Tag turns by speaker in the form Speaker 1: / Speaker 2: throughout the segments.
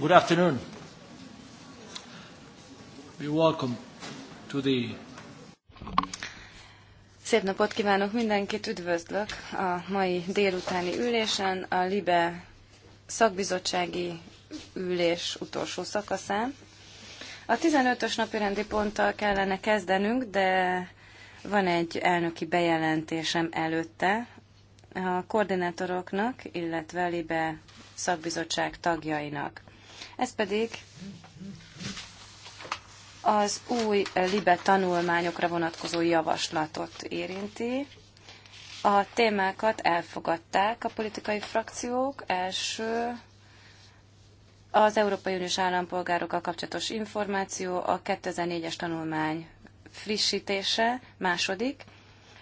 Speaker 1: Good afternoon. You're welcome to the...
Speaker 2: Szép napot kívánok mindenkit, üdvözlök a mai délutáni ülésen, a LIBE szakbizottsági ülés utolsó szakaszán. A 15-ös napi rendi ponttal kellene kezdenünk, de van egy elnöki bejelentésem előtte a koordinátoroknak, illetve a LIBE szakbizottság tagjainak. Ez pedig az új libe tanulmányokra vonatkozó javaslatot érinti. A témákat elfogadták a politikai frakciók. Első az Európai Uniós állampolgárokkal kapcsolatos információ, a 2004-es tanulmány frissítése, második,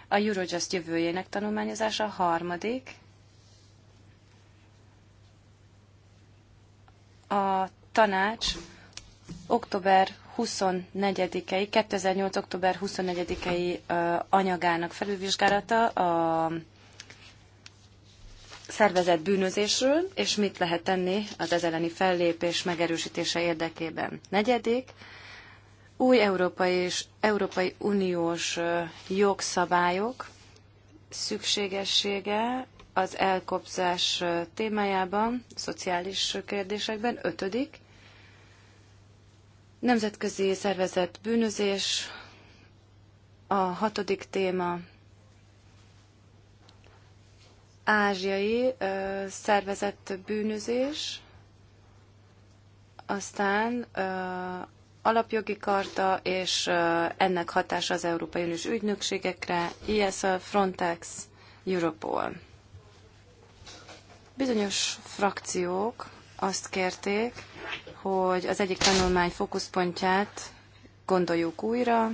Speaker 2: a Eurojust jövőjének tanulmányozása, harmadik, a tanács október 24-i, 2008. október 24-i anyagának felülvizsgálata a szervezett bűnözésről, és mit lehet tenni az ez elleni fellépés megerősítése érdekében. Negyedik, új európai és Európai Uniós jogszabályok szükségessége az elkobzás témájában, szociális kérdésekben. Ötödik, nemzetközi szervezet bűnözés. A hatodik téma, ázsiai ö, szervezett bűnözés, aztán ö, alapjogi karta és ö, ennek hatása az Európai Uniós ügynökségekre, ISL, Frontex, Europol. Bizonyos frakciók azt kérték, hogy az egyik tanulmány fókuszpontját gondoljuk újra,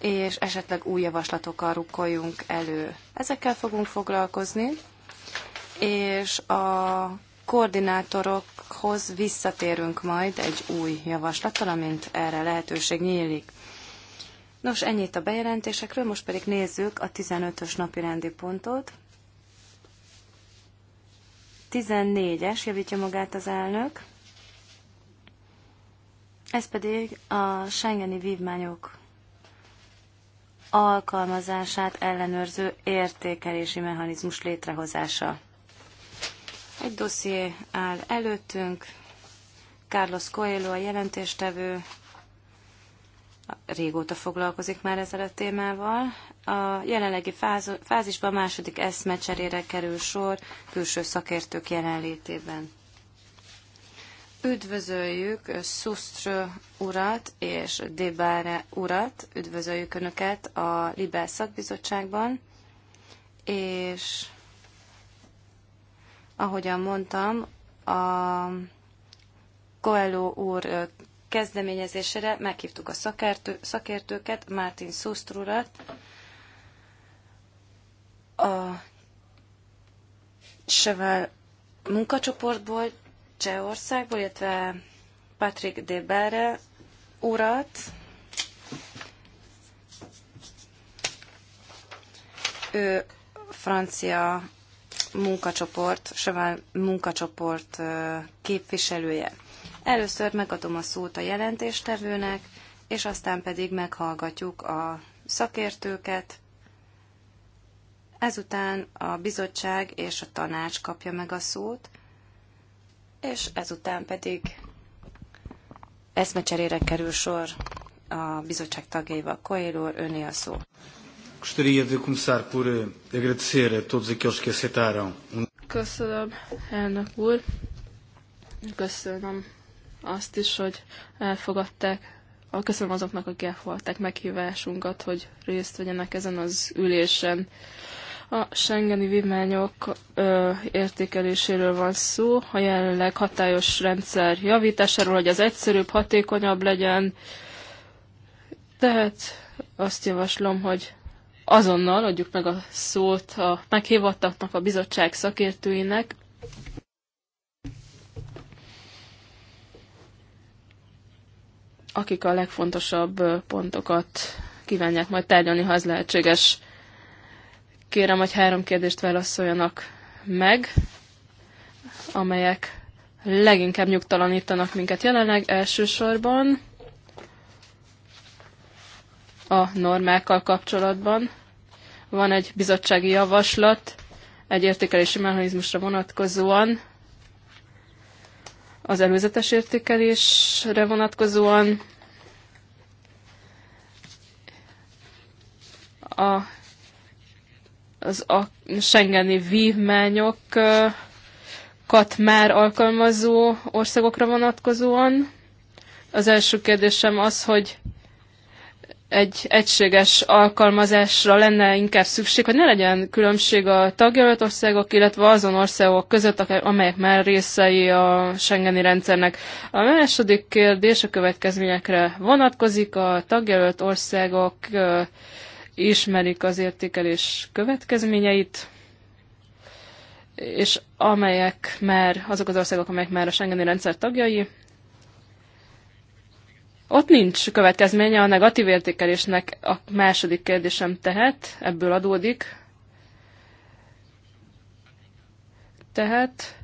Speaker 2: és esetleg új javaslatokkal rukkoljunk elő. Ezekkel fogunk foglalkozni, és a koordinátorokhoz visszatérünk majd egy új javaslattal, amint erre lehetőség nyílik. Nos, ennyit a bejelentésekről, most pedig nézzük a 15-ös napi rendi pontot. 14-es, javítja magát az elnök. Ez pedig a Schengeni vívmányok alkalmazását ellenőrző értékelési mechanizmus létrehozása. Egy dosszié áll előttünk, Carlos Coelho a jelentéstevő, régóta foglalkozik már ezzel a témával. A jelenlegi fázisban a második eszmecserére kerül sor külső szakértők jelenlétében. Üdvözöljük Szusztr urat és Debáre urat, üdvözöljük Önöket a Libel szakbizottságban, és ahogyan mondtam, a Coelho úr kezdeményezésére meghívtuk a szakértő, szakértőket, mártin Szusztrurat, a Sevel munkacsoportból, Csehországból, illetve Patrick de Belre urat, ő francia munkacsoport, Sevel munkacsoport képviselője. Először megadom a szót a jelentéstevőnek, és aztán pedig meghallgatjuk a szakértőket. Ezután a bizottság és a tanács kapja meg a szót, és ezután pedig eszmecserére kerül sor a bizottság tagjaival. Coelho, öné
Speaker 3: a szó.
Speaker 1: Gostaria de começar por eh, agradecer a todos aqueles que aceitaram.
Speaker 3: Köszönöm, elnök úr. Köszönöm azt is, hogy elfogadták. Köszönöm azoknak, akik elfogadták meghívásunkat, hogy részt vegyenek ezen az ülésen. A Schengeni vívmányok ö, értékeléséről van szó, a jelenleg hatályos rendszer javításáról, hogy az egyszerűbb, hatékonyabb legyen. Tehát azt javaslom, hogy azonnal adjuk meg a szót a meghívottaknak, a bizottság szakértőinek. akik a legfontosabb pontokat kívánják majd tárgyalni, ha ez lehetséges. Kérem, hogy három kérdést válaszoljanak meg, amelyek leginkább nyugtalanítanak minket jelenleg elsősorban a normákkal kapcsolatban. Van egy bizottsági javaslat egy értékelési mechanizmusra vonatkozóan, az előzetes értékelésre vonatkozóan. A, az a Schengeni vívmányokat már alkalmazó országokra vonatkozóan. Az első kérdésem az, hogy egy egységes alkalmazásra lenne inkább szükség, hogy ne legyen különbség a tagjelölt országok, illetve azon országok között, amelyek már részei a Schengeni rendszernek. A második kérdés a következményekre vonatkozik. A tagjelölt országok ismerik az értékelés következményeit, és amelyek már, azok az országok, amelyek már a Schengeni rendszer tagjai, ott nincs következménye a negatív értékelésnek. A második kérdésem tehát ebből adódik. Tehát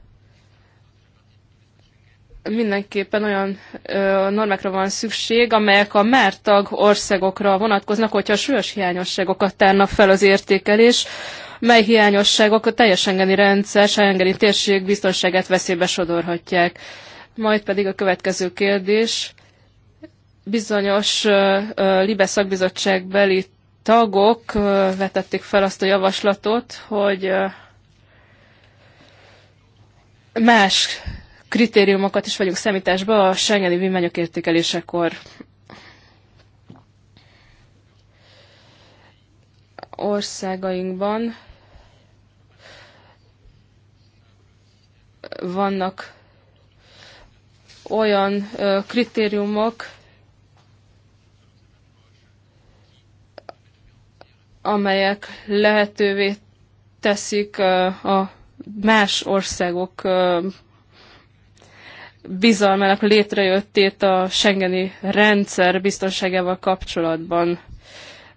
Speaker 3: mindenképpen olyan ö, normákra van szükség, amelyek a már tag országokra vonatkoznak, hogyha súlyos hiányosságokat tárna fel az értékelés, mely hiányosságok a teljes engeni rendszer, engeni térség biztonságát veszélybe sodorhatják. Majd pedig a következő kérdés bizonyos Libe szakbizottságbeli tagok vetették fel azt a javaslatot, hogy más kritériumokat is vegyünk szemításba a Schengeni vimányok értékelésekor. Országainkban vannak olyan kritériumok, amelyek lehetővé teszik a más országok bizalmának létrejöttét a Schengeni rendszer biztonságával kapcsolatban.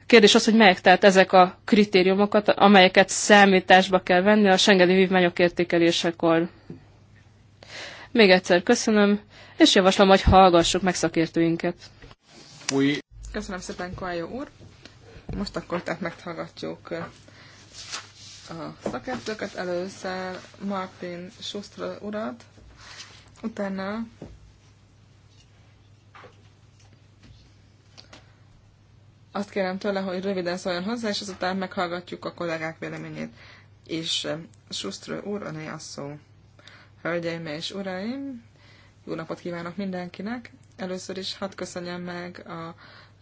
Speaker 3: A kérdés az, hogy melyek tehát ezek a kritériumokat, amelyeket számításba kell venni a Schengeni vívmányok értékelésekor. Még egyszer köszönöm, és javaslom,
Speaker 4: hogy hallgassuk meg szakértőinket. Köszönöm szépen, Kajó úr! Most akkor tehát meghallgatjuk a szakértőket. Először Martin Schuster urat, utána azt kérem tőle, hogy röviden szóljon hozzá, és azután meghallgatjuk a kollégák véleményét. És Schuster úr, öné a szó. Hölgyeim és uraim, jó napot kívánok mindenkinek! Először is hadd köszönjem meg a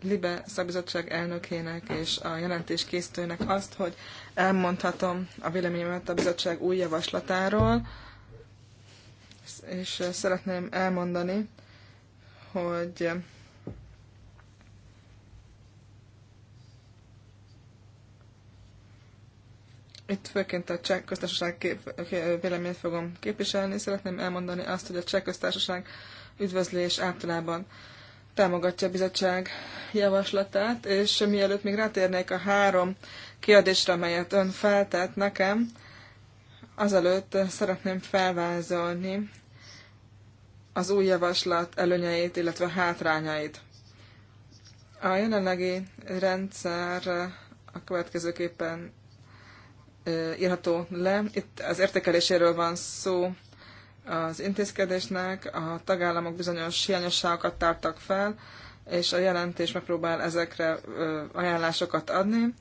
Speaker 4: Libe szabizottság elnökének és a jelentés készítőnek azt, hogy elmondhatom a véleményemet a bizottság új javaslatáról, és szeretném elmondani, hogy itt főként a cseh köztársaság kép, véleményét fogom képviselni. Szeretném elmondani azt, hogy a cseh köztársaság üdvözlés általában támogatja a bizottság javaslatát, és mielőtt még rátérnék a három kérdésre, amelyet ön feltett nekem, azelőtt szeretném felvázolni az új javaslat előnyeit, illetve hátrányait. A jelenlegi rendszer a következőképpen írható le. Itt az értékeléséről van szó az intézkedésnek, a tagállamok bizonyos hiányosságokat tártak fel, és a jelentés megpróbál ezekre ajánlásokat adni.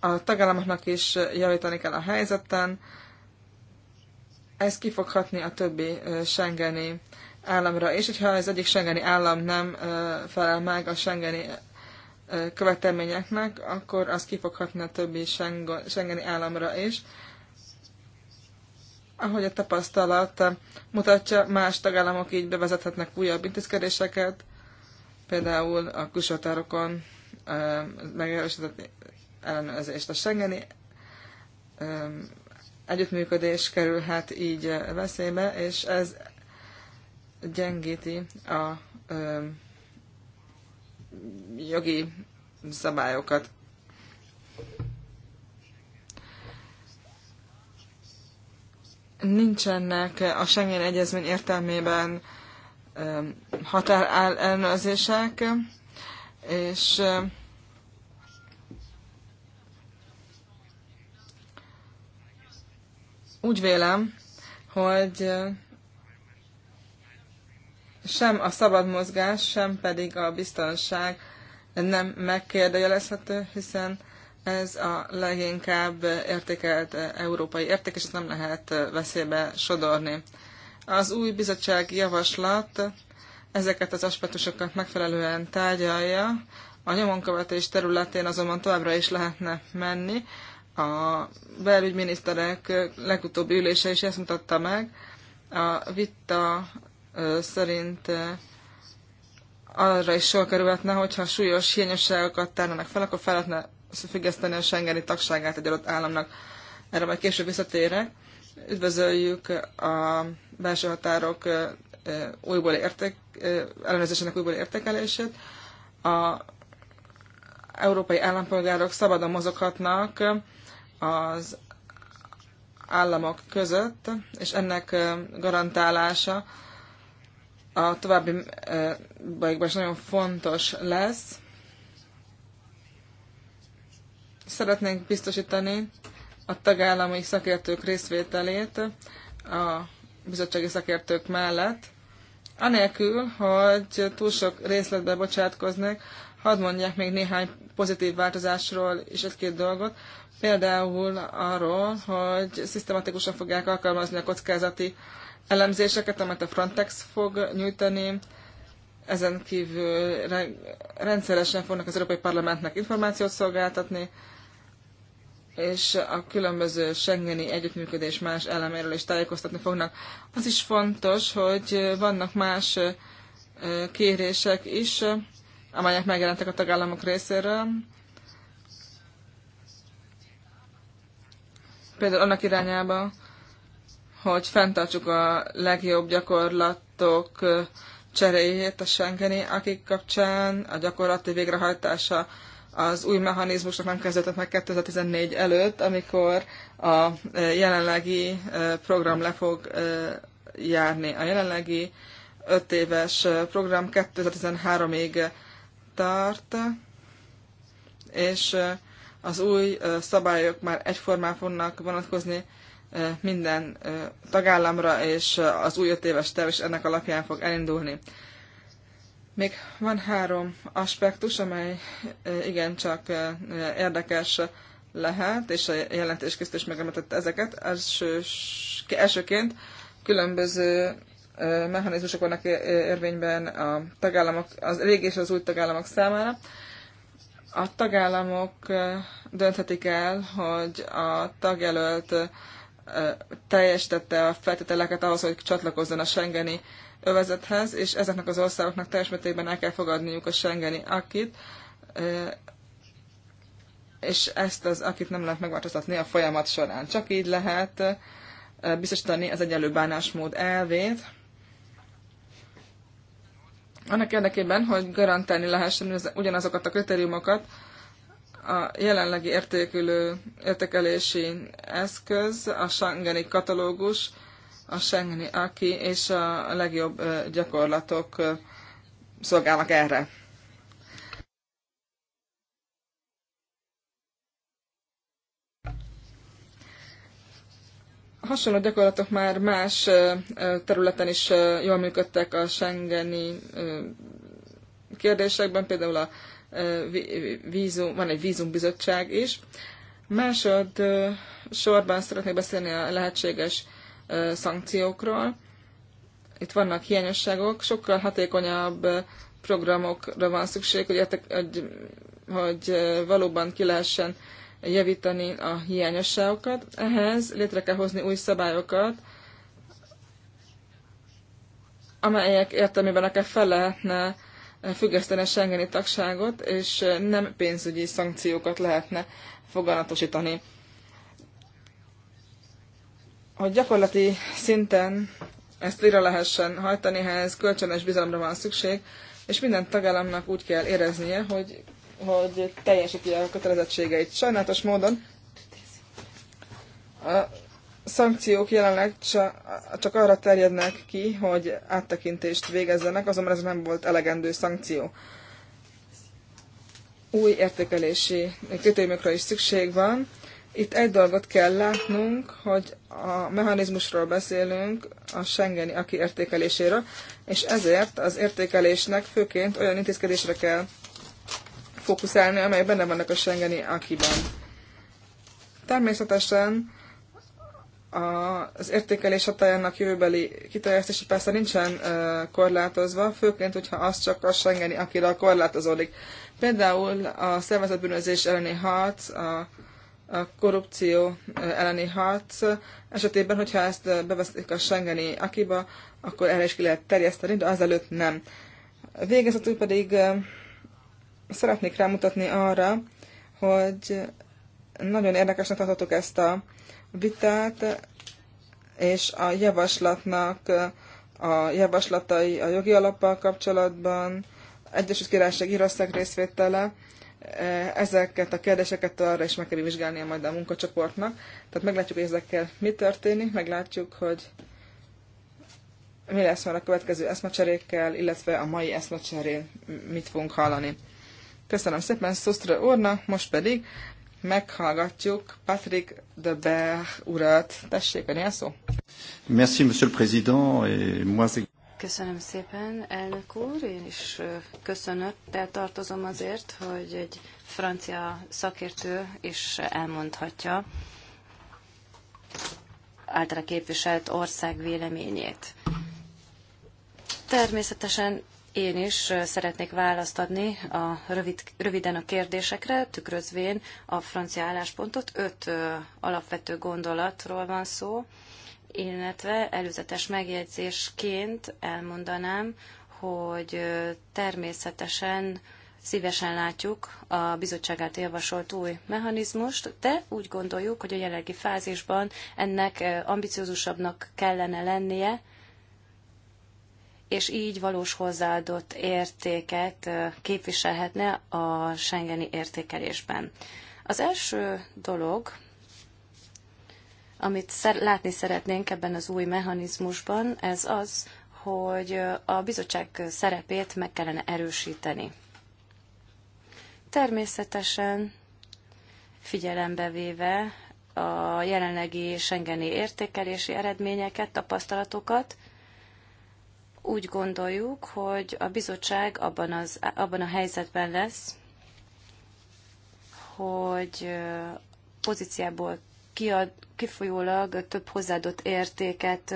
Speaker 4: A tagállamoknak is javítani kell a helyzeten. Ez kifoghatni a többi Schengeni államra, és hogyha az egyik Schengeni állam nem felel meg a Schengeni követelményeknek, akkor az kifoghatna a többi Schengeni államra is. Ahogy a tapasztalat mutatja, más tagállamok így bevezethetnek újabb intézkedéseket, például a külsőtárokon megerősített ellenőrzést a Schengeni együttműködés kerülhet így veszélybe, és ez gyengíti a jogi szabályokat. Nincsenek a Schengen Egyezmény értelmében um, határellenőrzések, és um, úgy vélem, hogy um, sem a szabad mozgás, sem pedig a biztonság nem megkérdőjelezhető, hiszen ez a leginkább értékelt európai érték, és ezt nem lehet veszélybe sodorni. Az új bizottság javaslat ezeket az aspektusokat megfelelően tárgyalja, a nyomonkövetés területén azonban továbbra is lehetne menni. A belügyminiszterek legutóbbi ülése is ezt mutatta meg. A vita szerint arra is sor kerülhetne, hogyha súlyos hiányosságokat tárnának fel, akkor fel lehetne függeszteni a Schengeni tagságát egy adott államnak. Erre majd később visszatérek. Üdvözöljük a belső határok újból érték, ellenőrzésének újból értékelését. A európai állampolgárok szabadon mozoghatnak az államok között, és ennek garantálása a további bajokban is nagyon fontos lesz. Szeretnénk biztosítani a tagállami szakértők részvételét a bizottsági szakértők mellett, anélkül, hogy túl sok részletbe bocsátkoznak, hadd mondják még néhány pozitív változásról is egy-két dolgot, például arról, hogy szisztematikusan fogják alkalmazni a kockázati uh, elemzéseket, amit a Frontex fog nyújtani, ezen kívül rendszeresen fognak az Európai Parlamentnek információt szolgáltatni, és a különböző Schengeni együttműködés más eleméről is tájékoztatni fognak. Az is fontos, hogy vannak más kérések is, amelyek megjelentek a tagállamok részéről. Például annak irányába, hogy fenntartsuk a legjobb gyakorlatok cseréjét a Schengeni, akik kapcsán a gyakorlati végrehajtása az új mechanizmusnak nem kezdődött meg 2014 előtt, amikor a jelenlegi program le fog járni. A jelenlegi öt éves program 2013-ig tart, és az új szabályok már egyformán fognak vonatkozni minden tagállamra, és az új öt éves terv is ennek alapján fog elindulni. Még van három aspektus, amely igencsak érdekes lehet, és a jelentéskészítő is megemlítette ezeket. elsőként különböző mechanizmusok vannak érvényben a tagállamok, az régi és az új tagállamok számára. A tagállamok dönthetik el, hogy a tagjelölt teljesítette a feltételeket ahhoz, hogy csatlakozzon a Schengeni övezethez, és ezeknek az országoknak teljes mértékben el kell fogadniuk a Schengeni akit, és ezt az akit nem lehet megváltoztatni a folyamat során. Csak így lehet biztosítani az egyenlő bánásmód elvét, annak érdekében, hogy garantálni lehessen ugyanazokat a kritériumokat, a jelenlegi értékülő értékelési eszköz, a Schengeni katalógus, a Schengeni aki és a legjobb gyakorlatok szolgálnak erre. Hasonló gyakorlatok már más területen is jól működtek a Schengeni kérdésekben, például a vízum, van egy vízumbizottság is. Másod sorban szeretnék beszélni a lehetséges szankciókról. Itt vannak hiányosságok, sokkal hatékonyabb programokra van szükség, hogy, értek, hogy, hogy valóban ki lehessen javítani a hiányosságokat. Ehhez létre kell hozni új szabályokat, amelyek értelmében akár fel lehetne a Schengeni tagságot, és nem pénzügyi szankciókat lehetne foganatosítani. Hogy gyakorlati szinten ezt végre lehessen hajtani, ehhez kölcsönös bizalomra van szükség, és minden tagállamnak úgy kell éreznie, hogy, hogy teljesíti a kötelezettségeit. Sajnálatos módon a szankciók jelenleg csak arra terjednek ki, hogy áttekintést végezzenek, azonban ez nem volt elegendő szankció. Új értékelési kritériumokra is szükség van. Itt egy dolgot kell látnunk, hogy a mechanizmusról beszélünk, a Schengeni aki értékeléséről, és ezért az értékelésnek főként olyan intézkedésre kell fókuszálni, amelyek benne vannak a Schengeni akiban. Természetesen az értékelés hatájának jövőbeli kiterjesztése persze nincsen korlátozva, főként, hogyha az csak a Schengeni, akire korlátozódik. Például a szervezetbűnözés elleni harc, a, a korrupció elleni harc esetében, hogyha ezt beveszik a Schengeni akiba, akkor erre is ki lehet terjeszteni, de azelőtt nem. Végezetül pedig szeretnék rámutatni arra, hogy nagyon érdekesnek tartottuk ezt a vitát, és a javaslatnak a javaslatai a jogi alappal kapcsolatban, Egyesült Királyság Írország részvétele, ezeket a kérdéseket arra is meg kell vizsgálnia majd a munkacsoportnak. Tehát meglátjuk, hogy ezekkel mi történik, meglátjuk, hogy mi lesz már a következő eszmecserékkel, illetve a mai eszmecserén mit fogunk hallani. Köszönöm szépen Szusztra úrnak, most pedig meghallgatjuk Patrick de Berg urat. Tessék, a szó.
Speaker 2: Merci, monsieur le président, et moi Köszönöm szépen, elnök úr. Én is köszönöttel tartozom azért, hogy egy francia szakértő is elmondhatja általa képviselt ország véleményét. Természetesen én is szeretnék választ adni a rövid, röviden a kérdésekre, tükrözvén a francia álláspontot. Öt alapvető gondolatról van szó, illetve előzetes megjegyzésként elmondanám, hogy természetesen szívesen látjuk a bizottság által javasolt új mechanizmust, de úgy gondoljuk, hogy a jelenlegi fázisban ennek ambiciózusabbnak kellene lennie, és így valós hozzáadott értéket képviselhetne a Schengeni értékelésben. Az első dolog, amit látni szeretnénk ebben az új mechanizmusban, ez az, hogy a bizottság szerepét meg kellene erősíteni. Természetesen figyelembe véve a jelenlegi Schengeni értékelési eredményeket, tapasztalatokat, úgy gondoljuk, hogy a bizottság abban, az, abban a helyzetben lesz, hogy pozíciából kiad, kifolyólag több hozzáadott értéket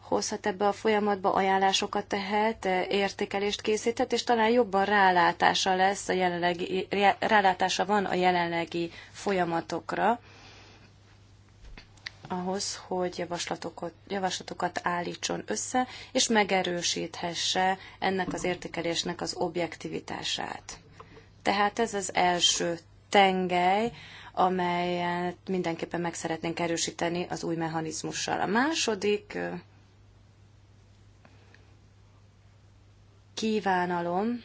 Speaker 2: hozhat ebbe a folyamatba, ajánlásokat tehet, értékelést készíthet, és talán jobban rálátása lesz a jelenlegi, rálátása van a jelenlegi folyamatokra ahhoz, hogy javaslatokat, javaslatokat állítson össze, és megerősíthesse ennek az értékelésnek az objektivitását. Tehát ez az első tengely, amelyet mindenképpen meg szeretnénk erősíteni az új mechanizmussal. A második kívánalom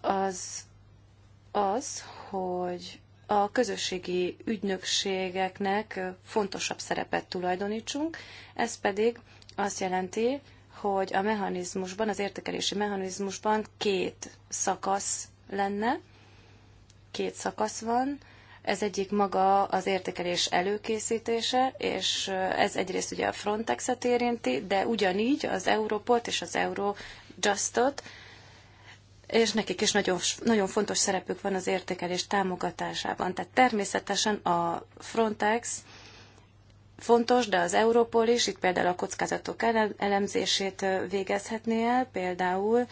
Speaker 2: az az, hogy a közösségi ügynökségeknek fontosabb szerepet tulajdonítsunk, ez pedig azt jelenti, hogy a mechanizmusban, az értékelési mechanizmusban két szakasz lenne, két szakasz van, ez egyik maga az értékelés előkészítése, és ez egyrészt ugye a Frontexet érinti, de ugyanígy az Europolt és az Eurojustot, és nekik is nagyon, nagyon fontos szerepük van az értékelés támogatásában. Tehát természetesen a Frontex fontos, de az Európol is, itt például a kockázatok elemzését végezhetné el, például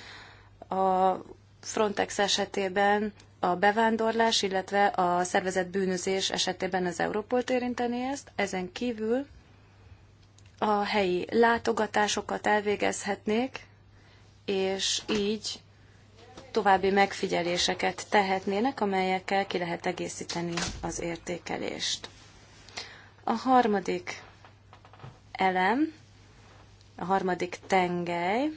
Speaker 2: a Frontex esetében a bevándorlás, illetve a szervezett bűnözés esetében az Európolt érinteni ezt, ezen kívül a helyi látogatásokat elvégezhetnék, és így további megfigyeléseket tehetnének, amelyekkel ki lehet egészíteni az értékelést. A harmadik elem, a harmadik tengely,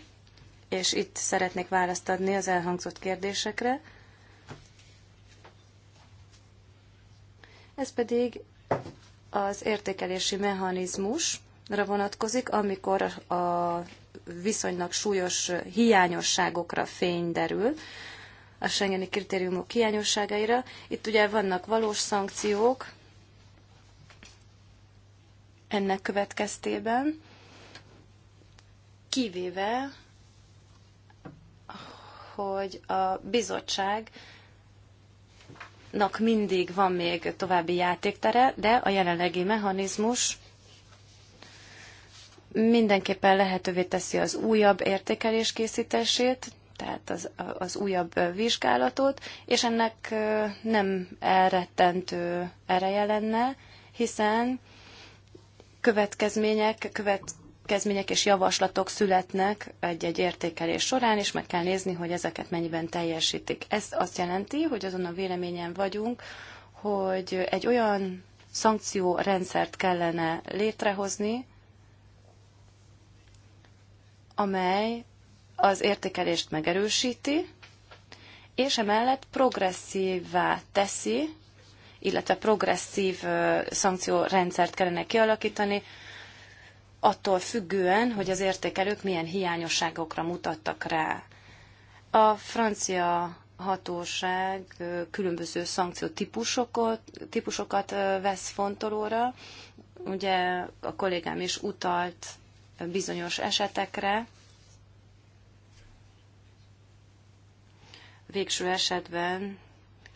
Speaker 2: és itt szeretnék választ adni az elhangzott kérdésekre. Ez pedig az értékelési mechanizmusra vonatkozik, amikor a viszonylag súlyos hiányosságokra fény derül, a Schengeni kritériumok hiányosságaira. Itt ugye vannak valós szankciók ennek következtében, kivéve, hogy a bizottság mindig van még további játéktere, de a jelenlegi mechanizmus mindenképpen lehetővé teszi az újabb értékelés készítését, tehát az, az újabb vizsgálatot, és ennek nem elrettentő ereje lenne, hiszen következmények, következmények és javaslatok születnek egy-egy értékelés során, és meg kell nézni, hogy ezeket mennyiben teljesítik. Ez azt jelenti, hogy azon a véleményen vagyunk, hogy egy olyan szankciórendszert kellene létrehozni, amely az értékelést megerősíti, és emellett progresszívvá teszi, illetve progresszív szankciórendszert kellene kialakítani, attól függően, hogy az értékelők milyen hiányosságokra mutattak rá. A francia hatóság különböző szankciótípusokat típusokat vesz fontolóra. Ugye a kollégám is utalt bizonyos esetekre, végső esetben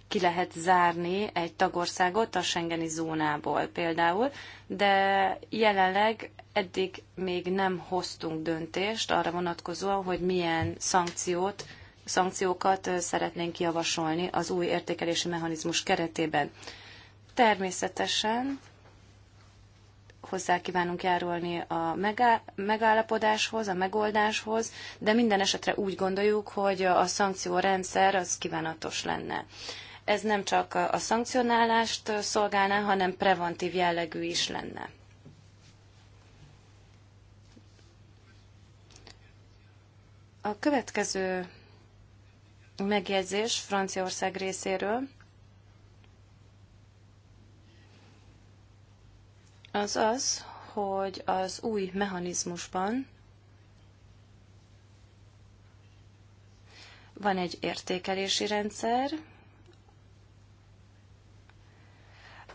Speaker 2: ki lehet zárni egy tagországot a Schengeni zónából például, de jelenleg eddig még nem hoztunk döntést arra vonatkozóan, hogy milyen szankciót, szankciókat szeretnénk javasolni az új értékelési mechanizmus keretében. Természetesen hozzá kívánunk járulni a megállapodáshoz, a megoldáshoz, de minden esetre úgy gondoljuk, hogy a szankciórendszer az kívánatos lenne. Ez nem csak a szankcionálást szolgálná, hanem preventív jellegű is lenne. A következő megjegyzés Franciaország részéről az az, hogy az új mechanizmusban van egy értékelési rendszer,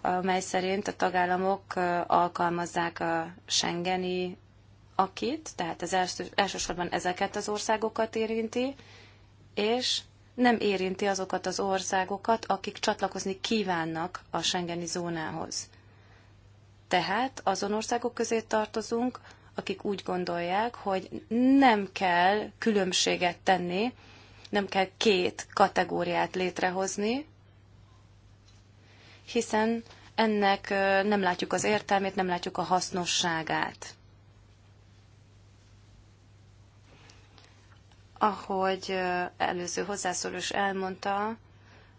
Speaker 2: amely szerint a tagállamok alkalmazzák a Schengeni akit, tehát ez elsősorban ezeket az országokat érinti, és nem érinti azokat az országokat, akik csatlakozni kívánnak a Schengeni zónához. Tehát azon országok közé tartozunk, akik úgy gondolják, hogy nem kell különbséget tenni, nem kell két kategóriát létrehozni, hiszen ennek nem látjuk az értelmét, nem látjuk a hasznosságát. Ahogy előző hozzászólós elmondta,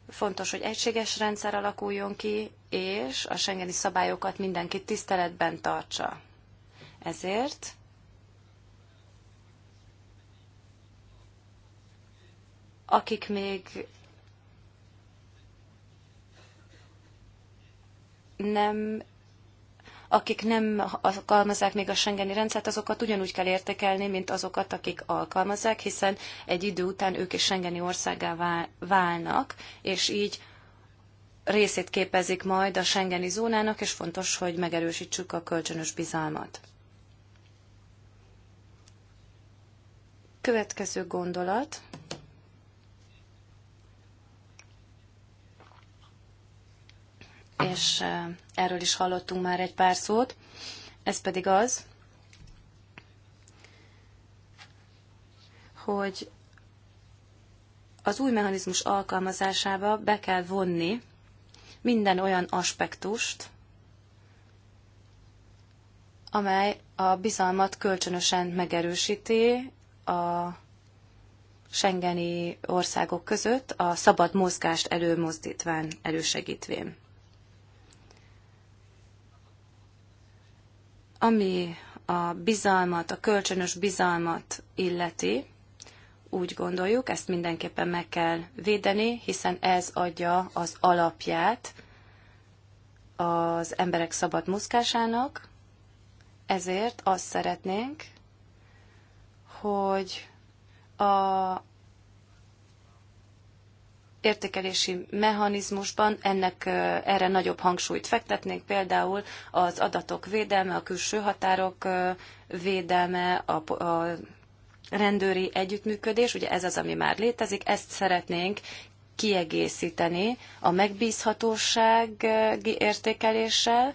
Speaker 2: Fontos, hogy egységes rendszer alakuljon ki, és a Schengeni szabályokat mindenki tiszteletben tartsa. Ezért akik még nem akik nem alkalmazzák még a Schengeni rendszert, azokat ugyanúgy kell értékelni, mint azokat, akik alkalmazzák, hiszen egy idő után ők is Schengeni országá válnak, és így részét képezik majd a Schengeni zónának, és fontos, hogy megerősítsük a kölcsönös bizalmat. Következő gondolat. és erről is hallottunk már egy pár szót. Ez pedig az, hogy az új mechanizmus alkalmazásába be kell vonni minden olyan aspektust, amely a bizalmat kölcsönösen megerősíti a Schengeni országok között a szabad mozgást előmozdítván, elősegítvén. Ami a bizalmat, a kölcsönös bizalmat illeti, úgy gondoljuk, ezt mindenképpen meg kell védeni, hiszen ez adja az alapját az emberek szabad mozgásának, ezért azt szeretnénk, hogy a értékelési mechanizmusban ennek erre nagyobb hangsúlyt fektetnénk, például az adatok védelme, a külső határok védelme, a, a rendőri együttműködés, ugye ez az, ami már létezik, ezt szeretnénk kiegészíteni a megbízhatóság értékeléssel,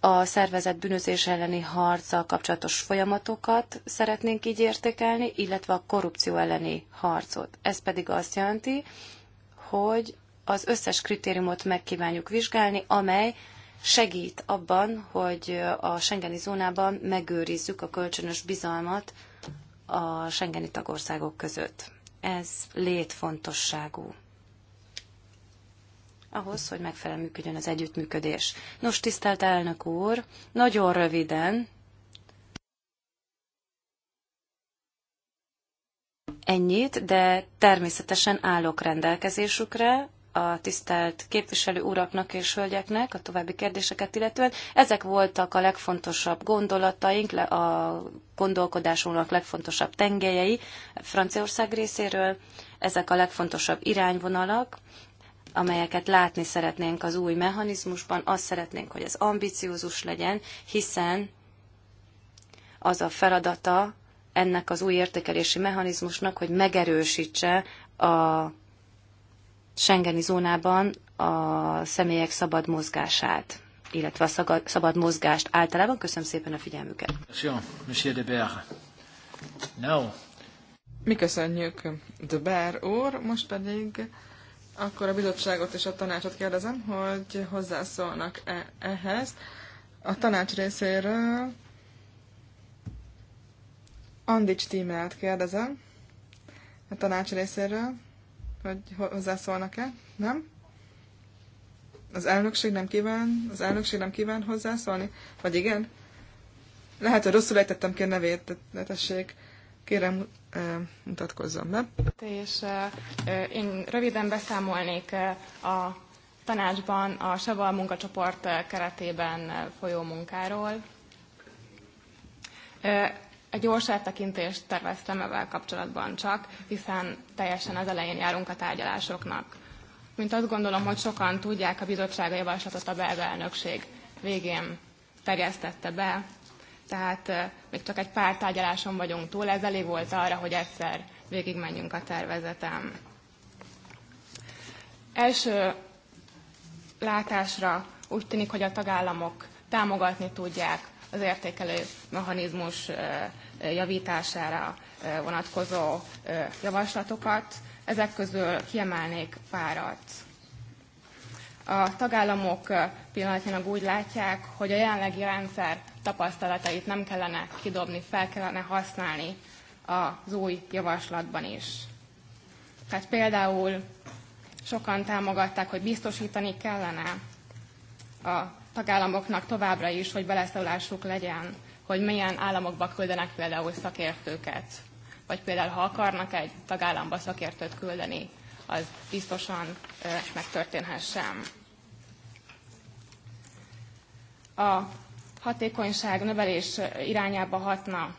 Speaker 2: a szervezet bűnözés elleni harccal kapcsolatos folyamatokat szeretnénk így értékelni, illetve a korrupció elleni harcot. Ez pedig azt jelenti, hogy az összes kritériumot megkívánjuk vizsgálni, amely segít abban, hogy a Schengeni zónában megőrizzük a kölcsönös bizalmat a Schengeni tagországok között. Ez létfontosságú ahhoz, hogy megfelelően működjön az együttműködés. Nos, tisztelt elnök úr, nagyon röviden, ennyit, de természetesen állok rendelkezésükre a tisztelt képviselő uraknak és hölgyeknek a további kérdéseket illetően. Ezek voltak a legfontosabb gondolataink, a gondolkodásunknak legfontosabb tengelyei Franciaország részéről. Ezek a legfontosabb irányvonalak, amelyeket látni szeretnénk az új mechanizmusban, azt szeretnénk, hogy ez ambiciózus legyen, hiszen az a feladata ennek az új értékelési mechanizmusnak, hogy megerősítse a Schengeni zónában a személyek szabad mozgását, illetve a szabad mozgást általában. Köszönöm szépen a figyelmüket.
Speaker 4: Mi köszönjük, Deber úr, most pedig akkor a bizottságot és a tanácsot kérdezem, hogy hozzászólnak -e ehhez. A tanács részéről Andics tímelt kérdezem a tanács részéről, hogy hozzászólnak-e, nem? Az elnökség nem kíván, az elnökség nem kíván hozzászólni? Vagy igen? Lehet, hogy rosszul ejtettem ki a nevét, tessék Kérem, mutatkozzon be.
Speaker 5: És én röviden beszámolnék a tanácsban a Saval munkacsoport keretében folyó munkáról. Egy gyors áttekintést terveztem evel kapcsolatban csak, hiszen teljesen az elején járunk a tárgyalásoknak. Mint azt gondolom, hogy sokan tudják, a bizottsága javaslatot a belga elnökség végén terjesztette be, tehát még csak egy pár tárgyaláson vagyunk túl, ez elég volt arra, hogy egyszer végigmenjünk a tervezetem. Első látásra úgy tűnik, hogy a tagállamok támogatni tudják az értékelő mechanizmus javítására vonatkozó javaslatokat. Ezek közül kiemelnék párat. A tagállamok pillanatnyilag úgy látják, hogy a jelenlegi rendszer tapasztalatait nem kellene kidobni, fel kellene használni az új javaslatban is. Tehát például sokan támogatták, hogy biztosítani kellene a tagállamoknak továbbra is, hogy beleszólásuk legyen, hogy milyen államokba küldenek például szakértőket. Vagy például, ha akarnak egy tagállamba szakértőt küldeni, az biztosan megtörténhessen. A hatékonyság növelés irányába hatna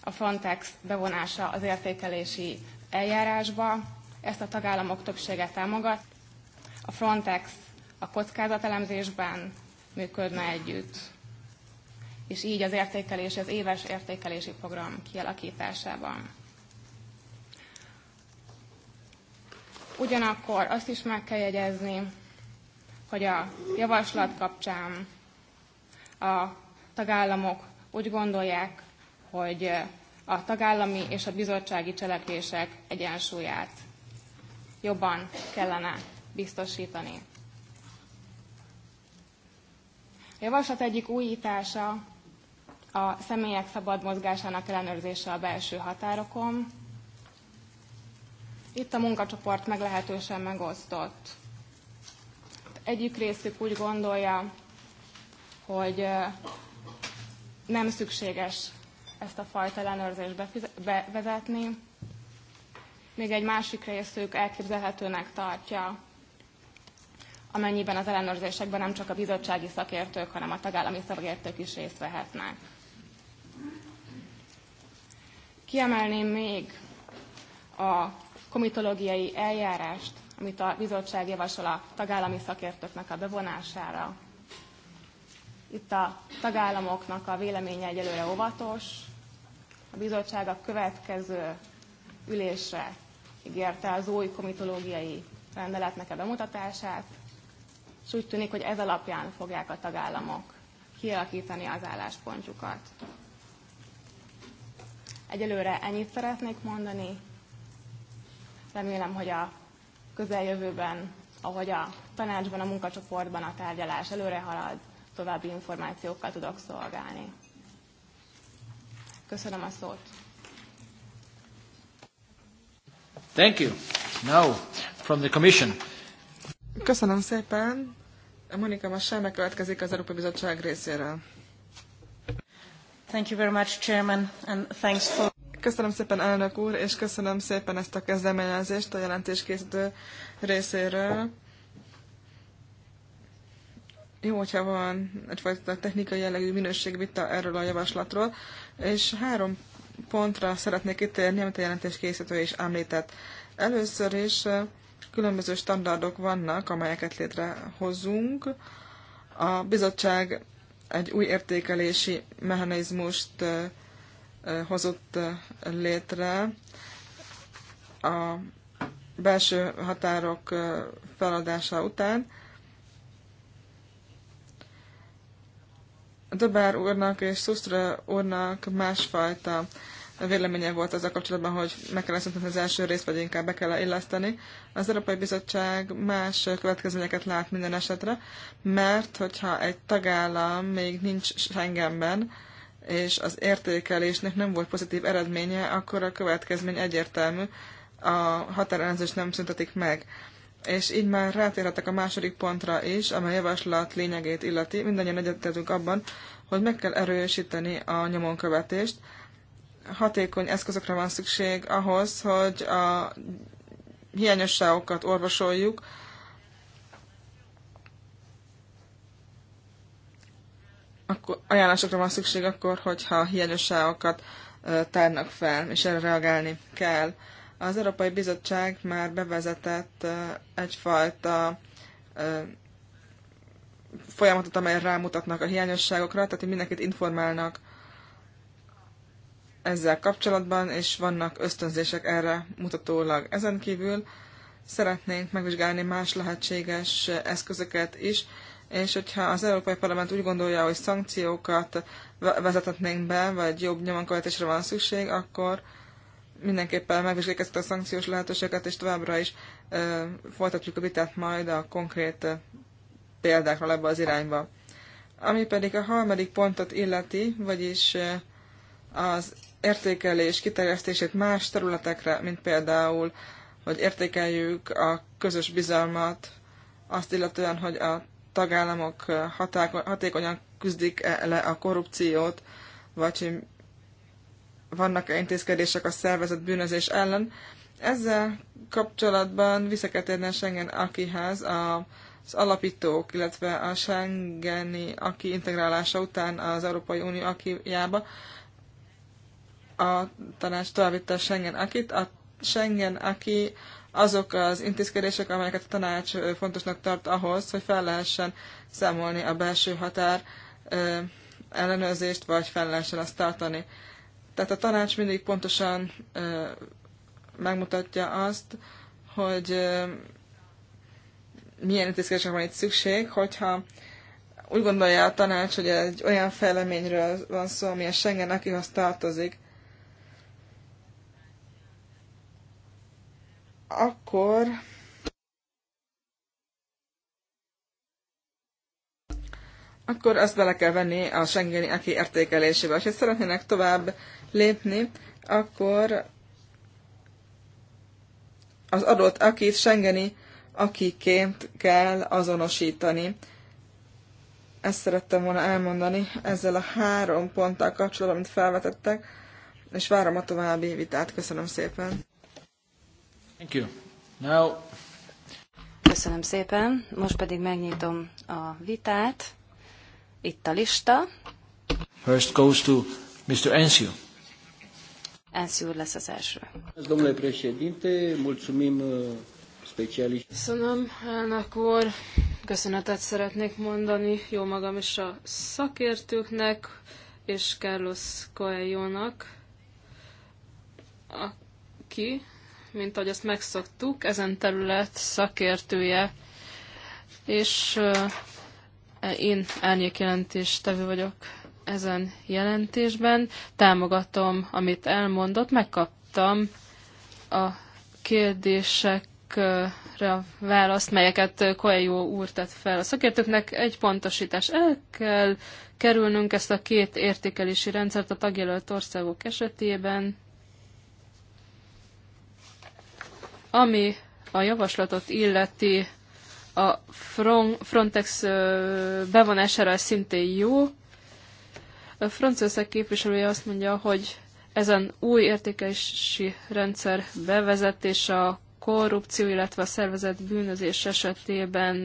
Speaker 5: a Frontex bevonása az értékelési eljárásba. Ezt a tagállamok többsége támogat. A Frontex a kockázatelemzésben működne együtt, és így az értékelés, az éves értékelési program kialakításában. Ugyanakkor azt is meg kell jegyezni, hogy a javaslat kapcsán a tagállamok úgy gondolják, hogy eh, a tagállami és a bizottsági cselekvések egyensúlyát jobban kellene biztosítani. A javaslat egyik újítása a személyek szabad mozgásának ellenőrzése a belső határokon. Itt a munkacsoport meglehetősen megosztott. Egyik részük úgy gondolja, hogy eh, nem szükséges ezt a fajta ellenőrzést bevezetni. Még egy másik részük elképzelhetőnek tartja, amennyiben az ellenőrzésekben nem csak a bizottsági szakértők, hanem a tagállami szakértők is részt vehetnek. Kiemelném még a komitológiai eljárást, amit a bizottság javasol a tagállami szakértőknek a bevonására, itt a tagállamoknak a véleménye egyelőre óvatos. A bizottság a következő ülésre ígérte az új komitológiai rendeletnek a bemutatását, és úgy tűnik, hogy ez alapján fogják a tagállamok kialakítani az álláspontjukat. Egyelőre ennyit szeretnék mondani. Remélem, hogy a közeljövőben, ahogy a tanácsban, a munkacsoportban a tárgyalás előre halad, további információkkal tudok szolgálni.
Speaker 4: Köszönöm a szót.
Speaker 1: Thank you. Now, from the Commission.
Speaker 4: Köszönöm szépen. Monika Massel megkövetkezik az Európai Bizottság részéről. Thank you very much, Chairman, and thanks for... Köszönöm szépen, elnök úr, és köszönöm szépen ezt a kezdeményezést a jelentéskészítő részéről jó, hogyha van egyfajta technikai jellegű minőségvita erről a javaslatról, és három pontra szeretnék kitérni, amit a jelentés készítő is említett. Először is különböző standardok vannak, amelyeket létrehozunk. A bizottság egy új értékelési mechanizmust hozott létre a belső határok feladása után, Dobár úrnak és Szusztra úrnak másfajta véleménye volt a kapcsolatban, hogy meg kell szüntetni az első részt, vagy inkább be kell illeszteni. Az Európai Bizottság más következményeket lát minden esetre, mert hogyha egy tagállam még nincs Schengenben, és az értékelésnek nem volt pozitív eredménye, akkor a következmény egyértelmű, a határelenzést nem szüntetik meg és így már rátérhetek a második pontra is, amely javaslat lényegét illeti. Mindannyian egyetértünk abban, hogy meg kell erősíteni a nyomonkövetést. Hatékony eszközökre van szükség ahhoz, hogy a hiányosságokat orvosoljuk, akkor ajánlásokra van szükség akkor, hogyha hiányosságokat tárnak fel, és erre reagálni kell. Az Európai Bizottság már bevezetett egyfajta folyamatot, amely rámutatnak a hiányosságokra, tehát hogy mindenkit informálnak ezzel kapcsolatban, és vannak ösztönzések erre mutatólag. Ezen kívül szeretnénk megvizsgálni más lehetséges eszközöket is, és hogyha az Európai Parlament úgy gondolja, hogy szankciókat vezetetnénk be, vagy jobb nyomonkövetésre van szükség, akkor mindenképpen megvizsgáljuk ezt a szankciós lehetőséget, és továbbra is ö, folytatjuk a vitát majd a konkrét példákról ebbe az irányba. Ami pedig a harmadik pontot illeti, vagyis az értékelés kiterjesztését más területekre, mint például, hogy értékeljük a közös bizalmat, azt illetően, hogy a tagállamok hatékonyan küzdik le a korrupciót, vagy hogy vannak-e intézkedések a szervezet bűnözés ellen. Ezzel kapcsolatban vissza kell térni a Schengen Akihez, a, az alapítók, illetve a Schengeni Aki integrálása után az Európai Unió Akijába. A tanács továbbítta a Schengen Akit. A Schengen Aki azok az intézkedések, amelyeket a tanács fontosnak tart ahhoz, hogy fel lehessen számolni a belső határ ellenőrzést, vagy fel lehessen azt tartani. Tehát a tanács mindig pontosan megmutatja azt, hogy milyen intézkedésre van itt szükség, hogyha úgy gondolja a tanács, hogy egy olyan fejleményről van szó, ami a Schengen akihoz tartozik, akkor akkor ezt bele kell venni a Schengeni aki értékelésébe. És ha szeretnének tovább lépni, akkor az adott akit Schengeni akiként kell azonosítani. Ezt szerettem volna elmondani ezzel a három ponttal kapcsolatban, amit felvetettek, és várom a további vitát. Köszönöm szépen.
Speaker 1: Thank you.
Speaker 2: Now... Köszönöm szépen. Most pedig megnyitom a vitát. Itt a lista.
Speaker 1: First goes to Mr. Ensio.
Speaker 3: Enszi úr lesz az első.
Speaker 1: Domnule președinte, mulțumim uh,
Speaker 3: Köszönöm, elnök úr. Köszönetet szeretnék mondani jó magam is a szakértőknek és Carlos Coelho-nak, aki, mint ahogy azt megszoktuk, ezen terület szakértője, és uh, én árnyékjelentéstevő vagyok ezen jelentésben. Támogatom, amit elmondott, megkaptam a kérdésekre a választ, melyeket Koejó úr tett fel a szakértőknek. Egy pontosítás. El kell kerülnünk ezt a két értékelési rendszert a tagjelölt országok esetében, ami a javaslatot illeti a Frontex bevonására szintén jó, Franciaország képviselője azt mondja, hogy ezen új értékelési rendszer bevezetése a korrupció, illetve a szervezett bűnözés esetében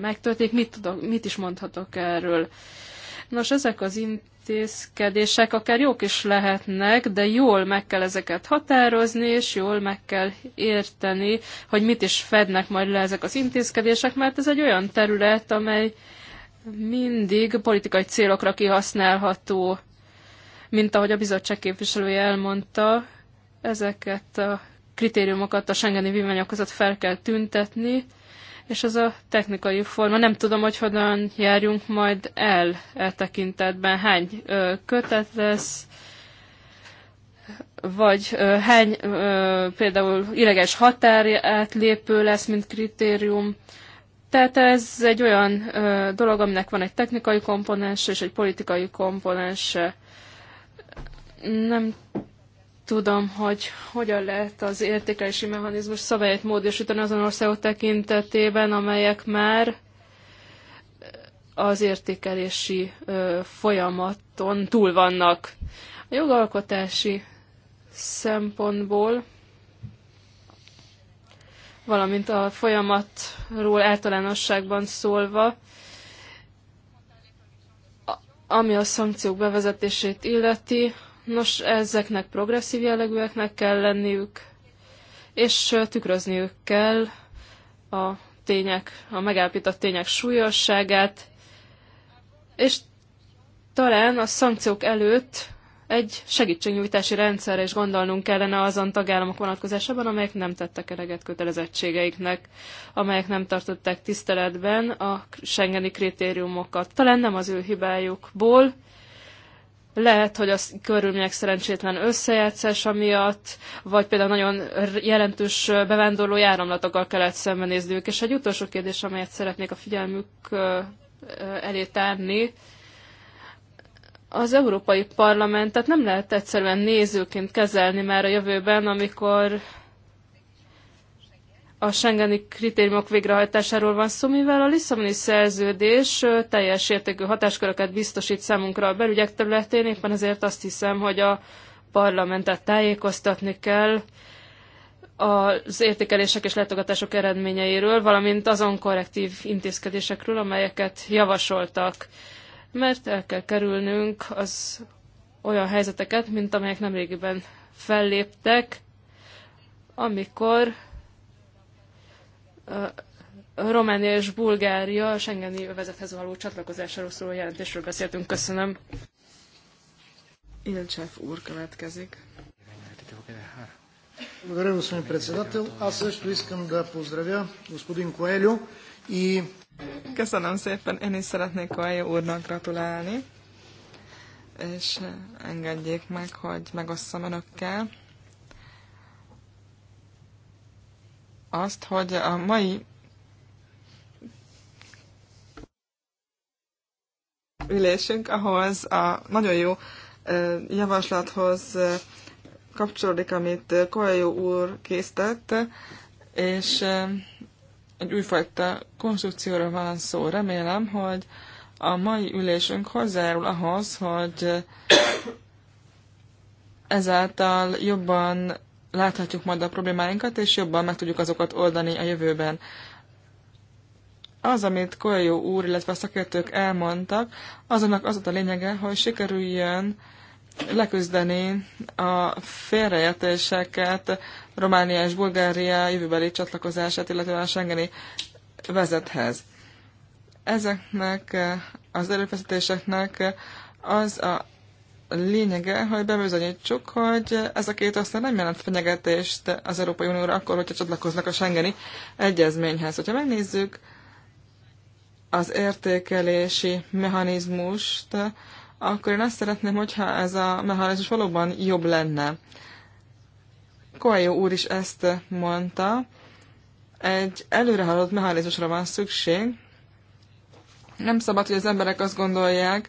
Speaker 3: megtörténik. Mit, tudok, mit is mondhatok erről? Nos, ezek az intézkedések akár jók is lehetnek, de jól meg kell ezeket határozni, és jól meg kell érteni, hogy mit is fednek majd le ezek az intézkedések, mert ez egy olyan terület, amely mindig politikai célokra kihasználható, mint ahogy a bizottság képviselője elmondta, ezeket a kritériumokat a Schengeni vívmányok között fel kell tüntetni, és ez a technikai forma. Nem tudom, hogy hogyan járjunk majd el e tekintetben. Hány kötet lesz, vagy hány például illegális átlépő lesz, mint kritérium. Tehát ez egy olyan ö, dolog, aminek van egy technikai komponens és egy politikai komponens. Nem tudom, hogy hogyan lehet az értékelési mechanizmus szabályt módosítani azon országok tekintetében, amelyek már az értékelési ö, folyamaton túl vannak. A jogalkotási szempontból valamint a folyamatról általánosságban szólva, ami a szankciók bevezetését illeti, nos, ezeknek progresszív jellegűeknek kell lenniük, és tükrözniük kell a tények, a megállapított tények súlyosságát, és talán a szankciók előtt egy segítségnyújtási rendszerre is gondolnunk kellene azon tagállamok vonatkozásában, amelyek nem tettek eleget kötelezettségeiknek, amelyek nem tartották tiszteletben a Schengeni kritériumokat. Talán nem az ő hibájukból, lehet, hogy a körülmények szerencsétlen összejátszása miatt, vagy például nagyon jelentős bevándorló áramlatokkal kellett szembenézniük. És egy utolsó kérdés, amelyet szeretnék a figyelmük elé tárni, az Európai Parlamentet nem lehet egyszerűen nézőként kezelni már a jövőben, amikor a Schengeni kritériumok végrehajtásáról van szó, mivel a Lisszaboni szerződés teljes értékű hatásköröket biztosít számunkra a belügyek területén, éppen ezért azt hiszem, hogy a parlamentet tájékoztatni kell az értékelések és letogatások eredményeiről, valamint azon korrektív intézkedésekről, amelyeket javasoltak mert el kell kerülnünk az olyan helyzeteket, mint amelyek nemrégiben felléptek, amikor Románia és Bulgária a Schengeni övezethez való csatlakozásáról szóló jelentésről beszéltünk. Köszönöm. Ilcsev úr következik.
Speaker 4: Благодаря, господин председател. Аз също искам да поздравя господин Коелю и Köszönöm szépen, én is szeretnék jó úrnak gratulálni, és engedjék meg, hogy megosszam önökkel azt, hogy a mai ülésünk, ahhoz a nagyon jó javaslathoz kapcsolódik, amit Kajó úr készített, és egy újfajta konstrukcióra van szó. Remélem, hogy a mai ülésünk hozzájárul ahhoz, hogy ezáltal jobban láthatjuk majd a problémáinkat, és jobban meg tudjuk azokat oldani a jövőben. Az, amit Koyó úr, illetve a szakértők elmondtak, azonnak az a lényege, hogy sikerüljön leküzdeni a félreértéseket Románia és Bulgária jövőbeli csatlakozását, illetve a Schengeni vezethez. Ezeknek az erőfeszítéseknek az a lényege, hogy bebizonyítsuk, hogy ez a két ország nem jelent fenyegetést az Európai Unióra akkor, hogyha csatlakoznak a Schengeni egyezményhez. Hogyha megnézzük az értékelési mechanizmust, akkor én azt szeretném, hogyha ez a mechanizmus valóban jobb lenne. Koajó úr is ezt mondta, egy előrehaladott mechanizmusra van szükség. Nem szabad, hogy az emberek azt gondolják,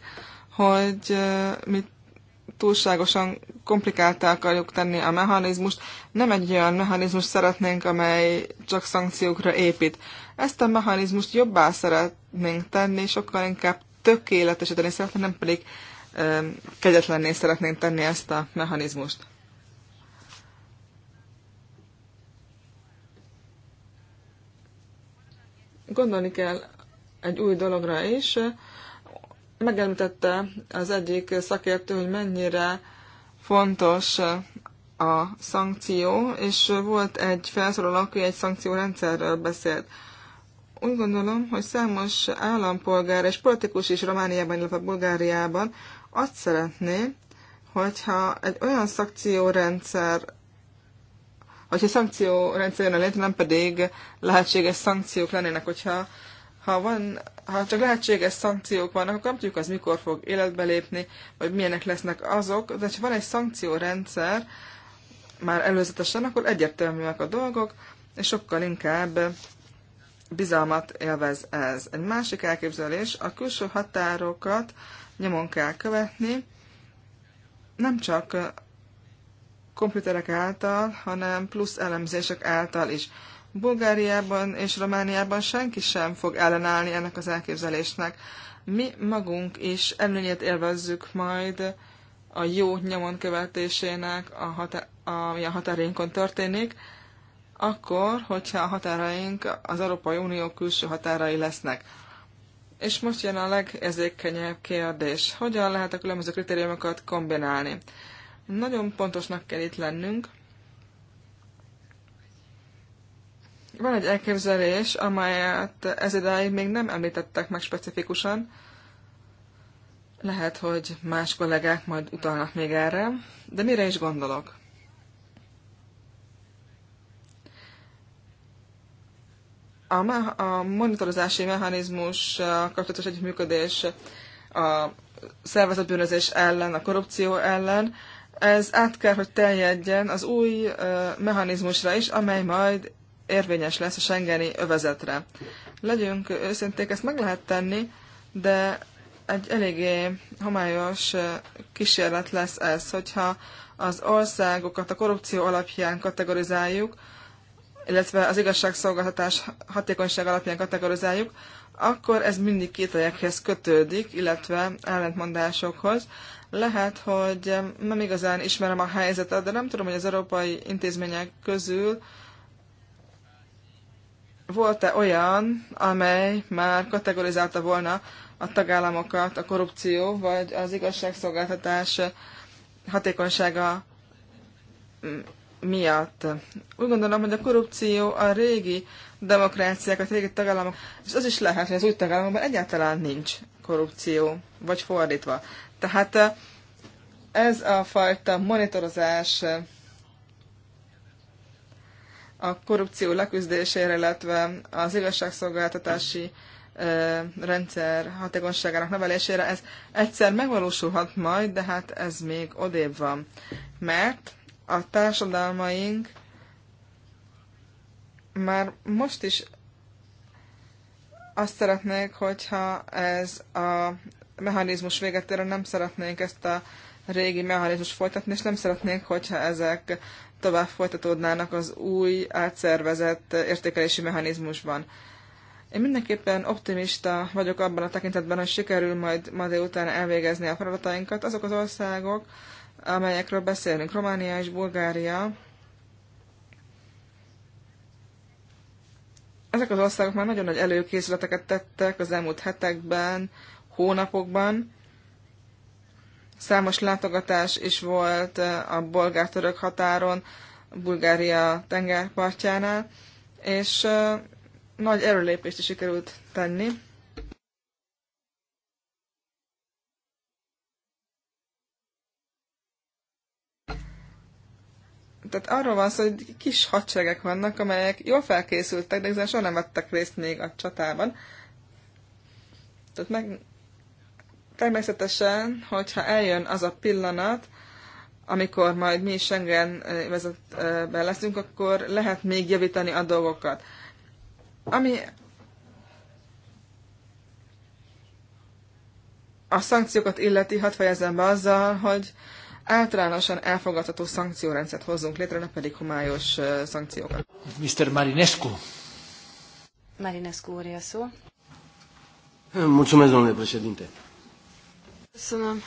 Speaker 4: hogy mi túlságosan komplikáltá akarjuk tenni a mechanizmust. Nem egy olyan mechanizmust szeretnénk, amely csak szankciókra épít. Ezt a mechanizmust jobbá szeretnénk tenni, sokkal inkább tökéletesíteni szeretném, nem pedig kegyetlenné szeretném tenni ezt a mechanizmust. Gondolni kell egy új dologra is. Megelmítette az egyik szakértő, hogy mennyire fontos a szankció, és volt egy felszólaló, aki egy szankciórendszerről beszélt. Úgy gondolom, hogy számos állampolgár és politikus is Romániában, illetve Bulgáriában azt szeretné, hogyha egy olyan szankciórendszer, hogyha szankciórendszer jönne létre, nem pedig lehetséges szankciók lennének, hogyha ha, van, ha csak lehetséges szankciók vannak, akkor nem tudjuk az mikor fog életbe lépni, vagy milyenek lesznek azok, de ha van egy szankciórendszer, már előzetesen, akkor egyértelműek a dolgok, és sokkal inkább bizalmat élvez ez. Egy másik elképzelés, a külső határokat nyomon kell követni, nem csak komputerek által, hanem plusz elemzések által is. Bulgáriában és Romániában senki sem fog ellenállni ennek az elképzelésnek. Mi magunk is előnyét élvezzük majd a jó nyomon követésének, a hatá- ami a határénkon történik, akkor, hogyha a határaink az Európai Unió külső határai lesznek. És most jön a legezékenyebb kérdés. Hogyan lehet a különböző kritériumokat kombinálni? Nagyon pontosnak kell itt lennünk. Van egy elképzelés, amelyet ez idáig még nem említettek meg specifikusan. Lehet, hogy más kollégák majd utalnak még erre, de mire is gondolok? A, me- a monitorozási mechanizmus kapcsolatos együttműködés a szervezetbűnözés ellen, a korrupció ellen, ez át kell, hogy teljedjen az új mechanizmusra is, amely majd érvényes lesz a Schengeni övezetre. Legyünk őszinték, ezt meg lehet tenni, de egy eléggé homályos kísérlet lesz ez, hogyha az országokat a korrupció alapján kategorizáljuk, illetve az igazságszolgáltatás hatékonyság alapján kategorizáljuk, akkor ez mindig kételyekhez kötődik, illetve ellentmondásokhoz. Lehet, hogy nem igazán ismerem a helyzetet, de nem tudom, hogy az európai intézmények közül volt-e olyan, amely már kategorizálta volna a tagállamokat a korrupció vagy az igazságszolgáltatás hatékonysága miatt. Úgy gondolom, hogy a korrupció a régi demokráciákat, a régi tagállamok, és az is lehet, hogy az új tagállamokban egyáltalán nincs korrupció, vagy fordítva. Tehát eh, ez a fajta monitorozás eh, a korrupció leküzdésére, illetve az igazságszolgáltatási eh, rendszer hatékonyságának nevelésére, ez egyszer megvalósulhat majd, de hát ez még odébb van. Mert a társadalmaink már most is azt szeretnék, hogyha ez a mechanizmus véget ér, nem szeretnénk ezt a régi mechanizmus folytatni, és nem szeretnénk, hogyha ezek tovább folytatódnának az új, átszervezett értékelési mechanizmusban. Én mindenképpen optimista vagyok abban a tekintetben, hogy sikerül majd ma délután elvégezni a feladatainkat. Azok az országok, amelyekről beszélünk. Románia és Bulgária. Ezek az országok már nagyon nagy előkészületeket tettek az elmúlt hetekben, hónapokban. Számos látogatás is volt eh, a bolgár-török határon, Bulgária tengerpartjánál, és eh, nagy erőlépést is sikerült tenni. tehát arról van szó, hogy kis hadseregek vannak, amelyek jól felkészültek, de igazán soha nem vettek részt még a csatában. Tehát meg természetesen, hogyha eljön az a pillanat, amikor majd mi Schengen vezetben leszünk, akkor lehet még javítani a dolgokat. Ami a szankciókat illeti, hadd fejezem be azzal, hogy általánosan elfogadható szankciórendszert hozzunk létre, ne pedig homályos szankciókat.
Speaker 1: Mr. Marinescu.
Speaker 2: Marinescu úr a szó.
Speaker 1: Mulțumesc, domnule președinte.
Speaker 3: Köszönöm,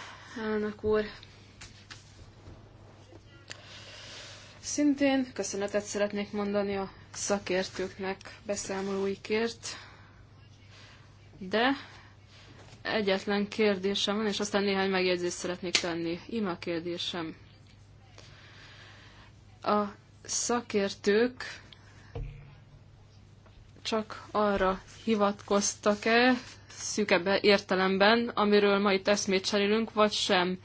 Speaker 3: elnök úr. Szintén köszönetet szeretnék mondani a szakértőknek beszámolóikért, de egyetlen kérdésem van, és aztán néhány megjegyzést szeretnék tenni. Ima kérdésem. A szakértők csak arra hivatkoztak-e szükebb értelemben, amiről ma itt eszmét cserélünk, vagy sem?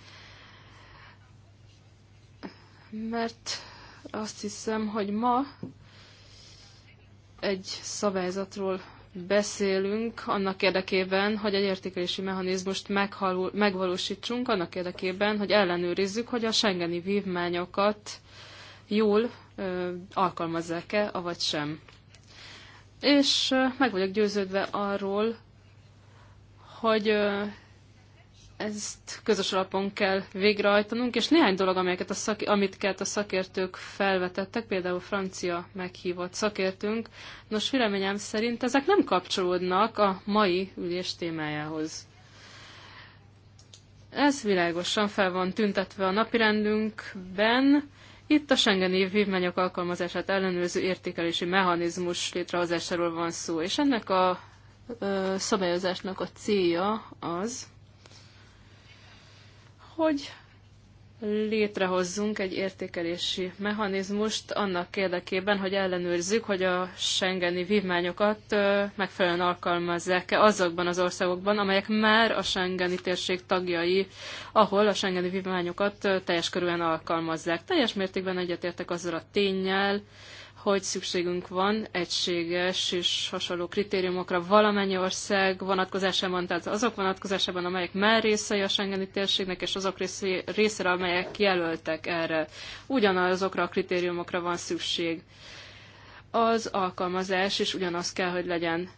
Speaker 3: Mert azt hiszem, hogy ma egy szabályzatról beszélünk annak érdekében, hogy egy értékelési mechanizmust megvalósítsunk, annak érdekében, hogy ellenőrizzük, hogy a Schengeni vívmányokat jól ö, alkalmazzák-e, avagy sem. És ö, meg vagyok győződve arról, hogy ezt közös alapon kell végrehajtanunk, és néhány dolog, amelyeket a szak, amit a szakértők felvetettek, például francia meghívott szakértünk, nos véleményem szerint ezek nem kapcsolódnak a mai ülés témájához. Ez világosan fel van tüntetve a napirendünkben. Itt a Schengeni vívmányok alkalmazását ellenőrző értékelési mechanizmus létrehozásáról van szó, és ennek a ö, szabályozásnak a célja az, hogy létrehozzunk egy értékelési mechanizmust annak érdekében, hogy ellenőrizzük, hogy a Schengeni vívmányokat megfelelően alkalmazzák-e azokban az országokban, amelyek már a Schengeni térség tagjai, ahol a Schengeni vívmányokat teljes körülön alkalmazzák. Teljes mértékben egyetértek azzal a tényel, hogy szükségünk van egységes és hasonló kritériumokra valamennyi ország vonatkozásában, tehát azok vonatkozásában, amelyek már részei a Schengeni térségnek, és azok részére, amelyek jelöltek erre. Ugyanazokra a kritériumokra van szükség. Az alkalmazás is ugyanaz kell, hogy legyen.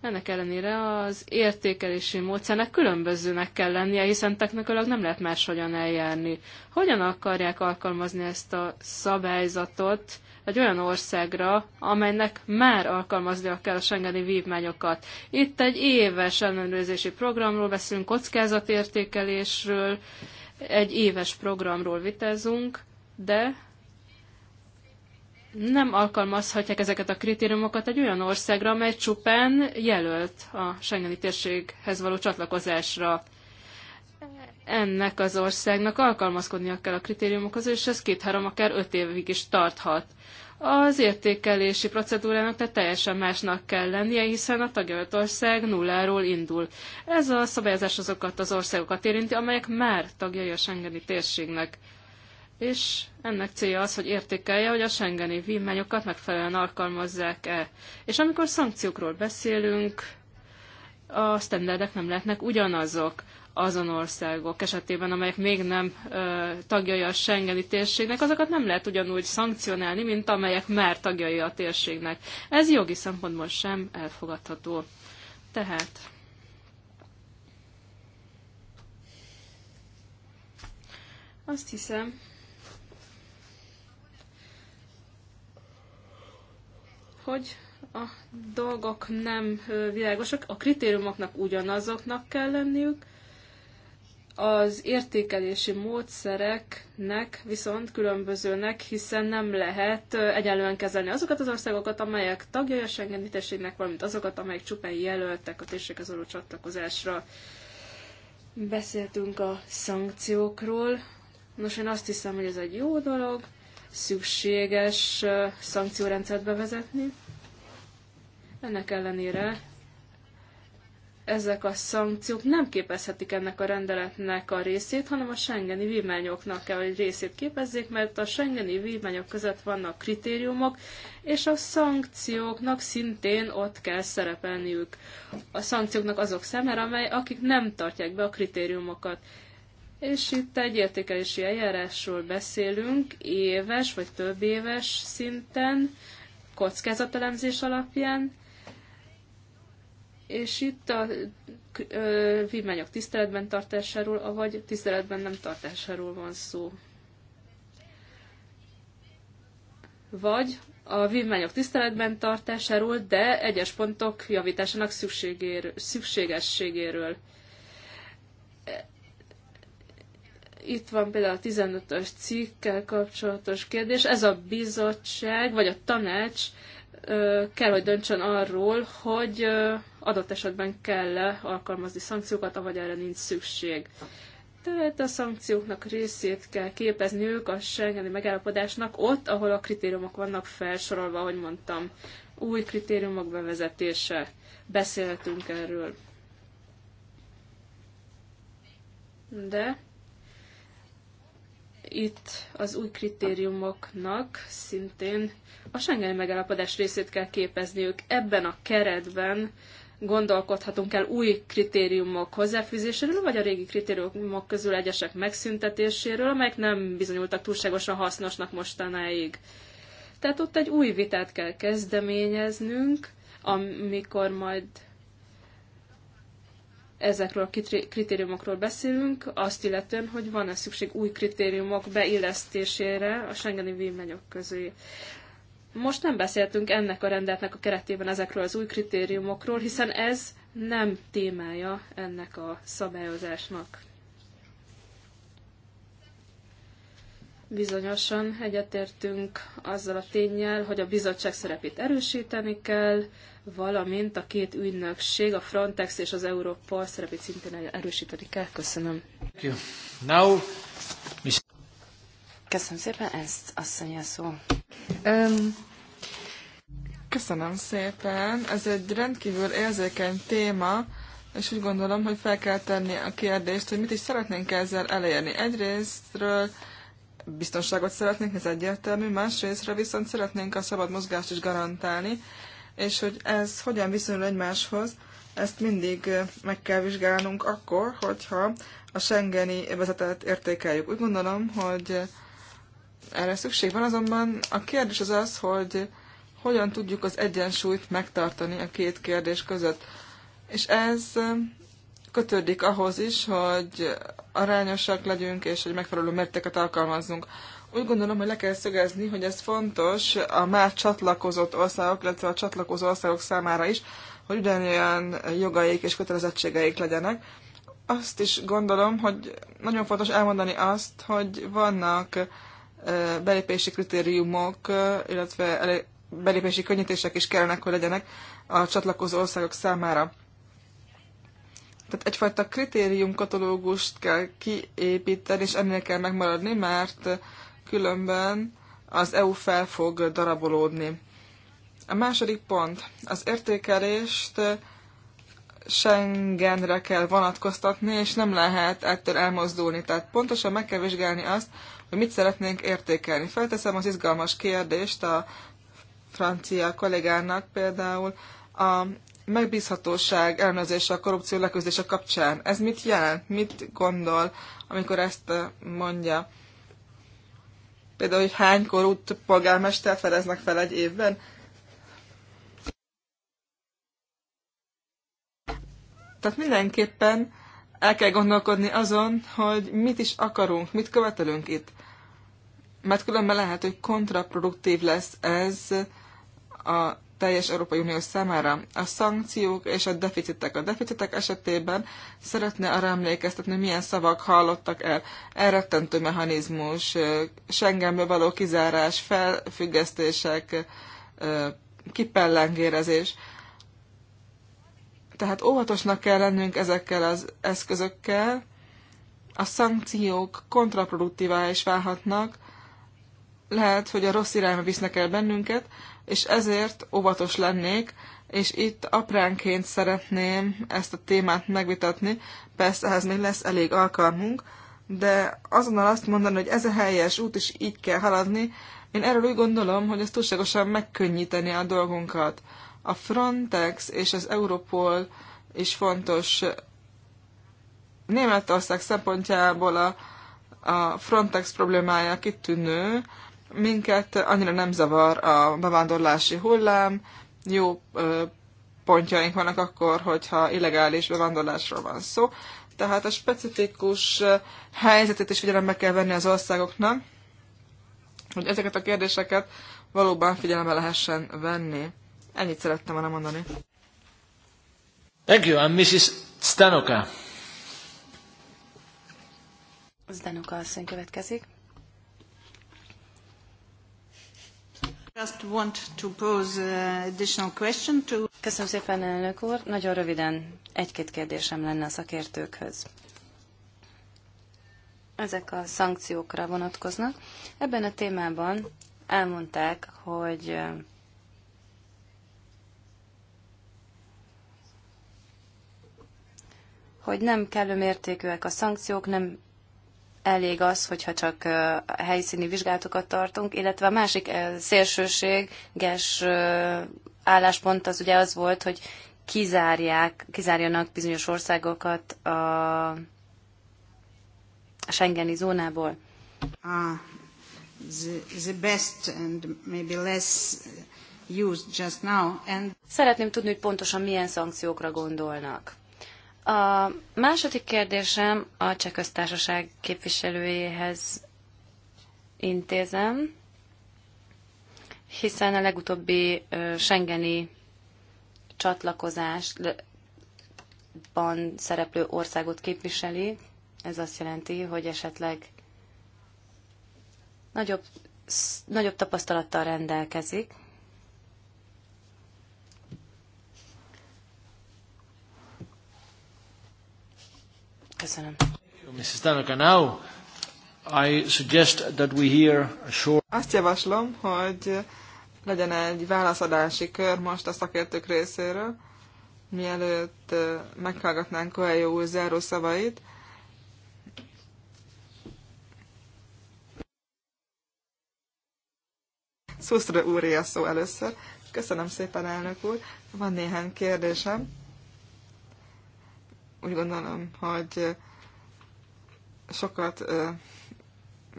Speaker 3: Ennek ellenére az értékelési módszernek különbözőnek kell lennie, hiszen technikailag nem lehet máshogyan eljárni. Hogyan akarják alkalmazni ezt a szabályzatot, egy olyan országra, amelynek már alkalmaznia kell a Schengeni vívmányokat. Itt egy éves ellenőrzési programról beszélünk, kockázatértékelésről, egy éves programról vitezünk, de nem alkalmazhatják ezeket a kritériumokat egy olyan országra, amely csupán jelölt a Schengeni térséghez való csatlakozásra ennek az országnak alkalmazkodnia kell a kritériumokhoz, és ez két-három, akár öt évig is tarthat. Az értékelési procedúrának tehát teljesen másnak kell lennie, hiszen a tagjelölt ország nulláról indul. Ez a szabályozás azokat az országokat érinti, amelyek már tagjai a Schengeni térségnek. És ennek célja az, hogy értékelje, hogy a Schengeni vívmányokat megfelelően alkalmazzák-e. És amikor szankciókról beszélünk, a standardek nem lehetnek ugyanazok azon országok esetében, amelyek még nem ö, tagjai a Schengeni térségnek, azokat nem lehet ugyanúgy szankcionálni, mint amelyek már tagjai a térségnek. Ez jogi szempontból sem elfogadható. Tehát azt hiszem, hogy a dolgok nem világosak, a kritériumoknak ugyanazoknak kell lenniük, az értékelési módszereknek viszont különbözőnek, hiszen nem lehet egyenlően kezelni azokat az országokat, amelyek tagjai a Schengen térségnek, valamint azokat, amelyek csupán jelöltek a térséghez való csatlakozásra. Beszéltünk a szankciókról. Nos, én azt hiszem, hogy ez egy jó dolog, szükséges szankciórendszert bevezetni. Ennek ellenére ezek a szankciók nem képezhetik ennek a rendeletnek a részét, hanem a Schengeni vívmányoknak kell, hogy részét képezzék, mert a Schengeni vívmányok között vannak kritériumok, és a szankcióknak szintén ott kell szerepelniük. A szankcióknak azok szemére, amely, akik nem tartják be a kritériumokat. És itt egy értékelési eljárásról beszélünk, éves vagy több éves szinten, kockázatelemzés alapján, és itt a ö, vívmányok tiszteletben tartásáról, avagy tiszteletben nem tartásáról van szó. Vagy a vívmányok tiszteletben tartásáról, de egyes pontok javításának szükségességéről. Itt van például a 15-ös cikkkel kapcsolatos kérdés. Ez a bizottság, vagy a tanács ö, kell, hogy döntsön arról, hogy ö, adott esetben kell-e alkalmazni szankciókat, avagy erre nincs szükség. Tehát a szankcióknak részét kell képezni ők a Schengeni megállapodásnak ott, ahol a kritériumok vannak felsorolva, ahogy mondtam. Új kritériumok bevezetése. Beszélhetünk erről. De itt az új kritériumoknak szintén a Schengeni megállapodás részét kell képezni ők ebben a keretben, gondolkodhatunk el új kritériumok hozzáfűzéséről, vagy a régi kritériumok közül egyesek megszüntetéséről, amelyek nem bizonyultak túlságosan hasznosnak mostanáig. Tehát ott egy új vitát kell kezdeményeznünk, amikor majd ezekről a kritériumokról beszélünk, azt illetően, hogy van-e szükség új kritériumok beillesztésére a Schengeni vívmányok közé. Most nem beszéltünk ennek a rendeletnek a keretében ezekről az új kritériumokról, hiszen ez nem témája ennek a szabályozásnak. Bizonyosan egyetértünk azzal a tényel, hogy a bizottság szerepét erősíteni kell, valamint a két ügynökség, a Frontex és az Europol szerepét szintén erősíteni kell. Köszönöm. Köszönöm szépen, ezt
Speaker 4: asszony a szó. Um, Köszönöm szépen. Ez egy rendkívül érzékeny téma, és úgy gondolom, hogy fel kell tenni a kérdést, hogy mit is szeretnénk ezzel elérni. Egyrésztről biztonságot szeretnénk, ez egyértelmű, másrésztről viszont szeretnénk a szabad mozgást is garantálni, és hogy ez hogyan viszonyul egymáshoz, ezt mindig meg kell vizsgálnunk akkor, hogyha a Schengeni vezetet értékeljük. Úgy gondolom, hogy erre szükség van, azonban a kérdés az az, hogy hogyan tudjuk az egyensúlyt megtartani a két kérdés között. És ez um, kötődik ahhoz is, hogy arányosak legyünk, és hogy megfelelő mértéket alkalmazzunk. Úgy gondolom, hogy le kell szögezni, hogy ez fontos a már csatlakozott országok, illetve a csatlakozó országok számára is, hogy ugyanolyan jogaik és kötelezettségeik legyenek. Azt is gondolom, hogy nagyon fontos elmondani azt, hogy vannak belépési kritériumok, illetve belépési könnyítések is kellene, hogy legyenek a csatlakozó országok számára. Tehát egyfajta kritériumkatalógust kell kiépíteni, és ennél kell megmaradni, mert különben az EU fel fog darabolódni. A második pont. Az értékelést Schengenre kell vonatkoztatni, és nem lehet ettől elmozdulni. Tehát pontosan meg kell vizsgálni azt, hogy mit szeretnénk értékelni. Felteszem az izgalmas kérdést a francia kollégának például a megbízhatóság ellenőrzése a korrupció leküzdése kapcsán. Ez mit jelent? Mit gondol, amikor ezt eh, mondja? Például, hogy hány korrupt polgármester fedeznek fel egy évben? Tehát mindenképpen el kell gondolkodni azon, hogy mit is akarunk, mit követelünk itt. Mert különben lehet, hogy kontraproduktív lesz ez a teljes Európai Unió számára. A szankciók és a deficitek. A deficitek esetében szeretne arra emlékeztetni, milyen szavak hallottak el. Elrettentő mechanizmus, Schengenből való kizárás, felfüggesztések, kipellengérezés. Tehát óvatosnak kell lennünk ezekkel az eszközökkel, a szankciók kontraproduktívá is válhatnak, lehet, hogy a rossz irányba visznek el bennünket, és ezért óvatos lennék, és itt apránként szeretném ezt a témát megvitatni, persze ehhez még lesz elég alkalmunk, de azonnal azt mondani, hogy ez a helyes út, is így kell haladni, én erről úgy gondolom, hogy ez túlságosan megkönnyíteni a dolgunkat. A Frontex és az Europol is fontos. Németország szempontjából a, a Frontex problémája kitűnő, minket annyira nem zavar a bevándorlási hullám, jó pontjaink vannak akkor, hogyha illegális bevándorlásról van szó. Tehát a specifikus helyzetet is figyelembe kell venni az országoknak, hogy ezeket a kérdéseket valóban figyelembe lehessen venni. Ennyit szerettem volna mondani.
Speaker 1: Thank you, I'm Mrs. Stanoka.
Speaker 2: Stanoka, asszony következik. Just want to pose uh, additional question to... Köszönöm szépen, elnök úr. Nagyon röviden egy-két kérdésem lenne a szakértőkhöz. Ezek a szankciókra vonatkoznak. Ebben a témában elmondták, hogy hogy nem kellő mértékűek a szankciók, nem elég az, hogyha csak helyszíni vizsgálatokat tartunk, illetve a másik szélsőséges álláspont az ugye az volt, hogy kizárják, kizárjanak bizonyos országokat a, a Schengeni zónából. Ah, the, the best and maybe less used just now. And... Szeretném tudni, hogy pontosan milyen szankciókra gondolnak. A második kérdésem a Cseh Köztársaság képviselőjéhez intézem, hiszen a legutóbbi Schengeni csatlakozásban szereplő országot képviseli. Ez azt jelenti, hogy esetleg nagyobb, nagyobb tapasztalattal rendelkezik,
Speaker 1: Köszönöm. Mrs. now I suggest that we hear a short...
Speaker 4: Azt javaslom, hogy legyen egy válaszadási kör most a szakértők részéről, mielőtt meghallgatnánk Koelyó új záró szavait. Szuszra úr a szó először. Köszönöm szépen, elnök úr. Van néhány kérdésem úgy gondolom, hogy sokat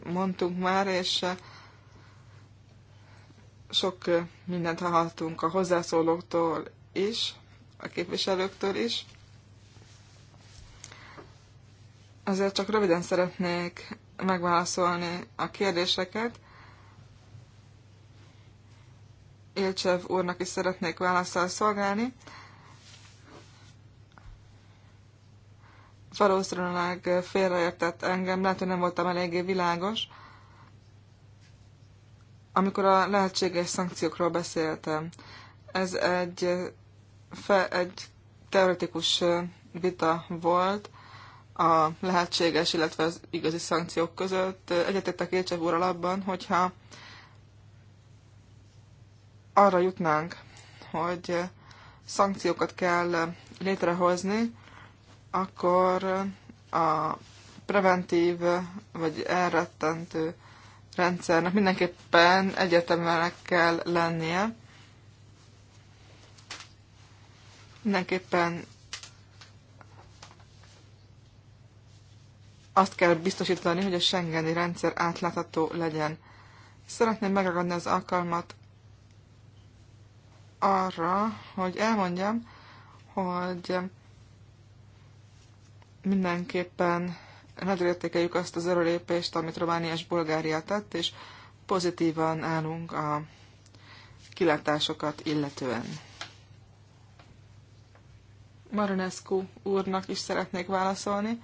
Speaker 4: mondtunk már, és sok mindent hallhattunk a hozzászólóktól is, a képviselőktől is. Azért csak röviden szeretnék megválaszolni a kérdéseket. Élcsev úrnak is szeretnék válaszsal szolgálni. valószínűleg félreértett engem, lehet, hogy nem voltam eléggé világos, amikor a lehetséges szankciókról beszéltem. Ez egy, fe, egy teoretikus vita volt a lehetséges, illetve az igazi szankciók között. Egyetettek Ilcsev úr alapban, hogyha arra jutnánk, hogy szankciókat kell létrehozni, akkor a preventív vagy elrettentő rendszernek mindenképpen egyetemnek kell lennie. Mindenképpen azt kell biztosítani, hogy a Schengeni rendszer átlátható legyen. Szeretném megragadni az alkalmat arra, hogy elmondjam, hogy mindenképpen nagyértékeljük azt az erőlépést, amit Románia és Bulgária tett, és pozitívan állunk a kilátásokat illetően. Maronescu úrnak is szeretnék válaszolni.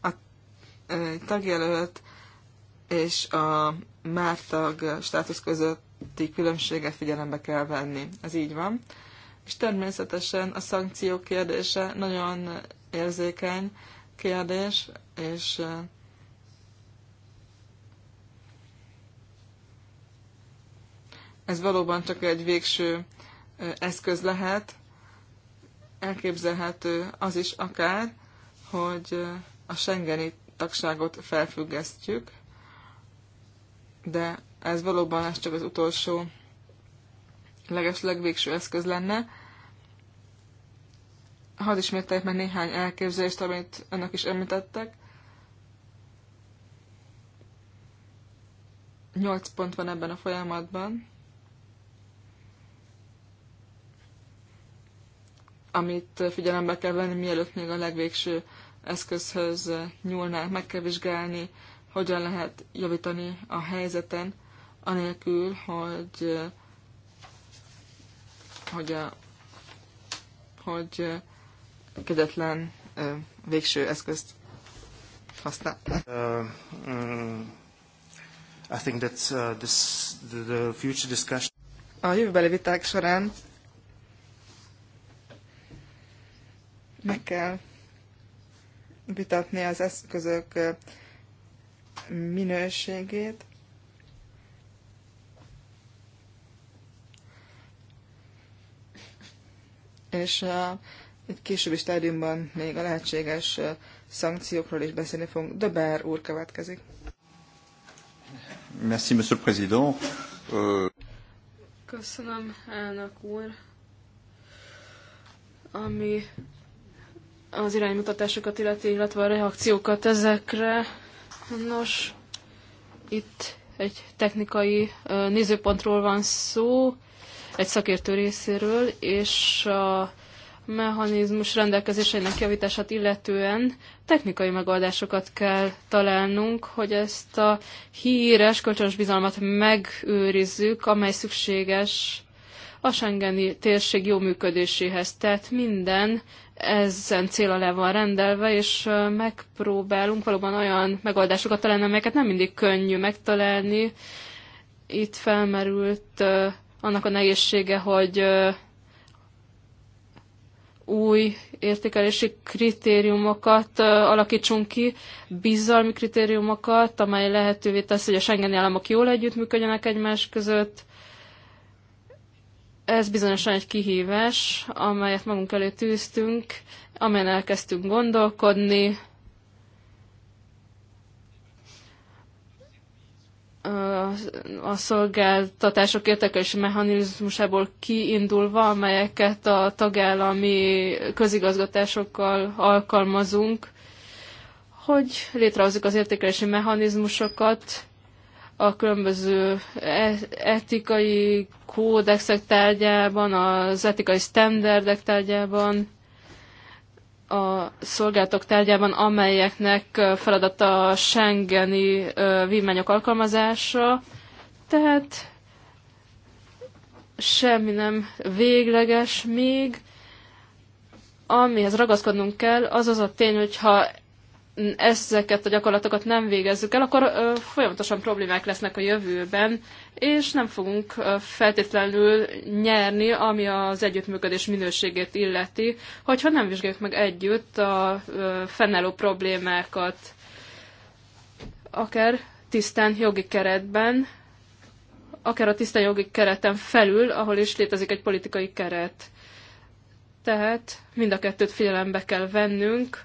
Speaker 4: A tagjelölt és a már tag státusz közötti különbséget figyelembe kell venni. Ez így van és természetesen a szankciók kérdése nagyon érzékeny kérdés, és ez valóban csak egy végső eszköz lehet, elképzelhető az is akár, hogy a Schengeni tagságot felfüggesztjük, de ez valóban ez csak az utolsó legesleg végső eszköz lenne. Hadd ismételjek meg néhány elképzelést, amit önök is említettek. Nyolc pont van ebben a folyamatban, amit figyelembe kell venni, mielőtt még a legvégső eszközhöz nyúlnánk. Meg kell vizsgálni, hogyan lehet javítani a helyzeten, anélkül, hogy hogy, a, hogy kedetlen végső eszközt használ.
Speaker 5: Uh, mm, I think that uh, this, the, the future
Speaker 2: discussion...
Speaker 4: A jövőbeli viták során meg kell vitatni az eszközök minőségét, és a, egy későbbi stádiumban még a lehetséges szankciókról is beszélni fogunk. Döber úr következik.
Speaker 6: Merci, Monsieur le Président. Euh,
Speaker 3: Köszönöm, elnök úr. Ami az iránymutatásokat illeti, illetve a reakciókat ezekre. Nos, itt egy technikai nézőpontról van szó egy szakértő részéről, és a mechanizmus rendelkezéseinek javítását illetően technikai megoldásokat kell találnunk, hogy ezt a híres kölcsönös bizalmat megőrizzük, amely szükséges a Schengeni térség jó működéséhez. Tehát minden ezen cél alá van rendelve, és megpróbálunk valóban olyan megoldásokat találni, amelyeket nem mindig könnyű megtalálni. Itt felmerült annak a nehézsége, hogy új értékelési kritériumokat alakítsunk ki, bizalmi kritériumokat, amely lehetővé teszi, hogy a Schengeni államok jól együttműködjenek egymás között. Ez bizonyosan egy kihívás, amelyet magunk elé tűztünk, amelyen elkezdtünk gondolkodni, a szolgáltatások értekelési mechanizmusából kiindulva, amelyeket a tagállami közigazgatásokkal alkalmazunk, hogy létrehozzuk az értékelési mechanizmusokat, a különböző e- etikai kódexek tárgyában, az etikai standardek tárgyában, a szolgáltok tárgyában, amelyeknek feladata a Schengeni vívmányok alkalmazása, tehát semmi nem végleges még. Amihez ragaszkodnunk kell, az az a tény, hogyha ezeket a gyakorlatokat nem végezzük el, akkor folyamatosan problémák lesznek a jövőben, és nem fogunk feltétlenül nyerni, ami az együttműködés minőségét illeti, hogyha nem vizsgáljuk meg együtt a fennálló problémákat, akár tisztán jogi keretben, akár a tisztán jogi kereten felül, ahol is létezik egy politikai keret. Tehát mind a kettőt figyelembe kell vennünk,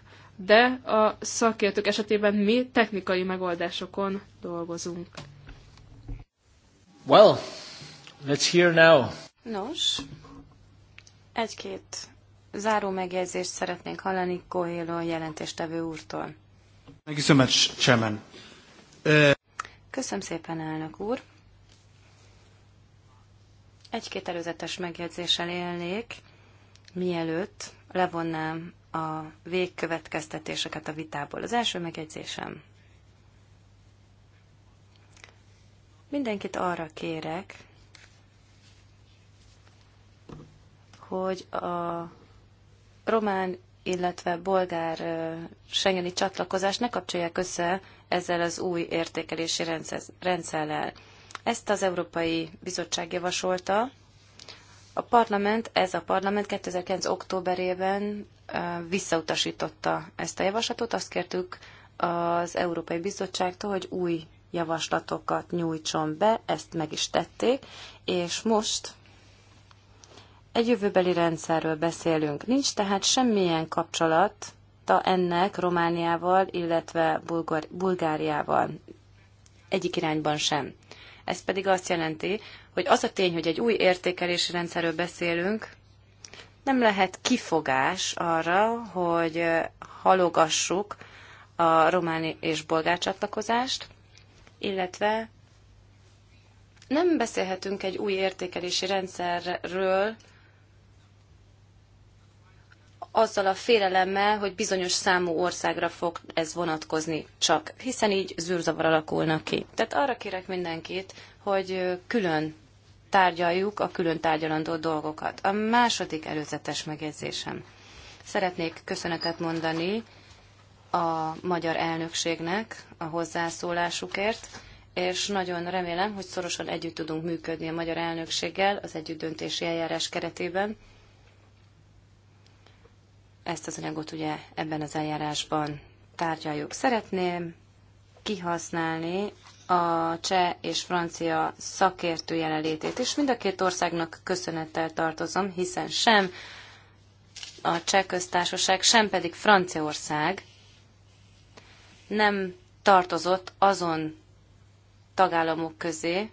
Speaker 3: de a szakértők esetében mi technikai megoldásokon dolgozunk.
Speaker 1: Well, let's hear now.
Speaker 3: Nos, egy-két záró
Speaker 2: megjegyzést szeretnénk hallani Kohélo jelentéstevő úrtól.
Speaker 1: Thank you so much, Chairman. Uh...
Speaker 2: Köszönöm szépen, elnök úr. Egy-két előzetes megjegyzéssel élnék, mielőtt levonnám a végkövetkeztetéseket a vitából. Az első megjegyzésem. Mindenkit arra kérek, hogy a román, illetve bolgár Schengeni csatlakozást ne kapcsolják össze ezzel az új értékelési rendszerrel. Ezt az Európai Bizottság javasolta. A parlament, ez a parlament 2009. októberében visszautasította ezt a javaslatot. Azt kértük az Európai Bizottságtól, hogy új javaslatokat nyújtson be, ezt meg is tették, és most egy jövőbeli rendszerről beszélünk. Nincs tehát semmilyen kapcsolata ennek Romániával, illetve Bulgáriával. Egyik irányban sem. Ez pedig azt jelenti, hogy az a tény, hogy egy új értékelési rendszerről beszélünk, nem lehet kifogás arra, hogy halogassuk a román és bolgár csatlakozást, illetve nem beszélhetünk egy új értékelési rendszerről azzal a félelemmel, hogy bizonyos számú országra fog ez vonatkozni csak, hiszen így zűrzavar alakulna ki. Tehát arra kérek mindenkit, hogy külön tárgyaljuk a külön tárgyalandó dolgokat. A második előzetes megjegyzésem. Szeretnék köszönetet mondani a magyar elnökségnek a hozzászólásukért, és nagyon remélem, hogy szorosan együtt tudunk működni a magyar elnökséggel az együttdöntési eljárás keretében. Ezt az anyagot ugye ebben az eljárásban tárgyaljuk. Szeretném kihasználni a cseh és francia szakértő jelenlétét, és mind a két országnak köszönettel tartozom, hiszen sem a cseh köztársaság, sem pedig Franciaország nem tartozott azon tagállamok közé,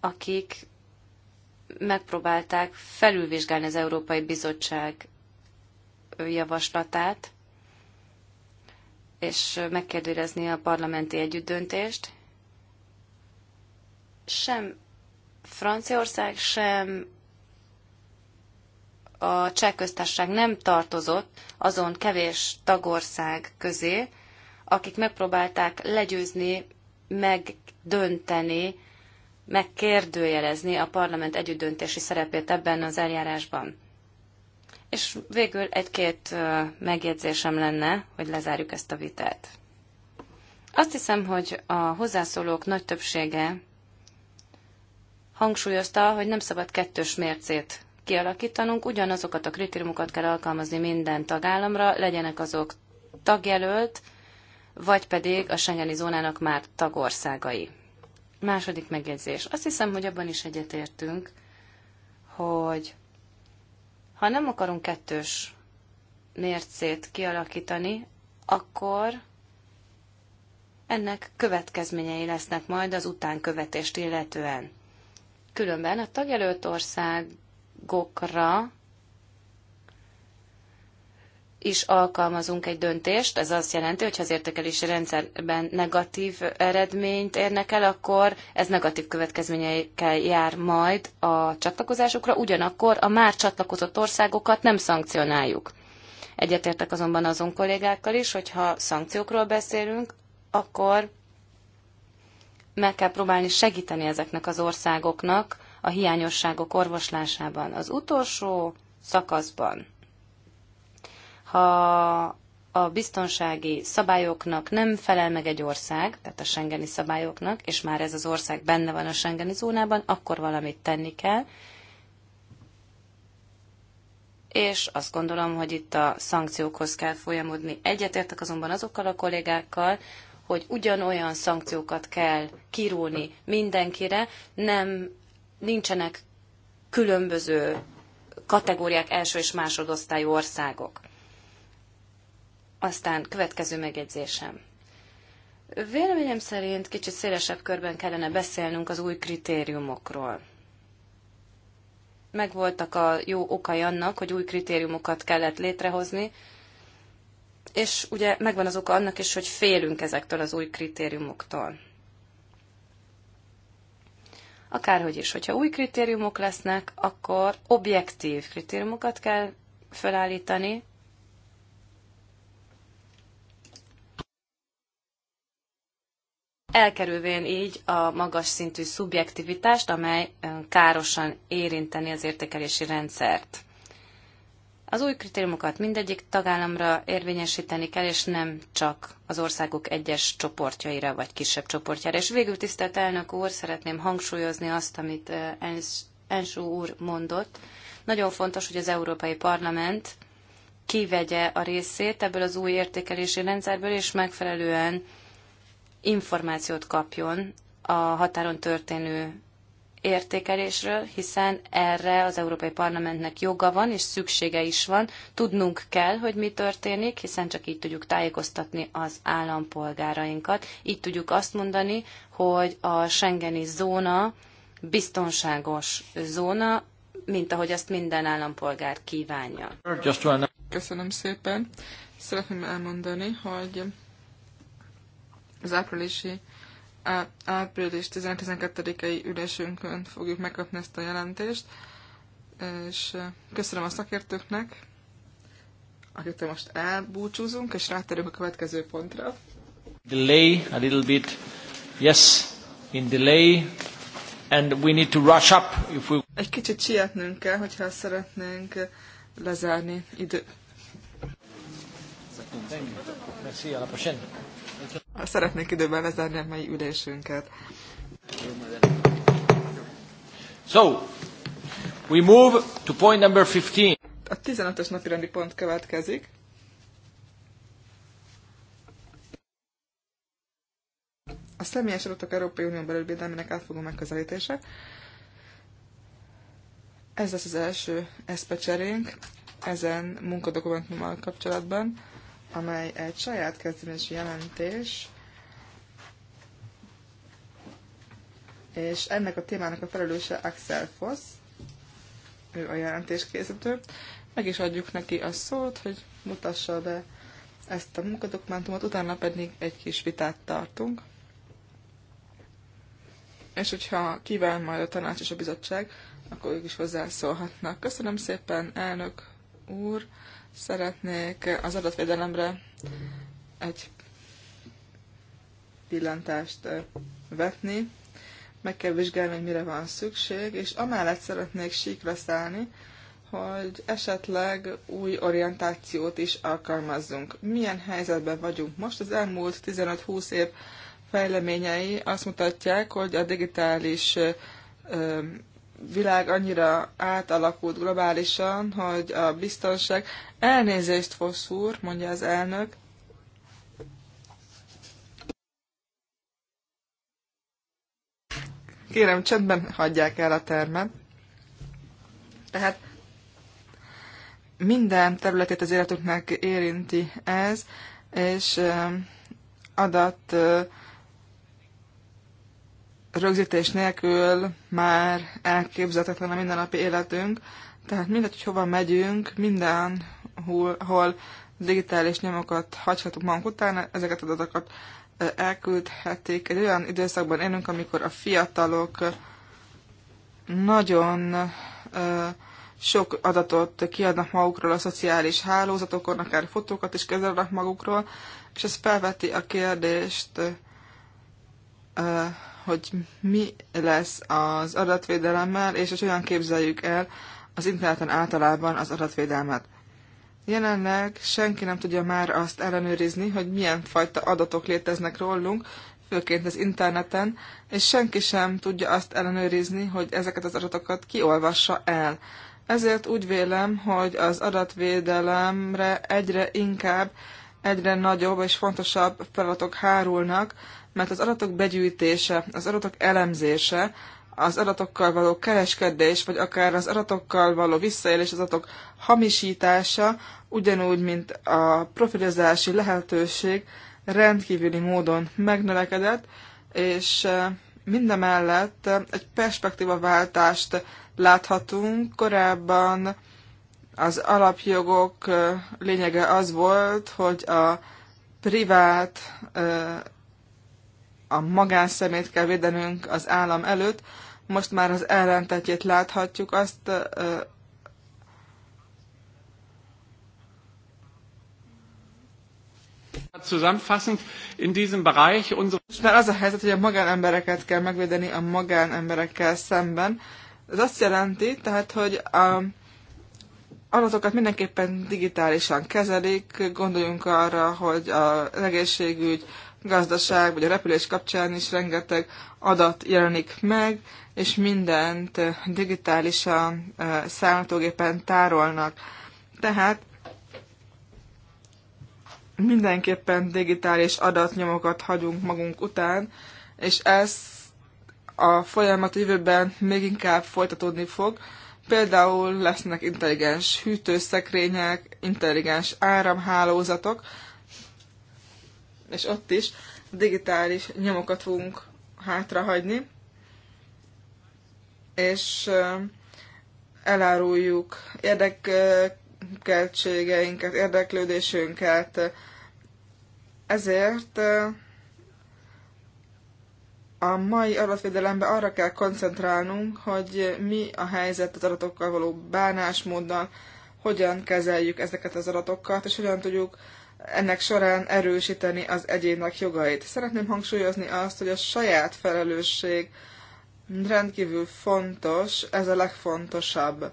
Speaker 2: akik megpróbálták felülvizsgálni az Európai Bizottság javaslatát, és megkérdőjelezni a parlamenti együttdöntést. Sem Franciaország, sem a cseh köztársaság nem tartozott azon kevés tagország közé, akik megpróbálták legyőzni, megdönteni, megkérdőjelezni a parlament együttdöntési szerepét ebben az eljárásban. És végül egy-két megjegyzésem lenne, hogy lezárjuk ezt a vitát. Azt hiszem, hogy a hozzászólók nagy többsége hangsúlyozta, hogy nem szabad kettős mércét kialakítanunk, ugyanazokat a kritériumokat kell alkalmazni minden tagállamra, legyenek azok tagjelölt, vagy pedig a Schengeni zónának már tagországai. Második megjegyzés. Azt hiszem, hogy abban is egyetértünk, hogy ha nem akarunk kettős mércét kialakítani, akkor ennek következményei lesznek majd az utánkövetést illetően. Különben a tagjelölt országokra is alkalmazunk egy döntést, ez azt jelenti, hogy ha az értékelési rendszerben negatív eredményt érnek el, akkor ez negatív következményeikkel jár majd a csatlakozásukra, ugyanakkor a már csatlakozott országokat nem szankcionáljuk. Egyetértek azonban azon kollégákkal is, hogyha szankciókról beszélünk, akkor meg kell próbálni segíteni ezeknek az országoknak a hiányosságok orvoslásában. Az utolsó szakaszban ha a biztonsági szabályoknak nem felel meg egy ország, tehát a Schengeni szabályoknak, és már ez az ország benne van a Schengeni zónában, akkor valamit tenni kell. És azt gondolom, hogy itt a szankciókhoz kell folyamodni. Egyetértek azonban azokkal a kollégákkal, hogy ugyanolyan szankciókat kell kirúni mindenkire, nem nincsenek különböző kategóriák első és másodosztályú országok. Aztán következő megjegyzésem. Véleményem szerint kicsit szélesebb körben kellene beszélnünk az új kritériumokról. Megvoltak a jó okai annak, hogy új kritériumokat kellett létrehozni, és ugye megvan az oka annak is, hogy félünk ezektől az új kritériumoktól. Akárhogy is, hogyha új kritériumok lesznek, akkor objektív kritériumokat kell felállítani, elkerülvén így a magas szintű szubjektivitást, amely károsan érinteni az értékelési rendszert. Az új kritériumokat mindegyik tagállamra érvényesíteni kell, és nem csak az országok egyes csoportjaira vagy kisebb csoportjára. És végül, tisztelt elnök úr, szeretném hangsúlyozni azt, amit Ensú úr mondott. Nagyon fontos, hogy az Európai Parlament kivegye a részét ebből az új értékelési rendszerből, és megfelelően információt kapjon a határon történő értékelésről, hiszen erre az Európai Parlamentnek joga van, és szüksége is van. Tudnunk kell, hogy mi történik, hiszen csak így tudjuk tájékoztatni az állampolgárainkat. Így tudjuk azt mondani, hogy a Schengeni zóna biztonságos zóna, mint ahogy azt minden állampolgár kívánja.
Speaker 4: Köszönöm szépen. Szeretném elmondani, hogy az áprilisi április 12 i ülésünkön fogjuk megkapni ezt a jelentést, és köszönöm a szakértőknek, akiktől most elbúcsúzunk, és ráterünk a következő pontra.
Speaker 1: Delay a little bit. Yes, in delay, and we need to rush up if we...
Speaker 4: Egy kicsit sietnünk kell, hogyha szeretnénk lezárni idő. Merci, à la prochaine. Szeretnék időben lezárni a mai ülésünket. So, we move to point number 15. A 15-ös napirendi pont következik. A személyes adatok Európai Unión belül védelmének átfogó megközelítése. Ez lesz az első eszpecserénk ezen munkadokumentummal kapcsolatban amely egy saját kezdeményező jelentés, és ennek a témának a felelőse Axel Foss, ő a jelentéskészítő. Meg is adjuk neki a szót, hogy mutassa be ezt a munkadokumentumot, utána pedig egy kis vitát tartunk. És hogyha kíván majd a tanács és a bizottság, akkor ők is hozzászólhatnak. Köszönöm szépen, elnök úr! Szeretnék az adatvédelemre egy pillantást vetni, meg kell vizsgálni, hogy mire van szükség, és amellett szeretnék síkra szállni, hogy esetleg új orientációt is alkalmazzunk. Milyen helyzetben vagyunk most? Az elmúlt 15-20 év fejleményei azt mutatják, hogy a digitális világ annyira átalakult globálisan, hogy a biztonság elnézést foszúr, mondja az elnök. Kérem, csendben hagyják el a termet. Tehát minden területét az életünknek érinti ez, és adat rögzítés nélkül már elképzelhetetlen a mindennapi életünk, tehát mindegy, hogy hova megyünk, mindenhol digitális nyomokat hagyhatunk magunk után, ezeket az adatokat elküldhetik. Egy olyan időszakban élünk, amikor a fiatalok nagyon sok adatot kiadnak magukról a szociális hálózatokon, akár fotókat is kezelnek magukról, és ez felveti a kérdést hogy mi lesz az adatvédelemmel, és hogy olyan képzeljük el az interneten általában az adatvédelmet. Jelenleg senki nem tudja már azt ellenőrizni, hogy milyen fajta adatok léteznek rólunk, főként az interneten, és senki sem tudja azt ellenőrizni, hogy ezeket az adatokat kiolvassa el. Ezért úgy vélem, hogy az adatvédelemre egyre inkább, egyre nagyobb és fontosabb feladatok hárulnak, mert az adatok begyűjtése, az adatok elemzése, az adatokkal való kereskedés, vagy akár az adatokkal való visszaélés, az adatok hamisítása, ugyanúgy, mint a profilozási lehetőség rendkívüli módon megnövekedett, és mindemellett egy perspektívaváltást láthatunk. Korábban az alapjogok lényege az volt, hogy a privát a magánszemét kell védenünk az állam előtt, most már az ellentetjét láthatjuk, azt Zusammenfassend in diesem Bereich unsere. Most már az a helyzet, hogy a magánembereket kell megvédeni a magánemberekkel szemben. Ez azt jelenti, tehát, hogy a adatokat mindenképpen digitálisan kezelik. Gondoljunk arra, hogy az egészségügy, gazdaság vagy a repülés kapcsán is rengeteg adat jelenik meg, és mindent eh, digitálisan eh, számítógépen tárolnak. Tehát mindenképpen digitális adatnyomokat hagyunk magunk után, és ez a folyamat jövőben még inkább folytatódni fog. Például lesznek intelligens hűtőszekrények, intelligens áramhálózatok, és ott is digitális nyomokat fogunk hátrahagyni, és eláruljuk érdekeltségeinket, érdeklődésünket. Ezért a mai adatvédelemben arra kell koncentrálnunk, hogy mi a helyzet az adatokkal való bánásmóddal, hogyan kezeljük ezeket az adatokat, és hogyan tudjuk ennek során erősíteni az egyének jogait. Szeretném hangsúlyozni azt, hogy a saját felelősség rendkívül fontos, ez a legfontosabb.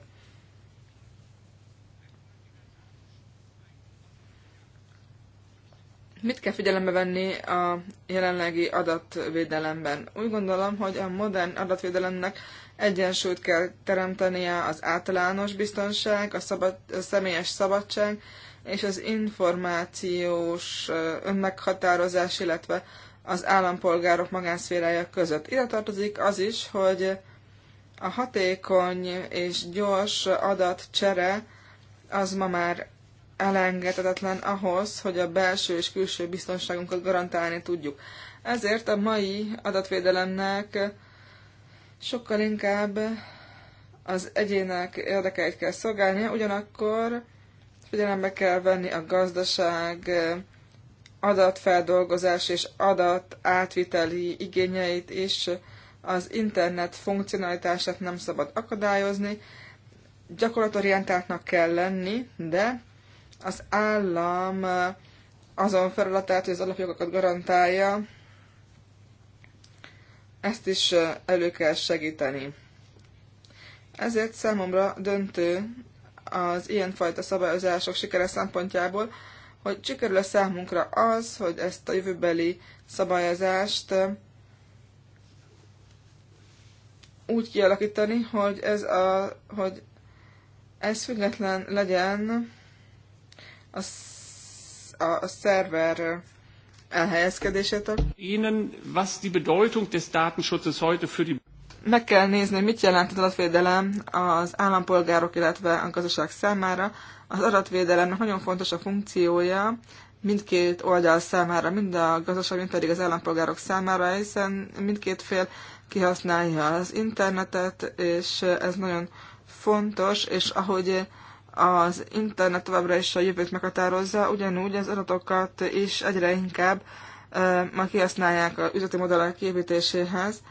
Speaker 4: Mit kell figyelembe venni a jelenlegi adatvédelemben? Úgy gondolom, hogy a modern adatvédelemnek egyensúlyt kell teremtenie az általános biztonság, a, szabad, a személyes szabadság és az információs önmeghatározás, illetve az állampolgárok magánszférája között. Ide tartozik az is, hogy a hatékony és gyors adatcsere az ma már elengedhetetlen ahhoz, hogy a belső és külső biztonságunkat garantálni tudjuk. Ezért a mai adatvédelemnek sokkal inkább az egyének érdekeit kell szolgálnia, ugyanakkor Figyelembe kell venni a gazdaság eh, adatfeldolgozás és adat átviteli igényeit is, az internet funkcionalitását nem szabad akadályozni, gyakorlatorientáltnak kell lenni, de az állam eh, azon feladatát, hogy az alapjogokat garantálja, ezt is eh, elő kell segíteni. Ezért számomra döntő az ilyenfajta szabályozások sikere szempontjából, hogy sikerül a számunkra az, hogy ezt a jövőbeli szabályozást úgy kialakítani, hogy ez, a, hogy ez független legyen a, a, a szerver elhelyezkedésétől.
Speaker 6: Ihnen, was die Bedeutung des Datenschutzes heute für die
Speaker 4: meg kell nézni, mit jelent az adatvédelem az állampolgárok, illetve a gazdaság számára. Az adatvédelemnek nagyon fontos a funkciója mindkét oldal számára, mind a gazdaság, mind pedig az állampolgárok számára, hiszen mindkét fél kihasználja az internetet, és ez nagyon fontos, és ahogy az internet továbbra is a jövőt meghatározza, ugyanúgy az adatokat is egyre inkább majd kihasználják a üzleti modellek képítéséhez,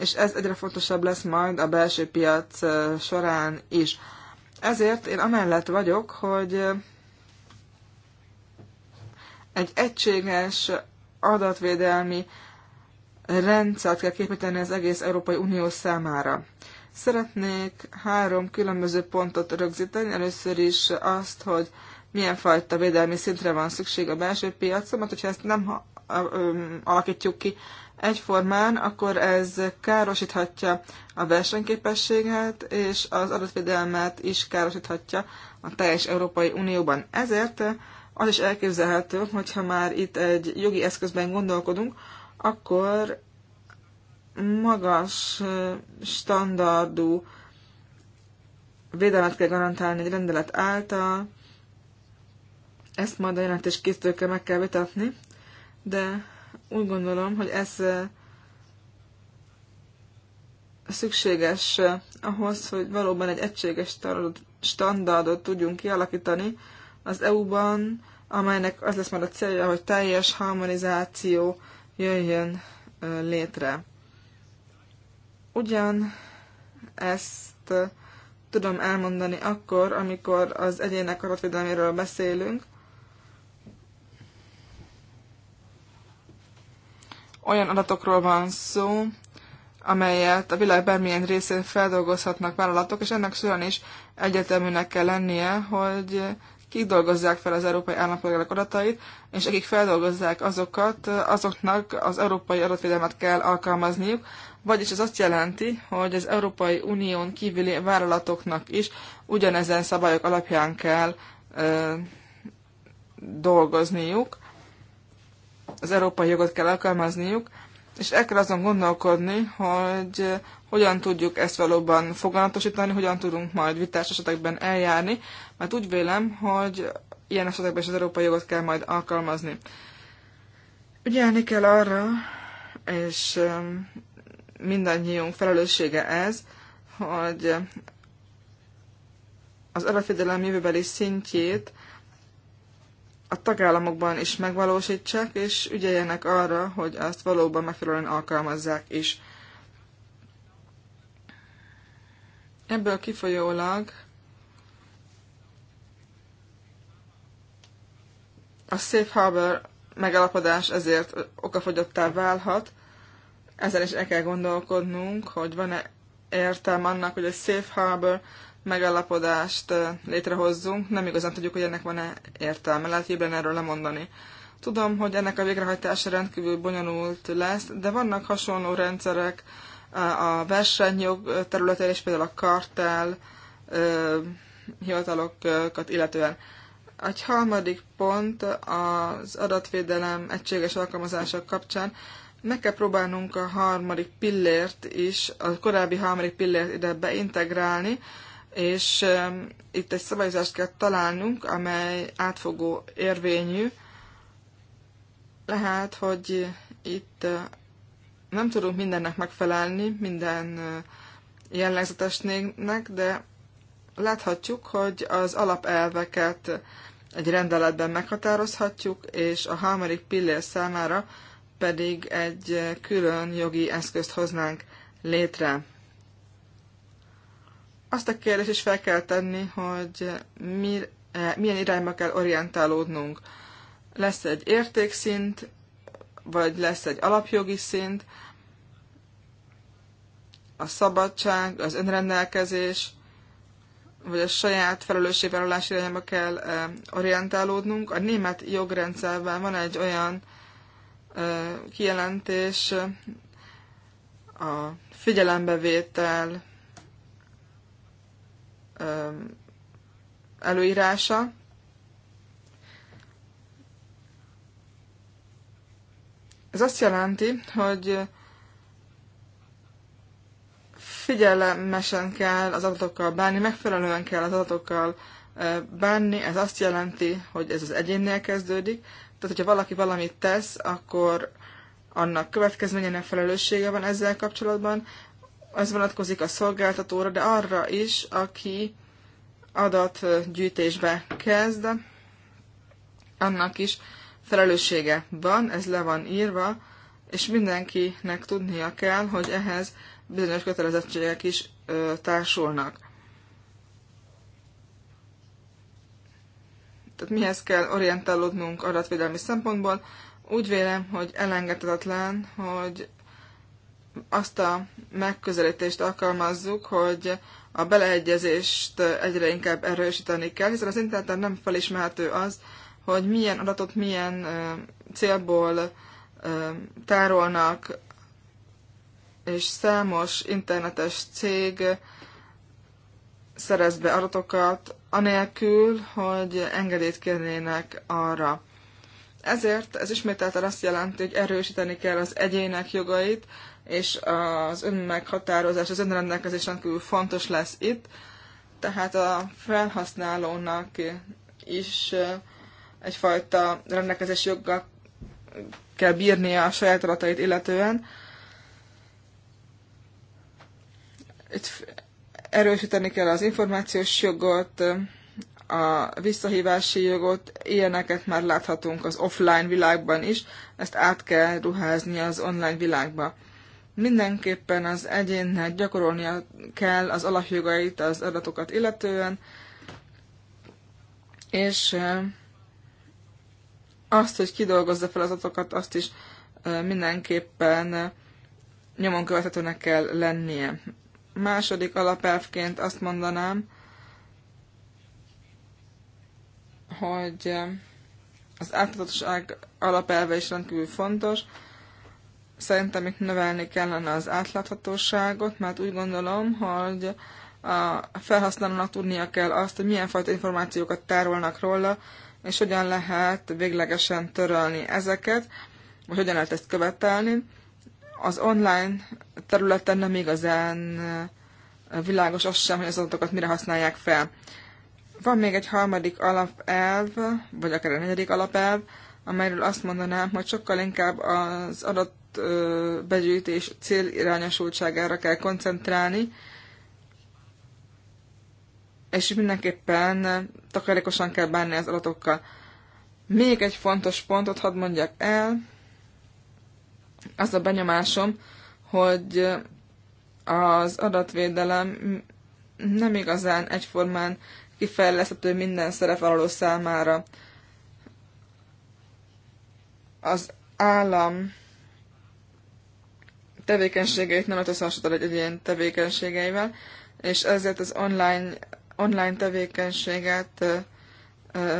Speaker 4: és ez egyre fontosabb lesz majd a belső piac során is. Ezért én amellett vagyok, hogy egy egységes adatvédelmi rendszert kell képíteni az egész Európai Unió számára. Szeretnék három különböző pontot rögzíteni. Először is azt, hogy milyen fajta védelmi szintre van szükség a belső piacon, mert hogyha ezt nem alakítjuk ki egyformán, akkor ez károsíthatja a versenyképességet, és az adatvédelmet is károsíthatja a teljes Európai Unióban. Ezért az is elképzelhető, hogyha már itt egy jogi eszközben gondolkodunk, akkor magas eh, standardú védelmet kell garantálni egy rendelet által, ezt majd a jelentés készítőkkel meg kell vitatni, de úgy gondolom, hogy ez szükséges ahhoz, hogy valóban egy egységes standardot tudjunk kialakítani az EU-ban, amelynek az lesz már a célja, hogy teljes harmonizáció jöjjön létre. Ugyan ezt tudom elmondani akkor, amikor az egyének adatvédelméről beszélünk, Olyan adatokról van szó, amelyet a világ bármilyen részén feldolgozhatnak vállalatok, és ennek során is egyeteműnek kell lennie, hogy kik dolgozzák fel az európai állampolgárok adatait, és akik feldolgozzák azokat, azoknak az európai adatvédelmet kell alkalmazniuk, vagyis ez azt jelenti, hogy az Európai Unión kívüli vállalatoknak is ugyanezen szabályok alapján kell ö, dolgozniuk, az európai jogot kell alkalmazniuk, és el kell azon gondolkodni, hogy hogyan tudjuk ezt valóban foganatosítani, hogyan tudunk majd vitás esetekben eljárni, mert úgy vélem, hogy ilyen esetekben is az európai jogot kell majd alkalmazni. Ügyelni kell arra, és um, mindannyiunk felelőssége ez, hogy az alapvédelem jövőbeli szintjét a tagállamokban is megvalósítsák, és ügyeljenek arra, hogy azt valóban megfelelően alkalmazzák is. Ebből kifolyólag a Safe Harbor megalapodás ezért okafogyottá válhat. Ezzel is el kell gondolkodnunk, hogy van-e értelme annak, hogy a Safe Harbor megállapodást létrehozzunk, nem igazán tudjuk, hogy ennek van-e értelme. Lehet jobb erről lemondani. Tudom, hogy ennek a végrehajtása rendkívül bonyolult lesz, de vannak hasonló rendszerek a versenyjog területén, és például a kartel hivatalokat illetően. Egy harmadik pont az adatvédelem egységes alkalmazása kapcsán meg kell próbálnunk a harmadik pillért is, a korábbi harmadik pillért ide beintegrálni, és itt egy szabályozást kell találnunk, amely átfogó érvényű. Lehet, hogy itt nem tudunk mindennek megfelelni, minden jellegzetesnek, de láthatjuk, hogy az alapelveket egy rendeletben meghatározhatjuk, és a harmadik pillér számára pedig egy külön jogi eszközt hoznánk létre azt a kérdést is fel kell tenni, hogy mi, eh, milyen irányba kell orientálódnunk. Lesz egy értékszint, vagy lesz egy alapjogi szint, a szabadság, az önrendelkezés, vagy a saját felelősségvállalás irányába kell eh, orientálódnunk. A német jogrendszerben van egy olyan eh, kijelentés, a figyelembevétel előírása. Ez azt jelenti, hogy figyelemesen kell az adatokkal bánni, megfelelően kell az adatokkal bánni, ez azt jelenti, hogy ez az egyénnél kezdődik, tehát hogyha valaki valamit tesz, akkor annak következményének felelőssége van ezzel kapcsolatban, ez vonatkozik a szolgáltatóra, de arra is, aki adatgyűjtésbe kezd, annak is felelőssége van, ez le van írva, és mindenkinek tudnia kell, hogy ehhez bizonyos kötelezettségek is ö, társulnak. Tehát mihez kell orientálódnunk adatvédelmi szempontból? Úgy vélem, hogy elengedhetetlen, hogy azt a megközelítést alkalmazzuk, hogy a beleegyezést egyre inkább erősíteni kell, hiszen az interneten nem felismerhető az, hogy milyen adatot milyen célból tárolnak, és számos internetes cég szerez be adatokat, anélkül, hogy engedélyt kérnének arra. Ezért ez ismételten azt jelenti, hogy erősíteni kell az egyének jogait, és az önmeghatározás, az önrendelkezés rendkívül fontos lesz itt, tehát a felhasználónak is egyfajta rendelkezés joggal kell bírnia a saját adatait illetően. Itt erősíteni kell az információs jogot, a visszahívási jogot, ilyeneket már láthatunk az offline világban is, ezt át kell ruházni az online világba. Mindenképpen az egyénnek gyakorolnia kell az alapjogait, az adatokat illetően, és azt, hogy kidolgozza fel az adatokat, azt is mindenképpen nyomon követhetőnek kell lennie. Második alapelvként azt mondanám, hogy az átadatosság alapelve is rendkívül fontos, Szerintem itt növelni kellene az átláthatóságot, mert úgy gondolom, hogy a felhasználónak tudnia kell azt, hogy milyen fajta információkat tárolnak róla, és hogyan lehet véglegesen törölni ezeket, vagy hogyan lehet ezt követelni. Az online területen nem igazán világos az sem, hogy az adatokat mire használják fel. Van még egy harmadik alapelv, vagy akár a negyedik alapelv, amelyről azt mondanám, hogy sokkal inkább az adat adatbegyűjtés célirányosultságára kell koncentrálni, és mindenképpen takarékosan kell bánni az adatokkal. Még egy fontos pontot hadd mondjak el, az a benyomásom, hogy az adatvédelem nem igazán egyformán kifejleszthető minden szerepvállaló számára. Az állam tevékenységeit nem lehet összehasonlítani egy egyén tevékenységeivel, és ezért az online, online tevékenységet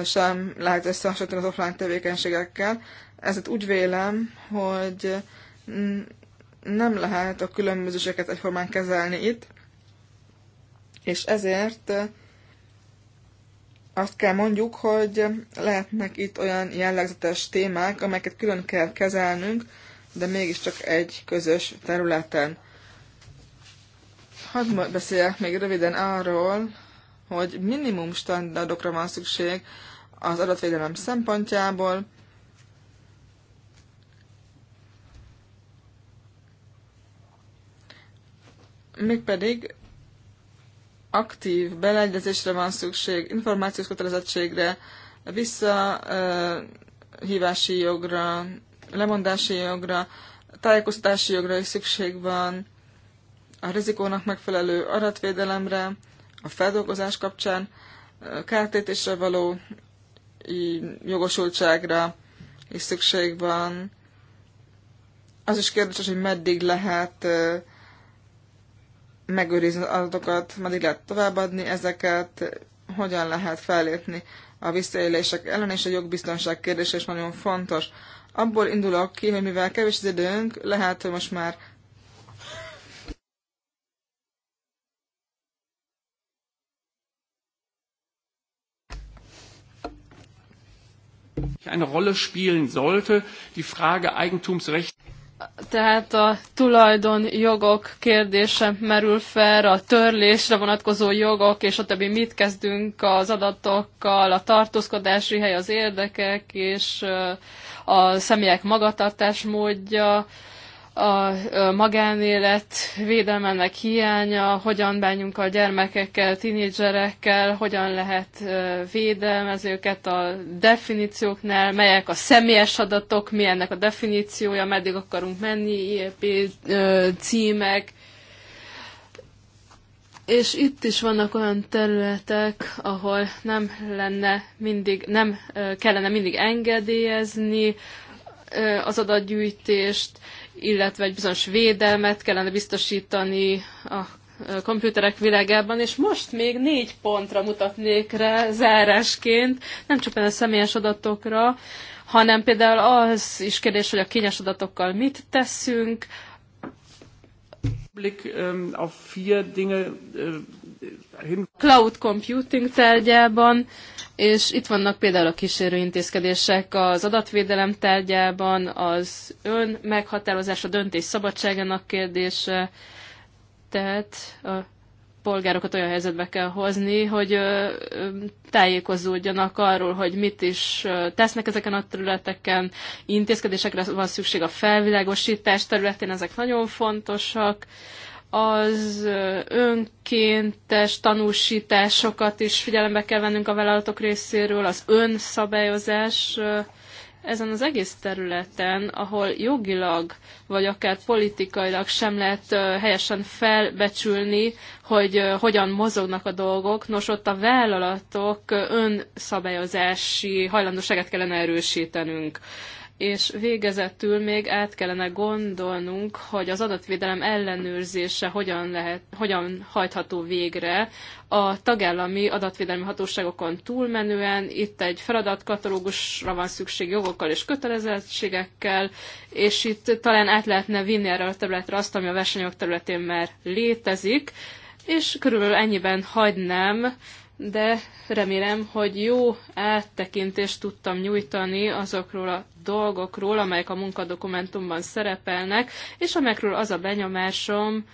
Speaker 4: sem lehet összehasonlítani az offline tevékenységekkel. Ezért úgy vélem, hogy nem lehet a különbözőséget egyformán kezelni itt, és ezért azt kell mondjuk, hogy lehetnek itt olyan jellegzetes témák, amelyeket külön kell kezelnünk, de mégiscsak egy közös területen. Hadd beszéljek még röviden arról, hogy minimum standardokra van szükség az adatvédelem szempontjából, mégpedig aktív beleegyezésre van szükség, információs kötelezettségre, visszahívási jogra, lemondási jogra, tájékoztatási jogra is szükség van, a rizikónak megfelelő adatvédelemre, a feldolgozás kapcsán, kártétésre való jogosultságra is szükség van. Az is kérdés, hogy meddig lehet megőrizni az adatokat, meddig lehet továbbadni ezeket, hogyan lehet fellépni a visszaélések ellen, és a jogbiztonság kérdése is nagyon fontos abból indulok ki, hogy mivel kevés az időnk, lehet, hogy most már
Speaker 6: eine Rolle spielen sollte, die Frage Eigentumsrecht
Speaker 3: tehát a tulajdon jogok kérdése merül fel, a törlésre vonatkozó jogok, és a többi mit kezdünk az adatokkal, a tartózkodási hely, az érdekek, és a személyek magatartásmódja, módja, a magánélet védelmenek hiánya, hogyan bánjunk a gyermekekkel, tinédzserekkel, hogyan lehet védelmezni őket a definícióknál, melyek a személyes adatok, mi ennek a definíciója, meddig akarunk menni, IEP címek. És itt is vannak olyan területek, ahol nem lenne mindig, nem kellene mindig engedélyezni az adatgyűjtést, illetve egy bizonyos védelmet kellene biztosítani a komputerek világában, és most még négy pontra mutatnék rá zárásként, nem csupán a személyes adatokra, hanem például az is kérdés, hogy a kényes adatokkal mit teszünk.
Speaker 1: Blick ähm, auf vier Dinge äh,
Speaker 3: cloud computing tárgyában, és itt vannak például a kísérő intézkedések az adatvédelem tárgyában, az ön meghatározás, a döntés szabadságának kérdése, tehát a polgárokat olyan helyzetbe kell hozni, hogy tájékozódjanak arról, hogy mit is tesznek ezeken a területeken, intézkedésekre van szükség a felvilágosítás területén, ezek nagyon fontosak, az önkéntes tanúsításokat is figyelembe kell vennünk a vállalatok részéről, az önszabályozás ezen az egész területen, ahol jogilag, vagy akár politikailag sem lehet helyesen felbecsülni, hogy hogyan mozognak a dolgok, nos ott a vállalatok önszabályozási hajlandóságát kellene erősítenünk és végezetül még át kellene gondolnunk, hogy az adatvédelem ellenőrzése hogyan, lehet, hogyan hajtható végre a tagállami adatvédelmi hatóságokon túlmenően. Itt egy feladatkatalógusra van szükség jogokkal és kötelezettségekkel, és itt talán át lehetne vinni erre a területre azt, ami a versenyok területén már létezik, és körülbelül ennyiben hagynám de remélem, hogy jó áttekintést tudtam nyújtani azokról a dolgokról, amelyek a munkadokumentumban szerepelnek, és amelyekről az a benyomásom,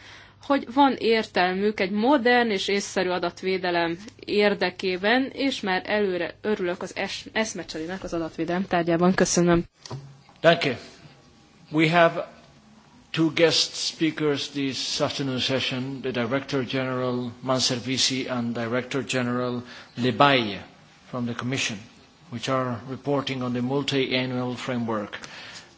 Speaker 3: hogy van értelmük egy modern és észszerű adatvédelem érdekében, és már előre örülök az es- eszmecserének az adatvédelem tárgyában. Köszönöm. you. We have
Speaker 1: two guest speakers this afternoon session, the Director General Manservisi and Director General Lebaille from the Commission, which are reporting on the multi-annual framework.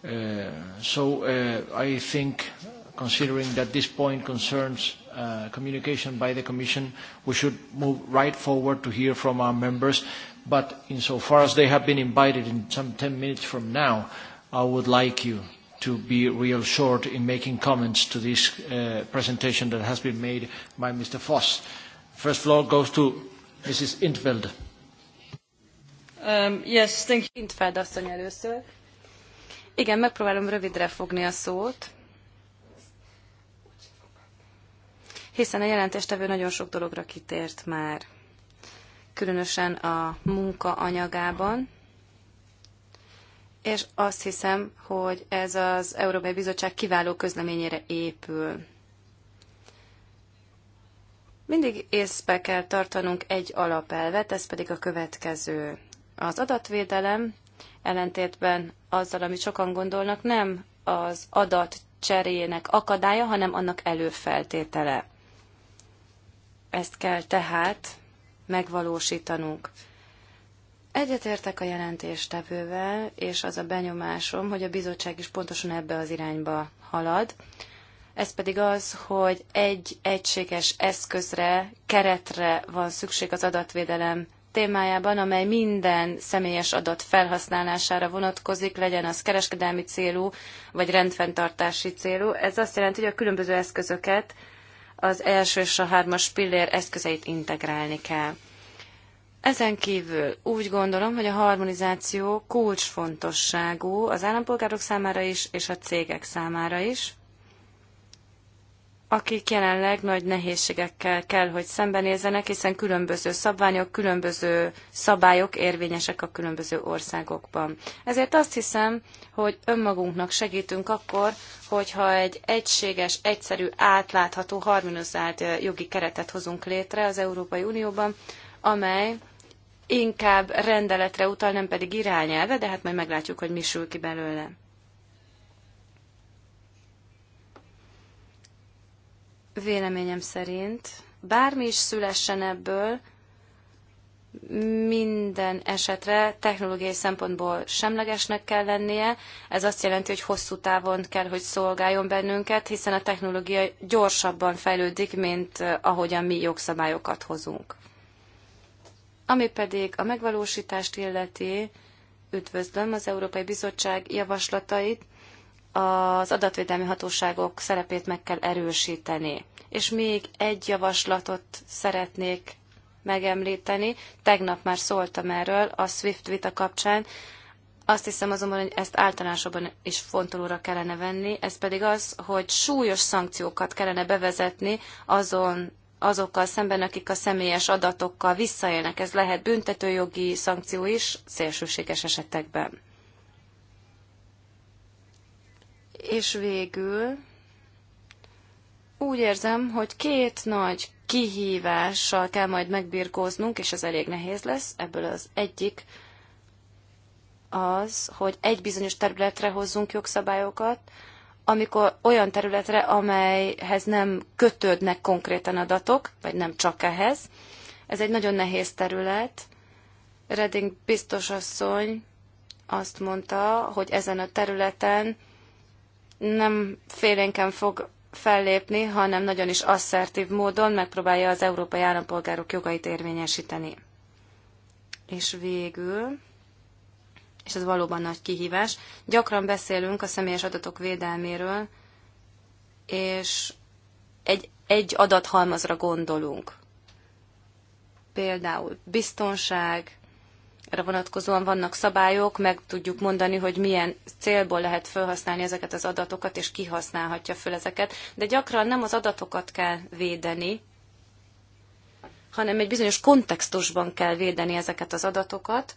Speaker 1: Uh, so uh, I think, considering that this point concerns uh, communication by the Commission, we should move right forward to hear from our members. But insofar as they have been invited in some 10 minutes from now, I would like you to be real short in making comments to this uh, presentation that has been made by Mr. Foss. First floor goes to Mrs. Intveld. Um,
Speaker 2: yes, thank you. Intveld asszony először. Igen, megpróbálom rövidre fogni a szót, hiszen a jelentéstevő nagyon sok dologra kitért már, különösen a munka anyagában és azt hiszem, hogy ez az Európai Bizottság kiváló közleményére épül. Mindig észbe kell tartanunk egy alapelvet, ez pedig a következő. Az adatvédelem ellentétben azzal, amit sokan gondolnak, nem az adat cseréjének akadálya, hanem annak előfeltétele. Ezt kell tehát megvalósítanunk. Egyetértek a jelentéstevővel, és az a benyomásom, hogy a bizottság is pontosan ebbe az irányba halad. Ez pedig az, hogy egy egységes eszközre, keretre van szükség az adatvédelem témájában, amely minden személyes adat felhasználására vonatkozik, legyen az kereskedelmi célú vagy rendfenntartási célú. Ez azt jelenti, hogy a különböző eszközöket az első és a hármas pillér eszközeit integrálni kell. Ezen kívül úgy gondolom, hogy a harmonizáció kulcsfontosságú az állampolgárok számára is, és a cégek számára is, akik jelenleg nagy nehézségekkel kell, hogy szembenézzenek, hiszen különböző szabványok, különböző szabályok érvényesek a különböző országokban. Ezért azt hiszem, hogy önmagunknak segítünk akkor, hogyha egy egységes, egyszerű, átlátható, harmonizált jogi keretet hozunk létre az Európai Unióban, amely inkább rendeletre utal, nem pedig irányelve, de hát majd meglátjuk, hogy mi sül ki belőle. Véleményem szerint bármi is szülessen ebből, minden esetre technológiai szempontból semlegesnek kell lennie. Ez azt jelenti, hogy hosszú távon kell, hogy szolgáljon bennünket, hiszen a technológia gyorsabban fejlődik, mint eh, ahogyan mi jogszabályokat hozunk. Ami pedig a megvalósítást illeti, üdvözlöm az Európai Bizottság javaslatait, az adatvédelmi hatóságok szerepét meg kell erősíteni. És még egy javaslatot szeretnék megemlíteni. Tegnap már szóltam erről a SWIFT vita kapcsán. Azt hiszem azonban, hogy ezt általánosabban is fontolóra kellene venni, ez pedig az, hogy súlyos szankciókat kellene bevezetni azon azokkal szemben, akik a személyes adatokkal visszaélnek. Ez lehet büntetőjogi szankció is szélsőséges esetekben. És végül úgy érzem, hogy két nagy kihívással kell majd megbirkóznunk, és ez elég nehéz lesz. Ebből az egyik az, hogy egy bizonyos területre hozzunk jogszabályokat, amikor olyan területre, amelyhez nem kötődnek konkrétan adatok, vagy nem csak ehhez. Ez egy nagyon nehéz terület. Redding biztos asszony azt mondta, hogy ezen a területen nem félénken fog fellépni, hanem nagyon is asszertív módon megpróbálja az európai állampolgárok jogait érvényesíteni. És végül és ez valóban nagy kihívás. Gyakran beszélünk a személyes adatok védelméről, és egy, egy adathalmazra gondolunk. Például biztonság, erre vonatkozóan vannak szabályok, meg tudjuk mondani, hogy milyen célból lehet felhasználni ezeket az adatokat, és ki használhatja föl ezeket. De gyakran nem az adatokat kell védeni, hanem egy bizonyos kontextusban kell védeni ezeket az adatokat,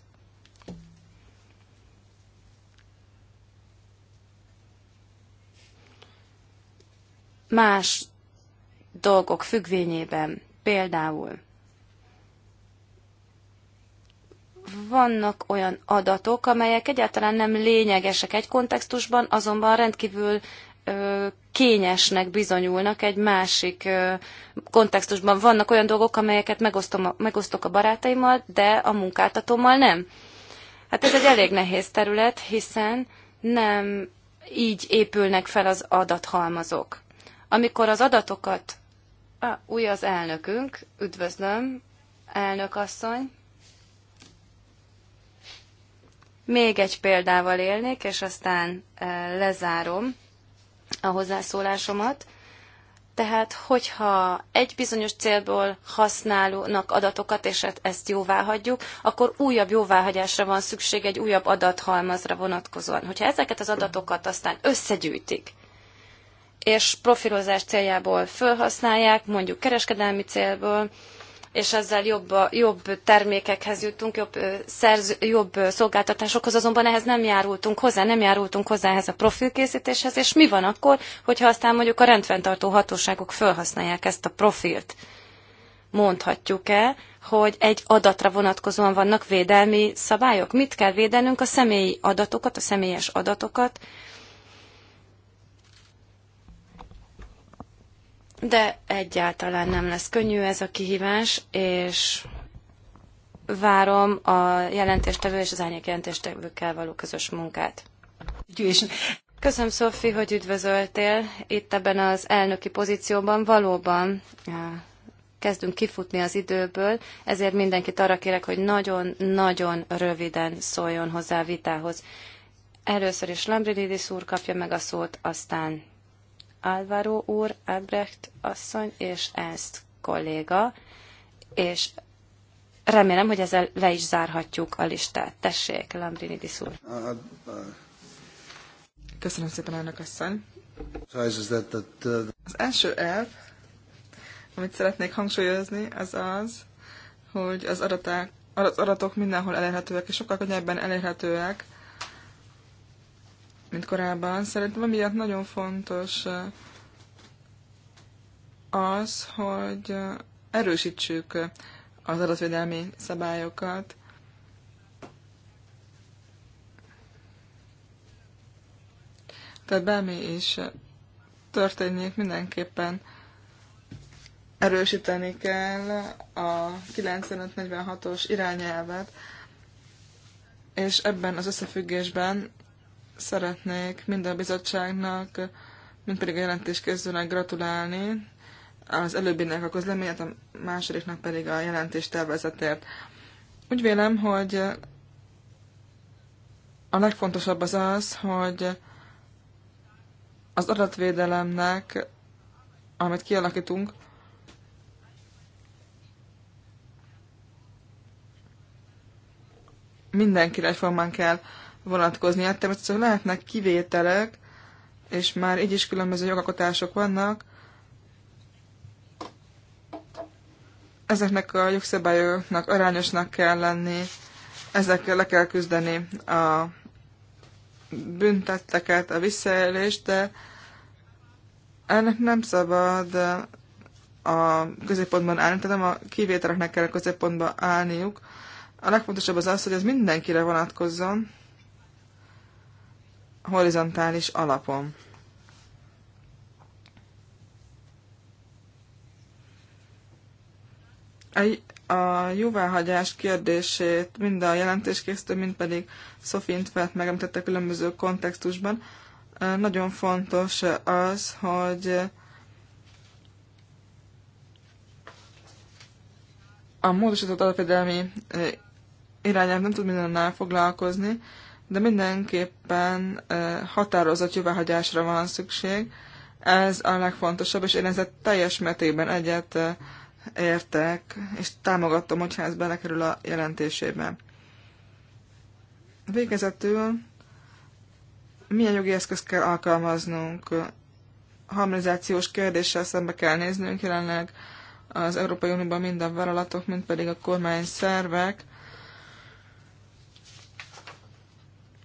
Speaker 2: más dolgok függvényében, például vannak olyan adatok, amelyek egyáltalán nem lényegesek egy kontextusban, azonban rendkívül ö, kényesnek bizonyulnak egy másik ö, kontextusban. Vannak olyan dolgok, amelyeket megosztom, megosztok a barátaimmal, de a munkáltatómmal nem. Hát ez egy elég nehéz terület, hiszen nem így épülnek fel az adathalmazok. Amikor az adatokat, ah, új az elnökünk, üdvözlöm, elnök asszony. Még egy példával élnék, és aztán e, lezárom a hozzászólásomat. Tehát, hogyha egy bizonyos célból használónak adatokat, és hát ezt jóvá hagyjuk, akkor újabb jóváhagyásra van szükség egy újabb adathalmazra vonatkozóan. Hogyha ezeket az adatokat aztán összegyűjtik, és profilozás céljából felhasználják, mondjuk kereskedelmi célból, és ezzel jobb, jobb termékekhez jutunk, jobb, szerz, jobb szolgáltatásokhoz, azonban ehhez nem járultunk hozzá, nem járultunk hozzá ehhez a profilkészítéshez, és mi van akkor, hogyha aztán mondjuk a rendfenntartó hatóságok felhasználják ezt a profilt? Mondhatjuk-e, hogy egy adatra vonatkozóan vannak védelmi szabályok? Mit kell védenünk? A személyi adatokat, a személyes adatokat, de egyáltalán nem lesz könnyű ez a kihívás, és várom a jelentéstevő és az árnyék jelentéstevőkkel való közös munkát. Köszönöm, Szofi, hogy üdvözöltél itt ebben az elnöki pozícióban. Valóban eh, kezdünk kifutni az időből, ezért mindenkit arra kérek, hogy nagyon-nagyon röviden szóljon hozzá a vitához. Először is Lambridis úr kapja meg a szót, aztán Álvaro úr, Ebrecht asszony és Ernst kolléga, és remélem, hogy ezzel le is zárhatjuk a listát. Tessék,
Speaker 4: Lambrinidis úr. Köszönöm szépen, elnök asszony. Uh, az első elv, amit szeretnék hangsúlyozni, az az, hogy az adaták, az adatok mindenhol elérhetőek, és sokkal könnyebben elérhetőek, mint korábban. Szerintem emiatt nagyon fontos eh, az, hogy eh, erősítsük eh, az adatvédelmi szabályokat, tehát bármi is történik, mindenképpen erősíteni kell a 9546-os irányelvet, és ebben az összefüggésben szeretnék mind a bizottságnak, mind pedig a jelentéskészülnek gratulálni az előbbinek a közleményet, a másodiknak pedig a jelentés tervezetért. Úgy vélem, hogy a legfontosabb az az, hogy az adatvédelemnek, amit kialakítunk, mindenkire egyformán kell Hát Természetesen lehetnek kivételek, és már így is különböző jogalkotások vannak. Ezeknek a jogszabályoknak arányosnak kell lenni, ezekkel le kell küzdeni a büntetteket, a visszaélést, de ennek nem szabad a középpontban állni, tehát nem a kivételeknek kell a középpontban állniuk. A legfontosabb az az, hogy ez mindenkire vonatkozzon, horizontális alapon. A jóváhagyás kérdését mind a jelentéskészítő, mind pedig Sophie Intvert megemlítette különböző kontextusban. Nagyon fontos az, hogy a módosított adatvédelmi irányelv nem tud mindennel foglalkozni, de mindenképpen határozott jövőhagyásra van szükség. Ez a legfontosabb, és én ezzel teljes mértékben egyet értek, és támogatom, hogyha ez belekerül a jelentésébe. Végezetül milyen jogi eszközt kell alkalmaznunk? Harmonizációs kérdéssel szembe kell néznünk jelenleg az Európai Unióban mind a vállalatok, mind pedig a kormány szervek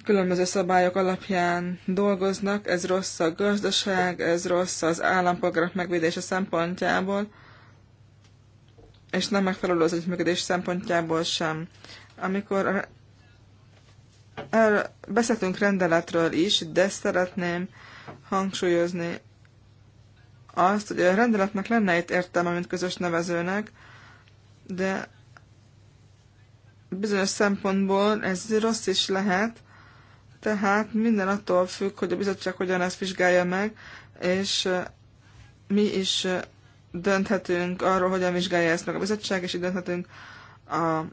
Speaker 4: különböző szabályok alapján dolgoznak, ez rossz a gazdaság, ez rossz az állampolgárok megvédése szempontjából, és nem megfelelő az együttműködés szempontjából sem. Amikor erről beszéltünk rendeletről is, de szeretném hangsúlyozni azt, hogy a rendeletnek lenne itt értelme, mint közös nevezőnek, de bizonyos szempontból ez rossz is lehet, tehát minden attól függ, hogy a bizottság hogyan ezt vizsgálja meg, és mi is dönthetünk arról, hogyan vizsgálja ezt meg a bizottság, és így dönthetünk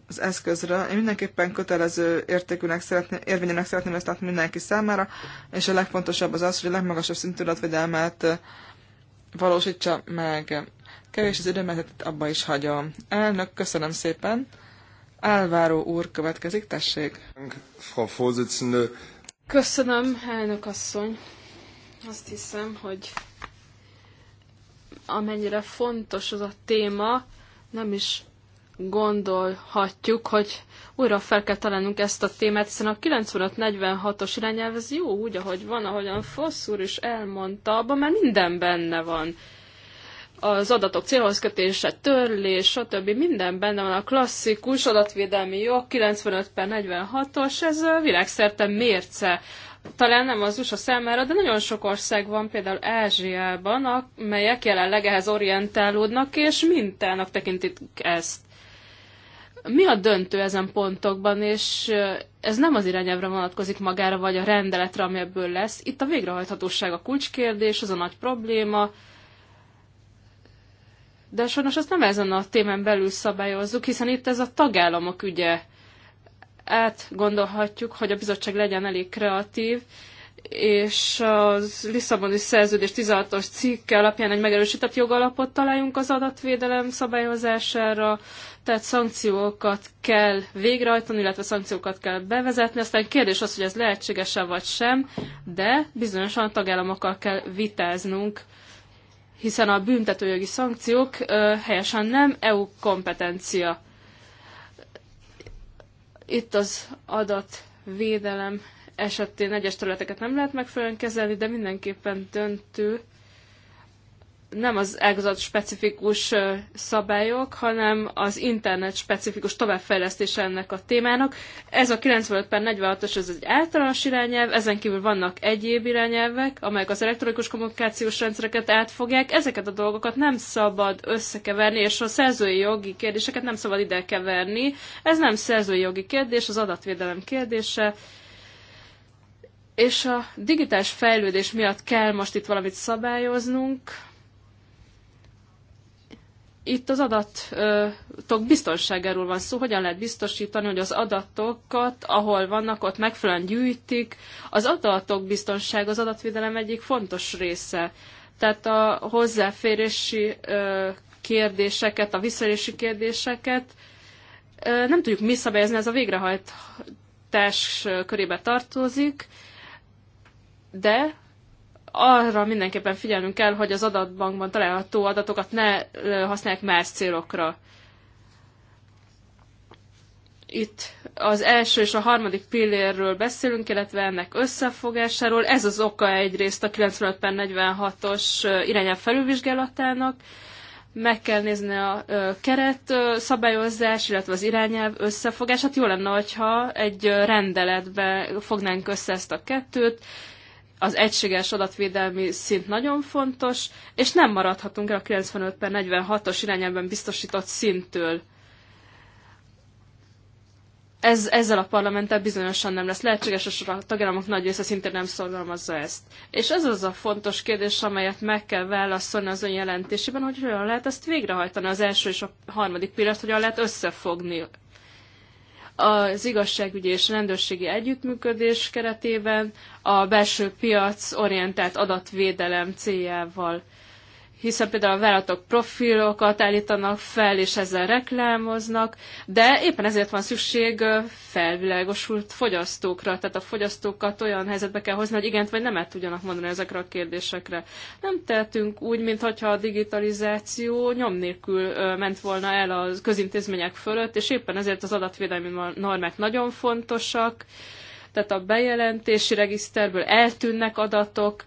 Speaker 4: az eszközről. Én mindenképpen kötelező értékűnek szeretném, érvényenek szeretném ezt látni mindenki számára, és a legfontosabb az az, hogy a legmagasabb szintű adatvédelmet valósítsa meg. Kevés az időmet, abba is hagyom. Elnök, köszönöm szépen. Álváró úr következik, tessék. Frau Vorsitzende,
Speaker 3: Köszönöm, elnök asszony. Azt hiszem, hogy amennyire fontos az a téma, nem is gondolhatjuk, hogy újra fel kell találnunk ezt a témát, hiszen a 95-46-os irányelv ez jó úgy, ahogy van, ahogyan Fosszúr is elmondta, abban már minden benne van az adatok célhoz kötése, törlés, stb. minden benne van a klasszikus adatvédelmi jog 95 per 46-os, ez világszerte mérce. Talán nem az USA számára, de nagyon sok ország van, például Ázsiában, amelyek jelenleg ehhez orientálódnak, és mintának tekintik ezt. Mi a döntő ezen pontokban, és ez nem az irányelvre vonatkozik magára, vagy a rendeletre, ami ebből lesz. Itt a végrehajthatóság a kulcskérdés, az a nagy probléma, de sajnos ezt nem ezen a témán belül szabályozzuk, hiszen itt ez a tagállamok ügye. Átgondolhatjuk, hogy a bizottság legyen elég kreatív, és az Lisszaboni szerződés 16-os cikke alapján egy megerősített jogalapot találjunk az adatvédelem szabályozására, tehát szankciókat kell végrehajtani, illetve szankciókat kell bevezetni. Aztán kérdés az, hogy ez lehetséges-e vagy sem, de bizonyosan tagállamokkal kell vitáznunk, hiszen a büntetőjogi szankciók helyesen nem EU kompetencia. Itt az adatvédelem esetén egyes területeket nem lehet megfelelően kezelni, de mindenképpen döntő, nem az ágazat specifikus szabályok, hanem az internet specifikus továbbfejlesztése ennek a témának. Ez a 95 per 46-os, ez egy általános irányelv, ezen kívül vannak egyéb irányelvek, amelyek az elektronikus kommunikációs rendszereket átfogják. Ezeket a dolgokat nem szabad összekeverni, és a szerzői jogi kérdéseket nem szabad ide keverni. Ez nem szerzői jogi kérdés, az adatvédelem kérdése. És a digitális fejlődés miatt kell most itt valamit szabályoznunk, itt az adatok biztonságáról van szó, hogyan lehet biztosítani, hogy az adatokat, ahol vannak, ott megfelelően gyűjtik. Az adatok biztonság az adatvédelem egyik fontos része. Tehát a hozzáférési kérdéseket, a visszaérési kérdéseket nem tudjuk mi szabályozni, ez a végrehajtás körébe tartozik, de arra mindenképpen figyelnünk kell, hogy az adatbankban található adatokat ne használják más célokra. Itt az első és a harmadik pillérről beszélünk, illetve ennek összefogásáról. Ez az oka egyrészt a 95 46-os irányelv felülvizsgálatának. Meg kell nézni a keret szabályozás, illetve az irányelv összefogását. Jó lenne, hogyha egy rendeletbe fognánk össze ezt a kettőt, az egységes adatvédelmi szint nagyon fontos, és nem maradhatunk el a 95 per 46-os irányában biztosított szinttől. Ez, ezzel a parlamenttel bizonyosan nem lesz lehetséges, és a tagállamok nagy része szintén nem szorgalmazza ezt. És ez az a fontos kérdés, amelyet meg kell válaszolni az ön jelentésében, hogy hogyan lehet ezt végrehajtani az első és a harmadik pillanat, hogyan lehet összefogni az igazságügyi és rendőrségi együttműködés keretében a belső piac orientált adatvédelem céljával hiszen például a vállalatok profilokat állítanak fel, és ezzel reklámoznak, de éppen ezért van szükség felvilágosult fogyasztókra, tehát a fogyasztókat olyan helyzetbe kell hozni, hogy igent vagy nemet tudjanak mondani ezekre a kérdésekre. Nem tehetünk úgy, mintha a digitalizáció nyom nélkül ment volna el a közintézmények fölött, és éppen ezért az adatvédelmi normák nagyon fontosak, tehát a bejelentési regiszterből eltűnnek adatok,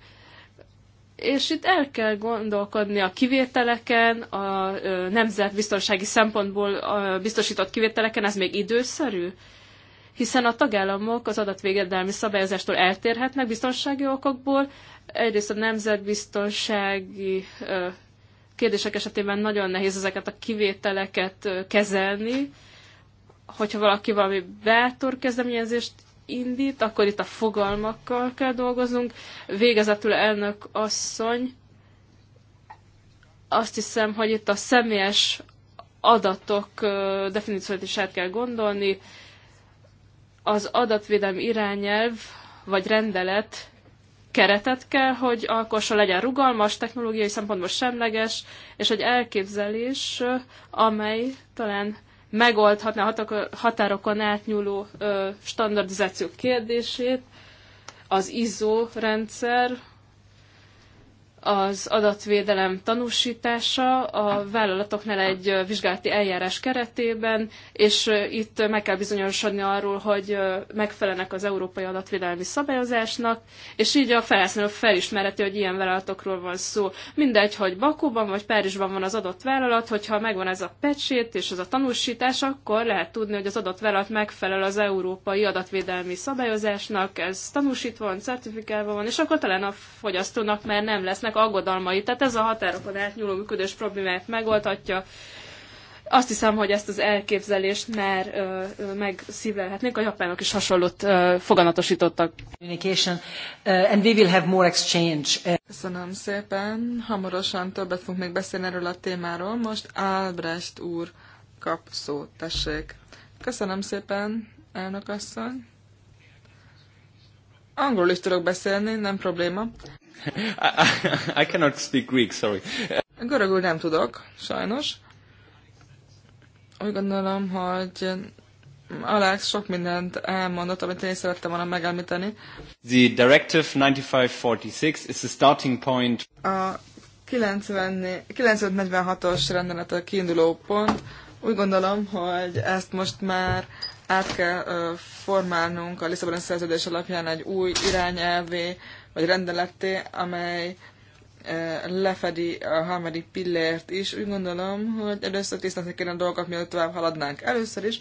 Speaker 3: és itt el kell gondolkodni a kivételeken, a nemzetbiztonsági szempontból biztosított kivételeken, ez még időszerű? Hiszen a tagállamok az adatvégedelmi szabályozástól eltérhetnek biztonsági okokból, egyrészt a nemzetbiztonsági kérdések esetében nagyon nehéz ezeket a kivételeket kezelni, hogyha valaki valami bátor kezdeményezést indít, akkor itt a fogalmakkal kell dolgoznunk. Végezetül elnök asszony, azt hiszem, hogy itt a személyes adatok definíciót is át kell gondolni. Az adatvédelmi irányelv vagy rendelet keretet kell, hogy alkossa legyen rugalmas, technológiai szempontból semleges, és egy elképzelés, amely talán megoldhatná határokon átnyúló standardizáció kérdését. Az ISO rendszer az adatvédelem tanúsítása a vállalatoknál egy vizsgálati eljárás keretében, és itt meg kell bizonyosodni arról, hogy megfelelnek az európai adatvédelmi szabályozásnak, és így a felhasználó felismereti, hogy ilyen vállalatokról van szó. Mindegy, hogy Bakóban vagy Párizsban van az adott vállalat, hogyha megvan ez a pecsét és ez a tanúsítás, akkor lehet tudni, hogy az adott vállalat megfelel az európai adatvédelmi szabályozásnak, ez tanúsítva van, certifikálva van, és akkor talán a fogyasztónak már nem lesznek emberek aggodalmait. Tehát ez a határokon átnyúló működés problémáját megoldhatja. Azt hiszem, hogy ezt az elképzelést már uh, megszívlelhetnénk, a japánok is hasonlót
Speaker 4: foganatosítottak. Communication, uh, and we will have more exchange. Uh, Köszönöm szépen, hamarosan többet fogunk még beszélni erről a témáról. Most Albrecht úr kap szót, tessék. Köszönöm szépen, elnök asszony. Angolul is tudok beszélni, nem probléma. I,
Speaker 6: I cannot speak Greek, sorry.
Speaker 4: Görögül nem tudok, sajnos. Úgy gondolom, hogy Alex sok mindent elmondott, amit én szerettem volna megemlíteni.
Speaker 1: The Directive 9546 is the starting point.
Speaker 4: A 9546-os rendelet a kiinduló pont. Úgy gondolom, hogy ezt most már át kell formálnunk a Lisszaboni szerződés alapján egy új irányelvé, vagy rendeletté, amely e, lefedi a harmadik pillért is. Úgy gondolom, hogy először tisztázni kéne a dolgokat, mielőtt tovább haladnánk. Először is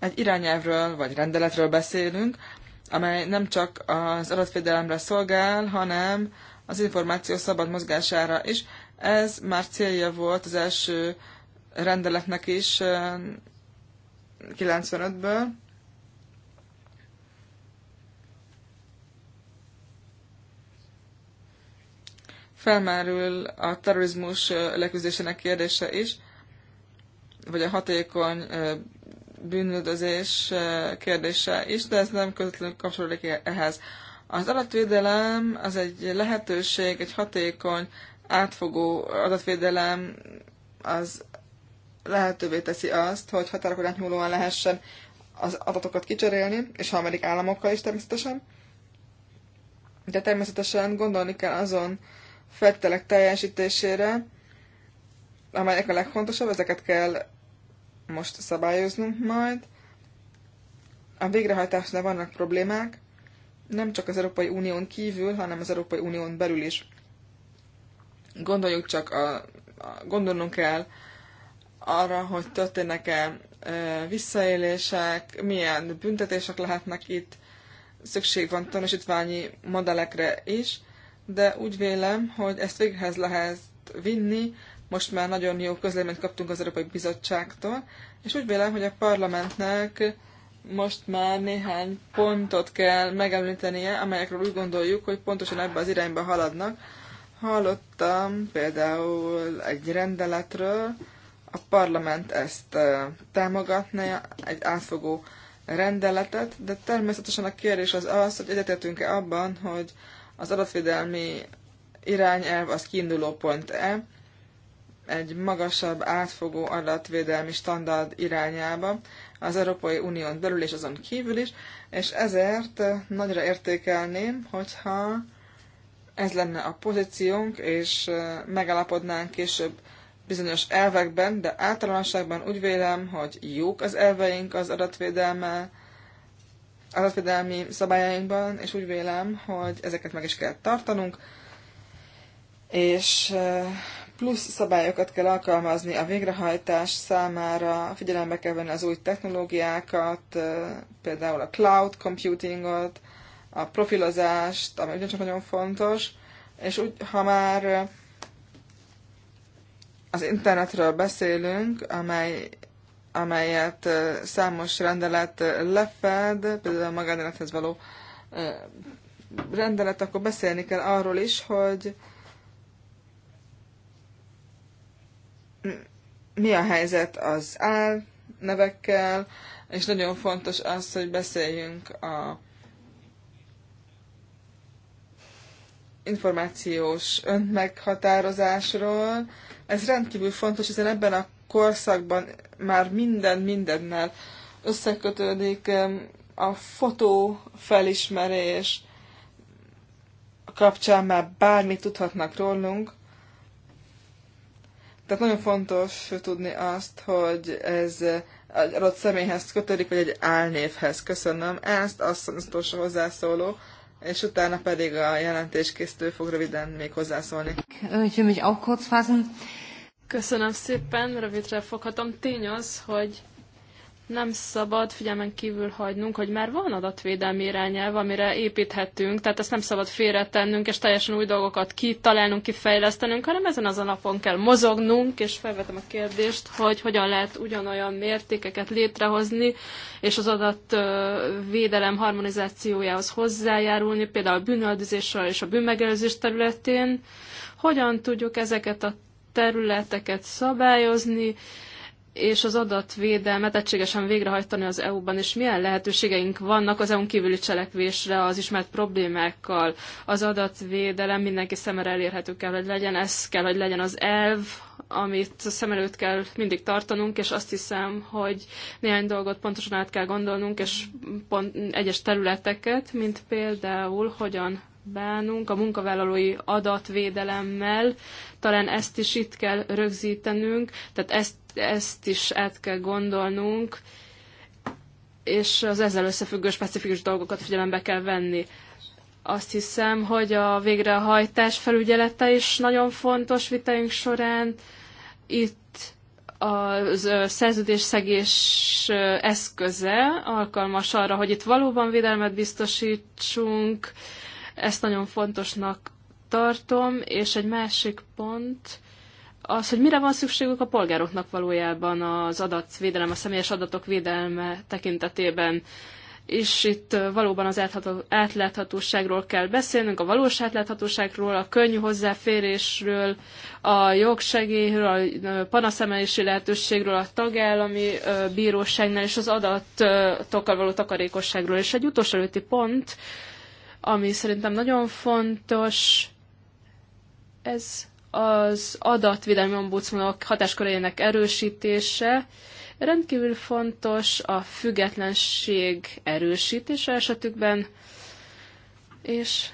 Speaker 4: egy irányelvről vagy rendeletről beszélünk, amely nem csak az adatvédelemre szolgál, hanem az információ szabad mozgására is. Ez már célja volt az első rendeletnek is 95-ből, e, felmerül a terrorizmus leküzdésének kérdése is, vagy a hatékony bűnöldözés kérdése is, de ez nem közvetlenül kapcsolódik e- ehhez. Az adatvédelem az egy lehetőség, egy hatékony, átfogó adatvédelem az lehetővé teszi azt, hogy határokon átnyúlóan lehessen az adatokat kicserélni, és harmadik államokkal is természetesen. De természetesen gondolni kell azon feltételek teljesítésére, amelyek a legfontosabb, ezeket kell most szabályoznunk majd. A végrehajtásnál vannak problémák, nem csak az Európai Unión kívül, hanem az Európai Unión belül is. Gondoljuk csak, a, a, gondolnunk kell arra, hogy történnek-e e, visszaélések, milyen büntetések lehetnek itt, szükség van tanúsítványi modellekre is, de úgy vélem, hogy ezt véghez lehet vinni. Most már nagyon jó közleményt kaptunk az Európai Bizottságtól, és úgy vélem, hogy a parlamentnek most már néhány pontot kell megemlítenie, amelyekről úgy gondoljuk, hogy pontosan ebbe az irányba haladnak. Hallottam például egy rendeletről, a parlament ezt támogatná, egy átfogó rendeletet, de természetesen a kérdés az az, hogy egyetértünk-e abban, hogy az adatvédelmi irányelv az kiinduló pont-e egy magasabb, átfogó adatvédelmi standard irányába az Európai Unión belül és azon kívül is, és ezért nagyra értékelném, hogyha ez lenne a pozíciónk, és megalapodnánk később bizonyos elvekben, de általánosságban úgy vélem, hogy jók az elveink az adatvédelmel adatvédelmi szabályainkban, és úgy vélem, hogy ezeket meg is kell tartanunk, és plusz szabályokat kell alkalmazni a végrehajtás számára, figyelembe kell venni az új technológiákat, például a cloud computingot, a profilozást, ami ugyancsak nagyon fontos, és úgy, ha már az internetről beszélünk, amely amelyet számos rendelet lefed, például a magánélethez való rendelet, akkor beszélni kell arról is, hogy mi a helyzet az áll nevekkel, és nagyon fontos az, hogy beszéljünk a információs öntmeghatározásról. Ez rendkívül fontos, hiszen ebben a korszakban már minden mindennel összekötődik, a fotó felismerés kapcsán már bármit tudhatnak rólunk. Tehát nagyon fontos tudni azt, hogy ez egy adott személyhez kötődik, vagy egy álnévhez. Köszönöm ezt, azt az utolsó hozzászóló, és utána pedig a jelentéskészítő fog röviden még hozzászólni.
Speaker 2: Äh, ich will mich auch kurz fassen.
Speaker 3: Köszönöm szépen, rövidre foghatom. Tény az, hogy nem szabad figyelmen kívül hagynunk, hogy már van adatvédelmi irányelv, amire építhetünk, tehát ezt nem szabad félretennünk, és teljesen új dolgokat kitalálnunk, kifejlesztenünk, hanem ezen az alapon kell mozognunk, és felvetem a kérdést, hogy hogyan lehet ugyanolyan mértékeket létrehozni, és az adatvédelem harmonizációjához hozzájárulni, például a bűnöldözésről és a bűnmegelőzés területén, hogyan tudjuk ezeket a területeket szabályozni, és az adatvédelmet egységesen végrehajtani az EU-ban, és milyen lehetőségeink vannak az EU-n kívüli cselekvésre az ismert problémákkal. Az adatvédelem mindenki szemre elérhető kell, hogy legyen, ez kell, hogy legyen az elv, amit szem előtt kell mindig tartanunk, és azt hiszem, hogy néhány dolgot pontosan át kell gondolnunk, és pont egyes területeket, mint például hogyan bánunk a munkavállalói adatvédelemmel, talán ezt is itt kell rögzítenünk, tehát ezt, ezt is át kell gondolnunk, és az ezzel összefüggő specifikus dolgokat figyelembe kell venni. Azt hiszem, hogy a végrehajtás felügyelete is nagyon fontos vitaink során. Itt a szegés eszköze alkalmas arra, hogy itt valóban védelmet biztosítsunk. Ezt nagyon fontosnak tartom, és egy másik pont az, hogy mire van szükségük a polgároknak valójában az adatvédelem, a személyes adatok védelme tekintetében és itt valóban az átláthatóságról kell beszélnünk, a valós átláthatóságról, a könnyű hozzáférésről, a jogsegélyről, a panaszemelési lehetőségről, a tagállami bíróságnál és az adatokkal való takarékosságról. És egy utolsó előtti pont, ami szerintem nagyon fontos, ez az adatvédelmi ombudsmanok hatáskörének erősítése, rendkívül fontos a függetlenség erősítése esetükben, és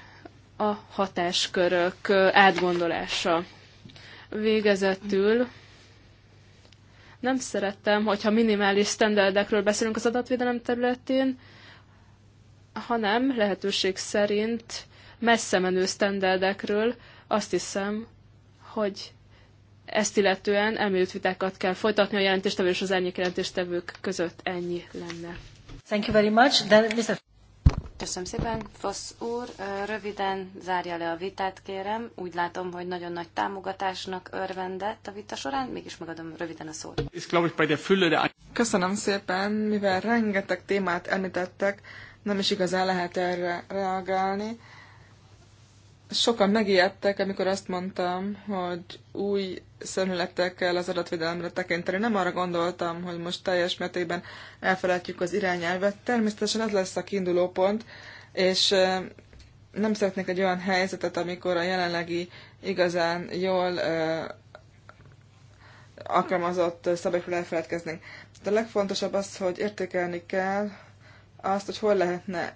Speaker 3: a hatáskörök átgondolása. Végezetül nem szerettem, hogyha minimális standardekről beszélünk az adatvédelem területén, hanem lehetőség szerint messze menő standardekről, azt hiszem, hogy ezt illetően elmélyült vitákat kell folytatni a jelentéstevő és az árnyék jelentéstevők között. Ennyi lenne. Thank you very much. Then, Mr. Köszönöm
Speaker 2: szépen. Fosz úr, röviden zárja le a vitát, kérem. Úgy látom, hogy nagyon nagy támogatásnak örvendett a vita során, mégis megadom röviden a szót.
Speaker 4: Köszönöm szépen, mivel rengeteg témát említettek, nem is igazán lehet erre reagálni sokan megijedtek, amikor azt mondtam, hogy új szemületekkel az adatvédelemre tekinteni. Nem arra gondoltam, hogy most teljes mértékben elfelejtjük az irányelvet. Természetesen ez lesz a kiinduló pont, és nem szeretnék egy olyan helyzetet, amikor a jelenlegi igazán jól alkalmazott szabályokról elfeledkeznénk. De a legfontosabb az, hogy értékelni kell azt, hogy hol lehetne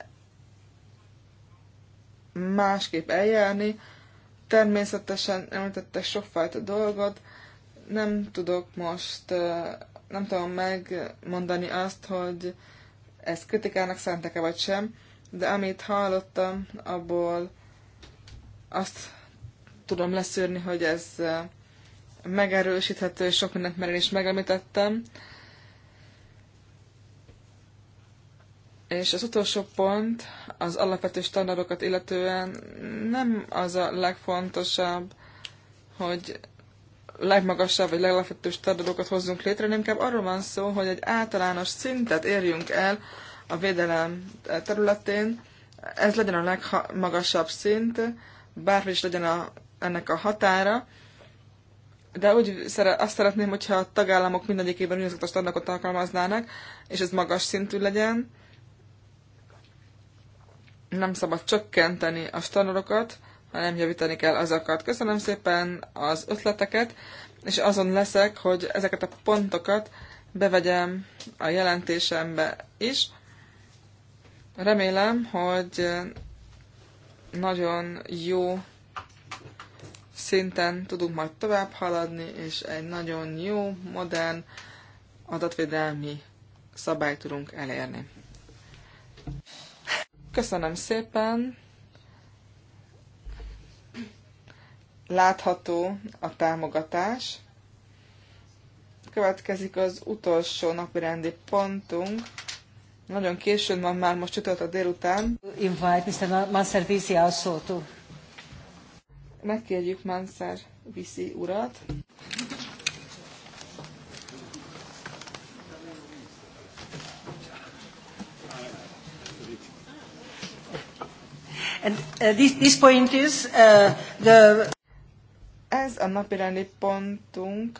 Speaker 4: másképp eljárni. Természetesen említette sokfajta dolgot, nem tudok most, nem tudom megmondani azt, hogy ezt kritikának szántak-e vagy sem, de amit hallottam, abból azt tudom leszűrni, hogy ez megerősíthető, és sok mindent már én is megemlítettem. És az utolsó pont, az alapvető standardokat illetően nem az a legfontosabb, hogy legmagasabb vagy legalapvető standardokat hozzunk létre, hanem inkább arról van szó, hogy egy általános szintet érjünk el a védelem területén. Ez legyen a legmagasabb szint, bármi is legyen a, ennek a határa, de úgy szere, azt szeretném, hogyha a tagállamok mindegyikében ugyanazokat a standardokat alkalmaznának, és ez magas szintű legyen, nem szabad csökkenteni a standardokat, hanem javítani kell azokat. Köszönöm szépen az ötleteket, és azon leszek, hogy ezeket a pontokat bevegyem a jelentésembe is. Remélem, hogy nagyon jó szinten tudunk majd tovább haladni, és egy nagyon jó, modern adatvédelmi szabályt tudunk elérni. Köszönöm szépen. Látható a támogatás. Következik az utolsó napi rendi pontunk. Nagyon későn van már most a délután. Invite Mr. Vizi Visi Alszótó. Megkérjük Manser Vizi urat. And uh, this, this point is uh, the... Ez a napirendi pontunk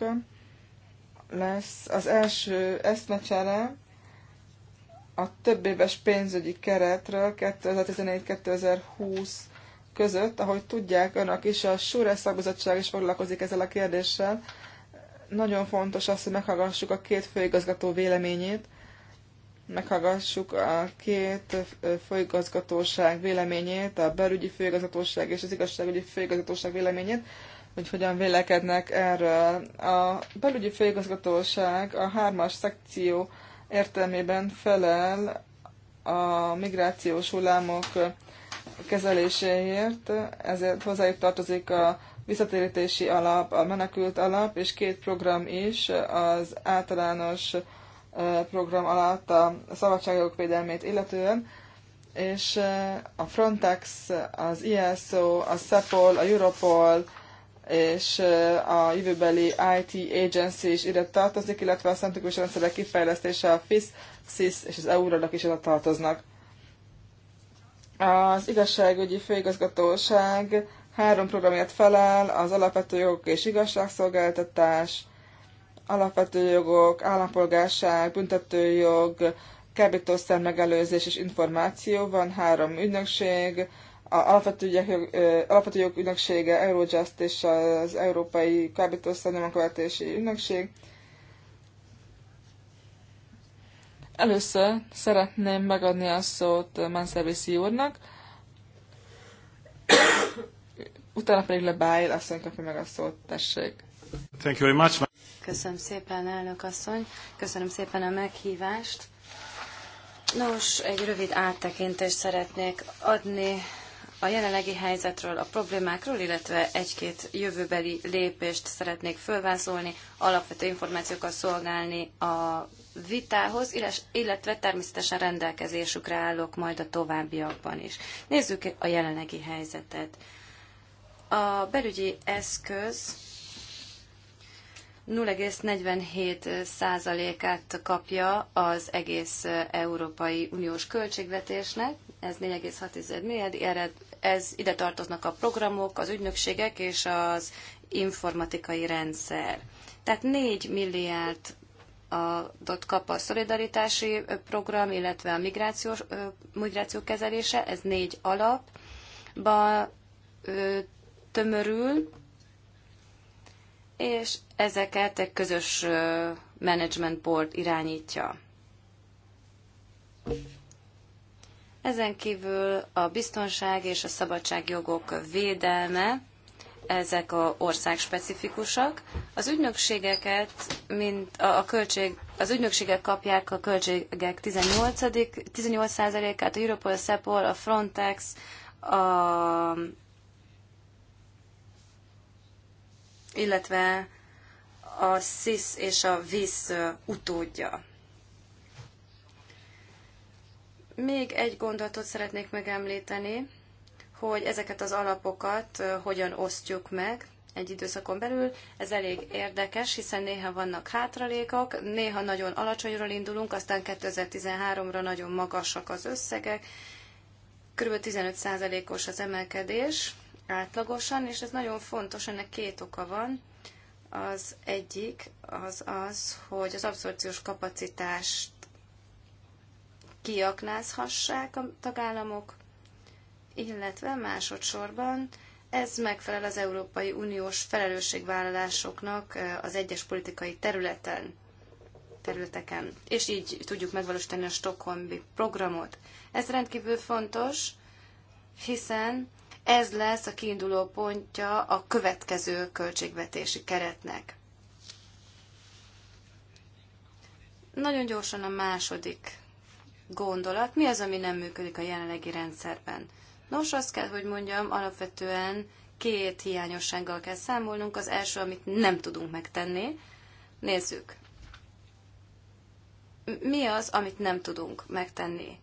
Speaker 4: lesz az első eszmecsere a több éves pénzügyi keretről 2014-2020 között. Ahogy tudják önök is, a Súrás Szakbizottság is foglalkozik ezzel a kérdéssel. Nagyon fontos az, hogy meghallgassuk a két főigazgató véleményét meghallgassuk a két főigazgatóság véleményét, a belügyi főigazgatóság és az igazságügyi főigazgatóság véleményét, hogy hogyan vélekednek erről. A belügyi főigazgatóság a hármas szekció értelmében felel a migrációs hullámok kezeléséért, ezért hozzájuk tartozik a visszatérítési alap, a menekült alap és két program is, az általános program alatt a szabadságok védelmét illetően, és a Frontex, az ISO, a CEPOL, a Europol és a jövőbeli IT Agency is ide tartozik, illetve a szemtikus rendszerek kifejlesztése, a FIS, SIS és az EU is ide tartoznak. Az igazságügyi főigazgatóság három programért felel, az alapvető jogok és igazságszolgáltatás, alapvető jogok, állampolgárság, büntetőjog, kábítószer megelőzés és információ, van három ügynökség, a alapvető, ügyek, alapvető jog ügynöksége, Eurojust és az Európai Kábítószer Nyomonkövetési Ügynökség. Először szeretném megadni a szót Manservisi úrnak, utána pedig le azt aztán kapja meg a szót, tessék.
Speaker 6: Thank you very much.
Speaker 4: Köszönöm szépen, elnök asszony.
Speaker 2: Köszönöm szépen a meghívást. Nos, egy rövid áttekintést szeretnék adni a jelenlegi helyzetről, a problémákról, illetve egy-két jövőbeli lépést szeretnék fölvázolni, alapvető információkat szolgálni a vitához, illetve természetesen rendelkezésükre állok majd a továbbiakban is. Nézzük a jelenlegi helyzetet. A belügyi eszköz 0,47%-át kapja az egész Európai Uniós költségvetésnek, ez 4,6 milliárd, erre ez ide tartoznak a programok, az ügynökségek és az informatikai rendszer. Tehát 4 milliárd adott kap a szolidaritási program, illetve a migrációs, migráció kezelése, ez négy alapba tömörül, és ezeket egy közös management board irányítja. Ezen kívül a biztonság és a szabadságjogok védelme, ezek a ország specifikusak. Az ügynökségeket, mint a, a költség, az ügynökségek kapják a költségek 18, 18%-át, a Europol, a Cepol, a Frontex, a illetve a SZISZ és a VISZ utódja. Még egy gondolatot szeretnék megemlíteni, hogy ezeket az alapokat hogyan osztjuk meg egy időszakon belül. Ez elég érdekes, hiszen néha vannak hátralékok, néha nagyon alacsonyról indulunk, aztán 2013-ra nagyon magasak az összegek, kb. 15%-os az emelkedés átlagosan, és ez nagyon fontos, ennek két oka van. Az egyik az az, hogy az abszorciós kapacitást kiaknázhassák a tagállamok, illetve másodszorban ez megfelel az Európai Uniós felelősségvállalásoknak az egyes politikai területen, területeken, és így tudjuk megvalósítani a Stockholmi programot. Ez rendkívül fontos, hiszen ez lesz a kiinduló pontja a következő költségvetési keretnek. Nagyon gyorsan a második gondolat. Mi az, ami nem működik a jelenlegi rendszerben? Nos, azt kell, hogy mondjam, alapvetően két hiányossággal kell számolnunk. Az első, amit nem tudunk megtenni. Nézzük. Mi az, amit nem tudunk megtenni?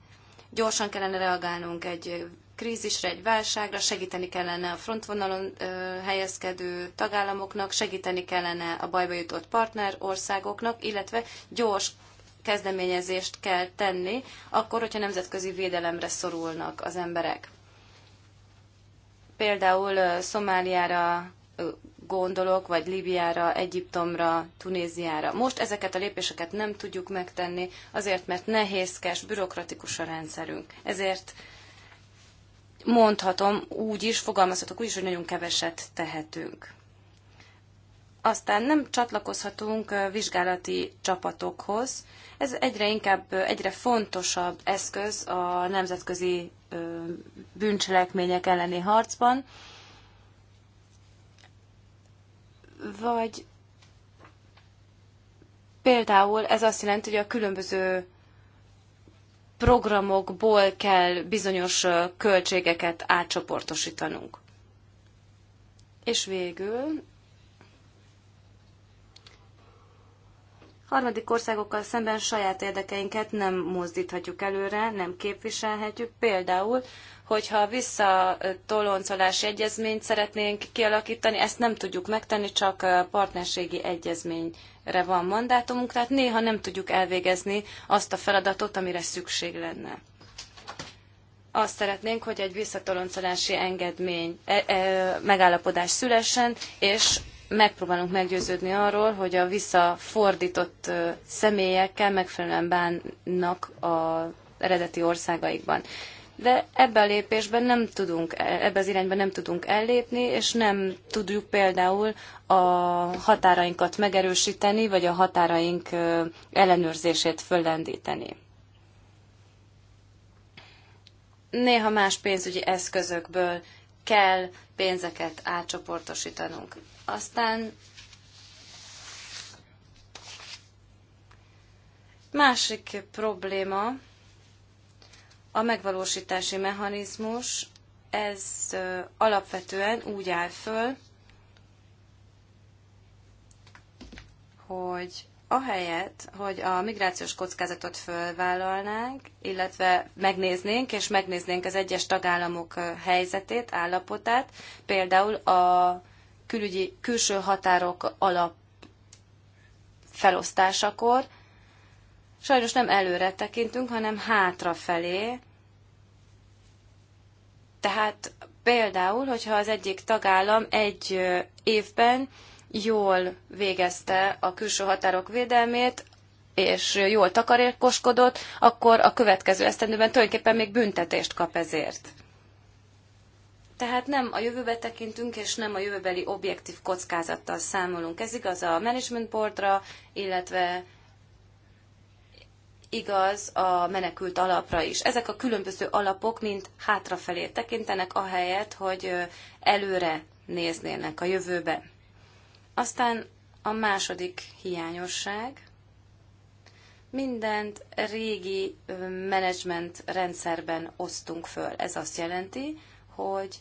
Speaker 2: Gyorsan kellene reagálnunk egy krízisre, egy válságra, segíteni kellene a frontvonalon helyezkedő tagállamoknak, segíteni kellene a bajba jutott partner országoknak, illetve gyors kezdeményezést kell tenni, akkor, hogyha nemzetközi védelemre szorulnak az emberek. Például Szomáliára gondolok, vagy Líbiára, Egyiptomra, Tunéziára. Most ezeket a lépéseket nem tudjuk megtenni, azért, mert nehézkes, bürokratikus a rendszerünk. Ezért mondhatom úgy is, fogalmazhatok úgy is, hogy nagyon keveset tehetünk. Aztán nem csatlakozhatunk vizsgálati csapatokhoz. Ez egyre inkább, egyre fontosabb eszköz a nemzetközi bűncselekmények elleni harcban. Vagy például ez azt jelenti, hogy a különböző programokból kell bizonyos költségeket átcsoportosítanunk. És végül harmadik országokkal szemben saját érdekeinket nem mozdíthatjuk előre, nem képviselhetjük. Például hogyha a visszatoloncolási egyezményt szeretnénk kialakítani, ezt nem tudjuk megtenni, csak partnerségi egyezményre van mandátumunk, tehát néha nem tudjuk elvégezni azt a feladatot, amire szükség lenne. Azt szeretnénk, hogy egy visszatoloncolási engedmény, e, e, megállapodás szülessen, és megpróbálunk meggyőződni arról, hogy a visszafordított személyekkel megfelelően bánnak az eredeti országaikban de ebben a lépésben nem tudunk, e- ebbe az irányban nem tudunk ellépni, és nem tudjuk például a határainkat megerősíteni, vagy a határaink ellenőrzését föllendíteni. Néha más pénzügyi eszközökből kell pénzeket átcsoportosítanunk. Aztán másik probléma, a megvalósítási mechanizmus, ez alapvetően úgy áll föl, hogy ahelyett, hogy a migrációs kockázatot fölvállalnánk, illetve megnéznénk, és megnéznénk az egyes tagállamok helyzetét, állapotát, például a külügyi, külső határok alap felosztásakor, Sajnos nem előre tekintünk, hanem hátrafelé. Tehát például, hogyha az egyik tagállam egy évben jól végezte a külső határok védelmét, és jól takarékoskodott, akkor a következő esztendőben tulajdonképpen még büntetést kap ezért. Tehát nem a jövőbe tekintünk, és nem a jövőbeli objektív kockázattal számolunk. Ez igaz a management boardra, illetve igaz a menekült alapra is. Ezek a különböző alapok mind hátrafelé tekintenek, ahelyett, hogy előre néznének a jövőbe. Aztán a második hiányosság. Mindent régi menedzsment rendszerben osztunk föl. Ez azt jelenti, hogy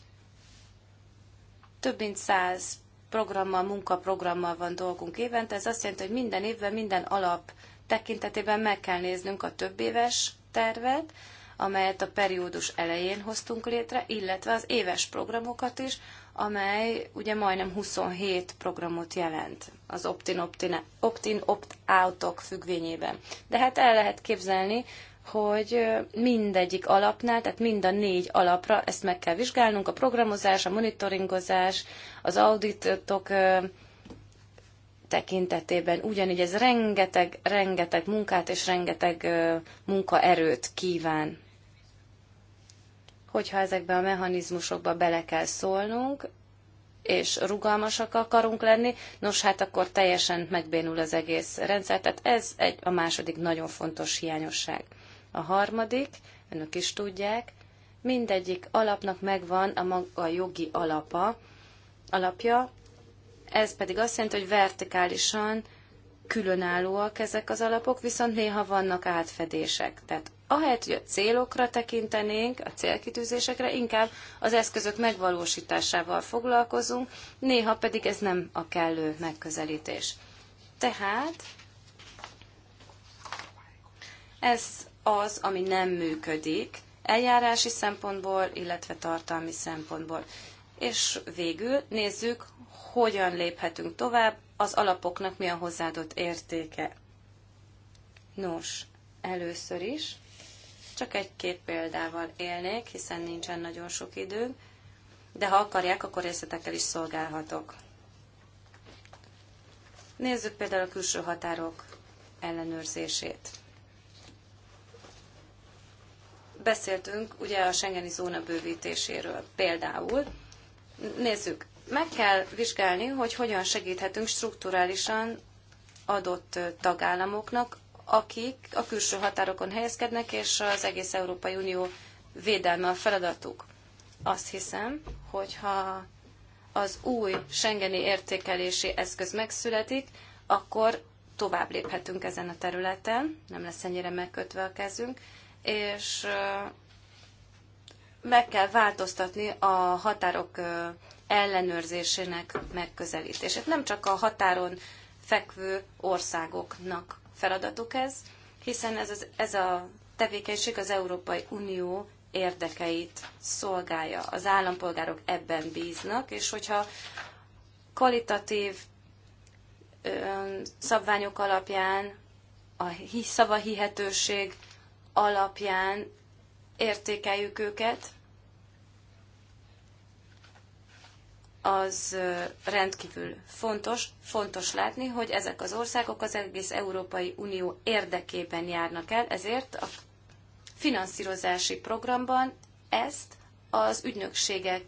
Speaker 2: több mint száz programmal, munkaprogrammal van dolgunk évente. Ez azt jelenti, hogy minden évben minden alap tekintetében meg kell néznünk a több éves tervet, amelyet a periódus elején hoztunk létre, illetve az éves programokat is, amely ugye majdnem 27 programot jelent az opt-in, opt-in, opt-outok függvényében. De hát el lehet képzelni, hogy mindegyik alapnál, tehát mind a négy alapra ezt meg kell vizsgálnunk, a programozás, a monitoringozás, az auditok tekintetében, ugyanígy ez rengeteg, rengeteg munkát és rengeteg munkaerőt kíván. Hogyha ezekbe a mechanizmusokba bele kell szólnunk, és rugalmasak akarunk lenni, nos hát akkor teljesen megbénul az egész rendszer. Tehát ez egy, a második nagyon fontos hiányosság. A harmadik, önök is tudják, mindegyik alapnak megvan a maga jogi alapa, alapja, ez pedig azt jelenti, hogy vertikálisan különállóak ezek az alapok, viszont néha vannak átfedések. Tehát ahelyett, hogy a célokra tekintenénk, a célkitűzésekre, inkább az eszközök megvalósításával foglalkozunk, néha pedig ez nem a kellő megközelítés. Tehát ez az, ami nem működik eljárási szempontból, illetve tartalmi szempontból. És végül nézzük, hogyan léphetünk tovább, az alapoknak mi a hozzáadott értéke. Nos, először is csak egy-két példával élnék, hiszen nincsen nagyon sok időnk, de ha akarják, akkor részletekkel is szolgálhatok. Nézzük például a külső határok ellenőrzését. Beszéltünk ugye a Schengeni zóna bővítéséről például. Nézzük, meg kell vizsgálni, hogy hogyan segíthetünk strukturálisan adott tagállamoknak, akik a külső határokon helyezkednek, és az egész Európai Unió védelme a feladatuk. Azt hiszem, hogyha az új Schengeni értékelési eszköz megszületik, akkor tovább léphetünk ezen a területen, nem lesz ennyire megkötve a kezünk, és meg kell változtatni a határok ellenőrzésének megközelítését. Nem csak a határon fekvő országoknak feladatuk ez, hiszen ez, az, ez a tevékenység az Európai Unió érdekeit szolgálja. Az állampolgárok ebben bíznak, és hogyha kvalitatív szabványok alapján, a szava hihetőség alapján értékeljük őket, az rendkívül fontos. Fontos látni, hogy ezek az országok az egész Európai Unió érdekében járnak el, ezért a finanszírozási programban ezt az ügynökségek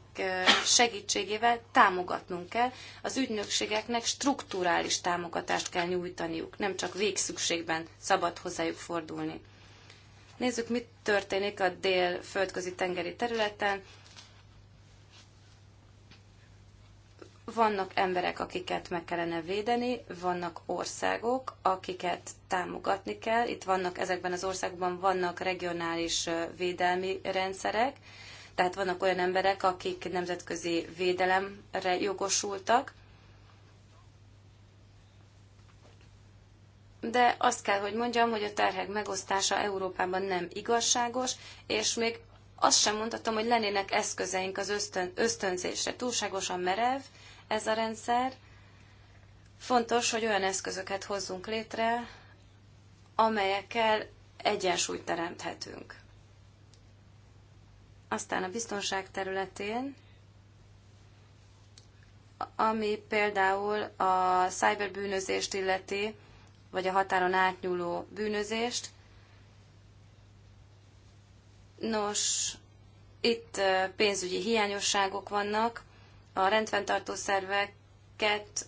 Speaker 2: segítségével támogatnunk kell. Az ügynökségeknek strukturális támogatást kell nyújtaniuk, nem csak végszükségben szabad hozzájuk fordulni. Nézzük, mit történik a dél földközi tengeri területen. vannak emberek, akiket meg kellene védeni, vannak országok, akiket támogatni kell. Itt vannak, ezekben az országokban vannak regionális védelmi rendszerek, tehát vannak olyan emberek, akik nemzetközi védelemre jogosultak. De azt kell, hogy mondjam, hogy a terhek megosztása Európában nem igazságos, és még azt sem mondhatom, hogy lennének eszközeink az ösztön, ösztönzésre. Túlságosan merev, ez a rendszer. Fontos, hogy olyan eszközöket hozzunk létre, amelyekkel egyensúlyt teremthetünk. Aztán a biztonság területén, ami például a cyberbűnözést illeti, vagy a határon átnyúló bűnözést. Nos, itt pénzügyi hiányosságok vannak, a rendfenntartó szerveket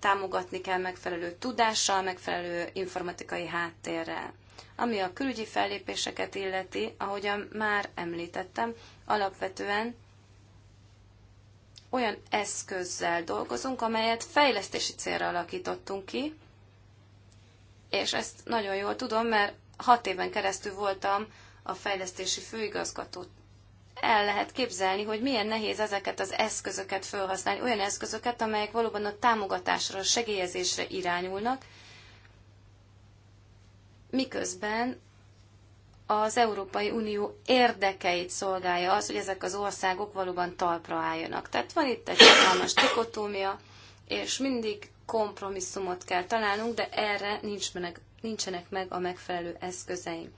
Speaker 2: támogatni kell megfelelő tudással, megfelelő informatikai háttérrel. Ami a külügyi fellépéseket illeti, ahogyan már említettem, alapvetően olyan eszközzel dolgozunk, amelyet fejlesztési célra alakítottunk ki, és ezt nagyon jól tudom, mert hat éven keresztül voltam a fejlesztési főigazgató el lehet képzelni, hogy milyen nehéz ezeket az eszközöket felhasználni, olyan eszközöket, amelyek valóban a támogatásra, a segélyezésre irányulnak, miközben az Európai Unió érdekeit szolgálja az, hogy ezek az országok valóban talpra álljanak. Tehát van itt egy hatalmas dikotómia, és mindig kompromisszumot kell találnunk, de erre nincs meg, nincsenek meg a megfelelő eszközeink.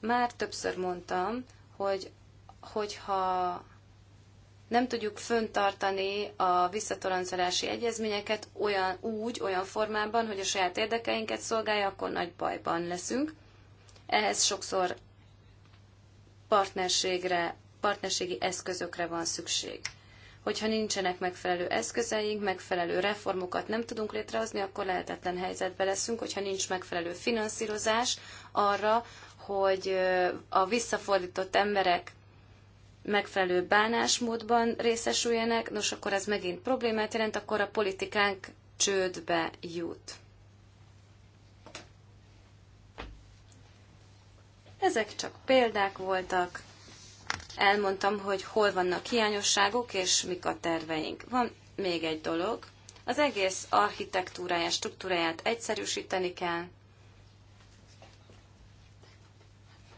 Speaker 2: Már többször mondtam, hogy hogyha nem tudjuk föntartani a visszatoloncolási egyezményeket olyan úgy, olyan formában, hogy a saját érdekeinket szolgálja, akkor nagy bajban leszünk. Ehhez sokszor partnerségre, partnerségi eszközökre van szükség. Hogyha nincsenek megfelelő eszközeink, megfelelő reformokat nem tudunk létrehozni, akkor lehetetlen helyzetbe leszünk, hogyha nincs megfelelő finanszírozás arra, hogy a visszafordított emberek megfelelő bánásmódban részesüljenek, nos akkor ez megint problémát jelent, akkor a politikánk csődbe jut. Ezek csak példák voltak. Elmondtam, hogy hol vannak hiányosságok, és mik a terveink. Van még egy dolog. Az egész architektúráját, struktúráját egyszerűsíteni kell.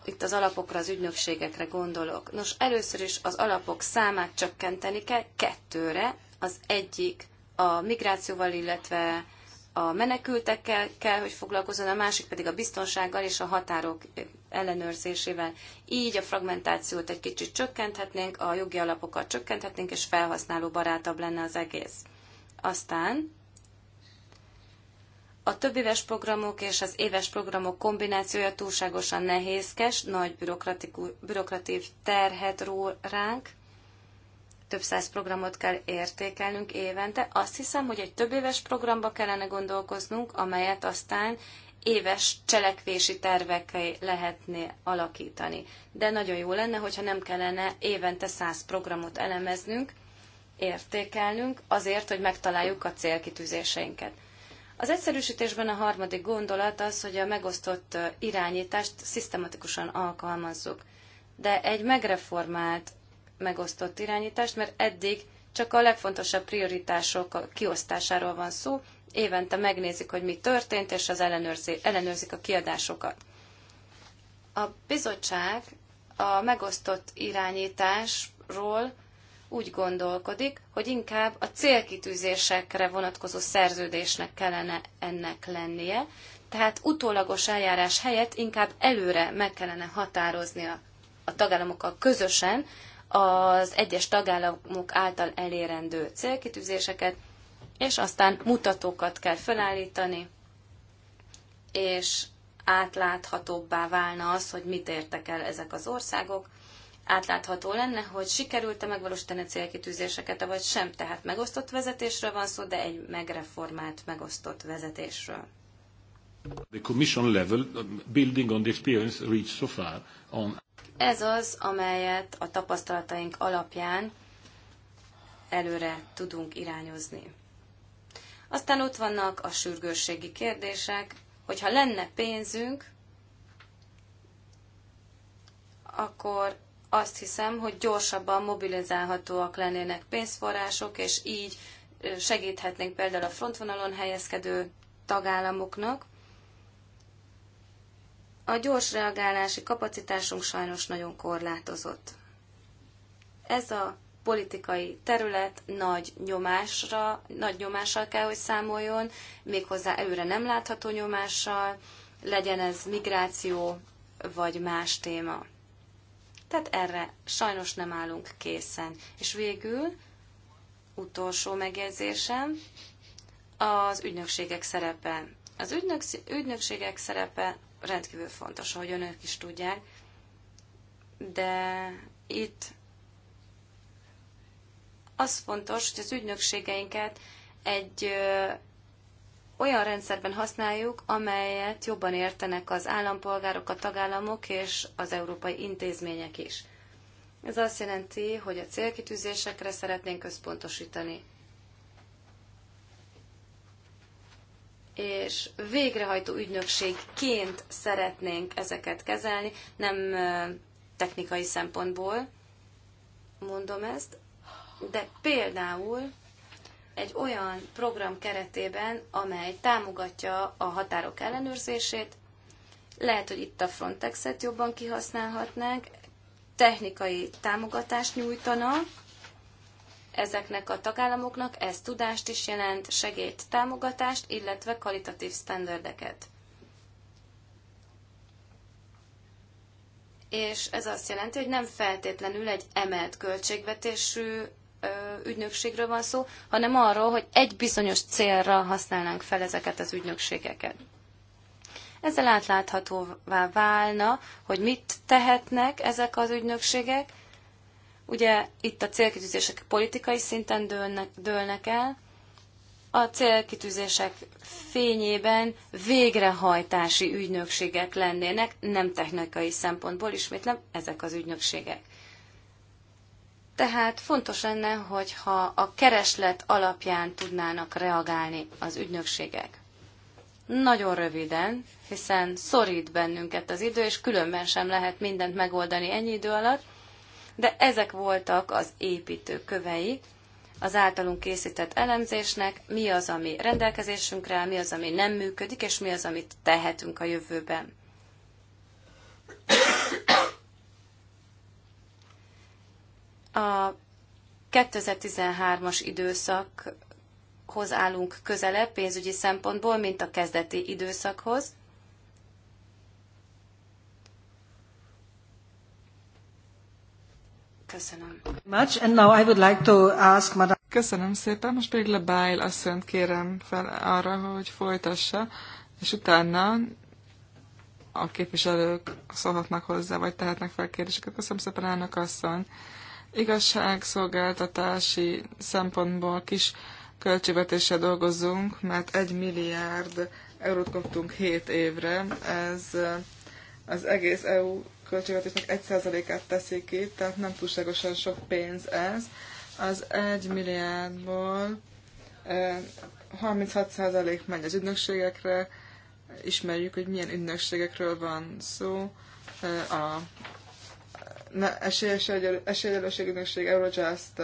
Speaker 2: itt az alapokra, az ügynökségekre gondolok. Nos, először is az alapok számát csökkenteni kell kettőre. Az egyik a migrációval, illetve a menekültekkel kell, hogy foglalkozzon, a másik pedig a biztonsággal és a határok ellenőrzésével. Így a fragmentációt egy kicsit csökkenthetnénk, a jogi alapokat csökkenthetnénk, és felhasználó barátabb lenne az egész. Aztán a többéves programok és az éves programok kombinációja túlságosan nehézkes, nagy bürokratív terhet ró ránk. Több száz programot kell értékelnünk évente. Azt hiszem, hogy egy többéves programba kellene gondolkoznunk, amelyet aztán éves cselekvési tervekkel lehetné alakítani. De nagyon jó lenne, hogyha nem kellene évente száz programot elemeznünk, értékelnünk, azért, hogy megtaláljuk a célkitűzéseinket. Az egyszerűsítésben a harmadik gondolat az, hogy a megosztott irányítást szisztematikusan alkalmazzuk. De egy megreformált megosztott irányítást, mert eddig csak a legfontosabb prioritások kiosztásáról van szó, évente megnézik, hogy mi történt, és az ellenőrzi, ellenőrzik a kiadásokat. A bizottság a megosztott irányításról úgy gondolkodik, hogy inkább a célkitűzésekre vonatkozó szerződésnek kellene ennek lennie, tehát utólagos eljárás helyett inkább előre meg kellene határozni a tagállamokkal közösen az egyes tagállamok által elérendő célkitűzéseket, és aztán mutatókat kell felállítani, és átláthatóbbá válna az, hogy mit értek el ezek az országok, átlátható lenne, hogy sikerült-e megvalósítani a célkitűzéseket, vagy sem. Tehát megosztott vezetésről van szó, de egy megreformált, megosztott vezetésről.
Speaker 6: The commission level, uh, building on the experience reached so far on...
Speaker 2: Ez az, amelyet a tapasztalataink alapján előre tudunk irányozni. Aztán ott vannak a sürgősségi kérdések, hogyha lenne pénzünk, akkor azt hiszem, hogy gyorsabban mobilizálhatóak lennének pénzforrások, és így segíthetnénk például a frontvonalon helyezkedő tagállamoknak. A gyors reagálási kapacitásunk sajnos nagyon korlátozott. Ez a politikai terület nagy nyomásra, nagy nyomással kell, hogy számoljon, méghozzá előre nem látható nyomással, legyen ez migráció vagy más téma. Tehát erre sajnos nem állunk készen. És végül, utolsó megjegyzésem, az ügynökségek szerepe. Az ügynök, ügynökségek szerepe rendkívül fontos, ahogy önök is tudják, de itt az fontos, hogy az ügynökségeinket egy olyan rendszerben használjuk, amelyet jobban értenek az állampolgárok, a tagállamok és az európai intézmények is. Ez azt jelenti, hogy a célkitűzésekre szeretnénk központosítani. És végrehajtó ügynökségként szeretnénk ezeket kezelni, nem technikai szempontból mondom ezt, de például egy olyan program keretében, amely támogatja a határok ellenőrzését. Lehet, hogy itt a Frontexet jobban kihasználhatnánk, technikai támogatást nyújtana ezeknek a tagállamoknak, ez tudást is jelent, segélyt, támogatást, illetve kvalitatív standardeket. és ez azt jelenti, hogy nem feltétlenül egy emelt költségvetésű ügynökségről van szó, hanem arról, hogy egy bizonyos célra használnánk fel ezeket az ügynökségeket. Ezzel átláthatóvá válna, hogy mit tehetnek ezek az ügynökségek. Ugye itt a célkitűzések politikai szinten dőlnek, dőlnek el, a célkitűzések fényében végrehajtási ügynökségek lennének, nem technikai szempontból ismétlem ezek az ügynökségek. Tehát fontos lenne, hogyha a kereslet alapján tudnának reagálni az ügynökségek. Nagyon röviden, hiszen szorít bennünket az idő, és különben sem lehet mindent megoldani ennyi idő alatt, de ezek voltak az építő kövei az általunk készített elemzésnek, mi az, ami rendelkezésünkre áll, mi az, ami nem működik, és mi az, amit tehetünk a jövőben. A 2013-as időszakhoz állunk közelebb pénzügyi szempontból, mint a kezdeti időszakhoz. Köszönöm.
Speaker 4: and now I would like to ask Köszönöm szépen, most pedig Lebail asszonyt kérem fel arra, hogy folytassa, és utána a képviselők szólhatnak hozzá, vagy tehetnek fel kérdéseket. Köszönöm szépen, elnök asszony igazságszolgáltatási szempontból kis költségvetéssel dolgozunk, mert egy milliárd eurót kaptunk 7 évre. Ez az egész EU költségvetésnek 1%-át teszi ki, tehát nem túlságosan sok pénz ez. Az egy milliárdból 36% megy az ügynökségekre, ismerjük, hogy milyen ügynökségekről van szó, a esélyegyenlőség ügynökség, Eurojust,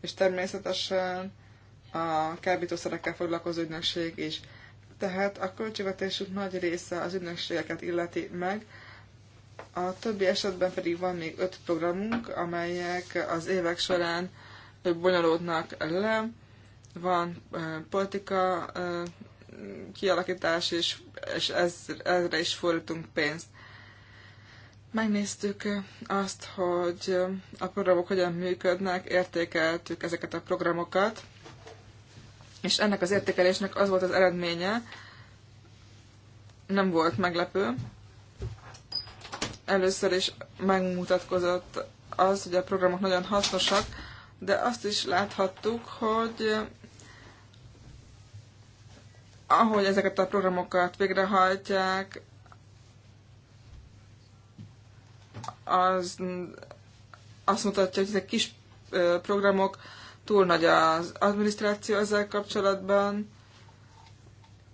Speaker 4: és természetesen a kábítószerekkel foglalkozó ügynökség is. Tehát a költségvetésük nagy része az ügynökségeket illeti meg, a többi esetben pedig van még öt programunk, amelyek az évek során bonyolódnak le. Van politika kialakítás, és, és ez, ezre is fordítunk pénzt. Megnéztük eh, azt, hogy eh, a programok hogyan működnek, értékeltük ezeket a programokat, és ennek az értékelésnek az volt az eredménye, nem volt meglepő. Először is megmutatkozott az, hogy a programok nagyon hasznosak, de azt is láthattuk, hogy eh, ahogy ezeket a programokat végrehajtják, az azt mutatja, hogy ezek kis programok, túl nagy az adminisztráció ezzel kapcsolatban,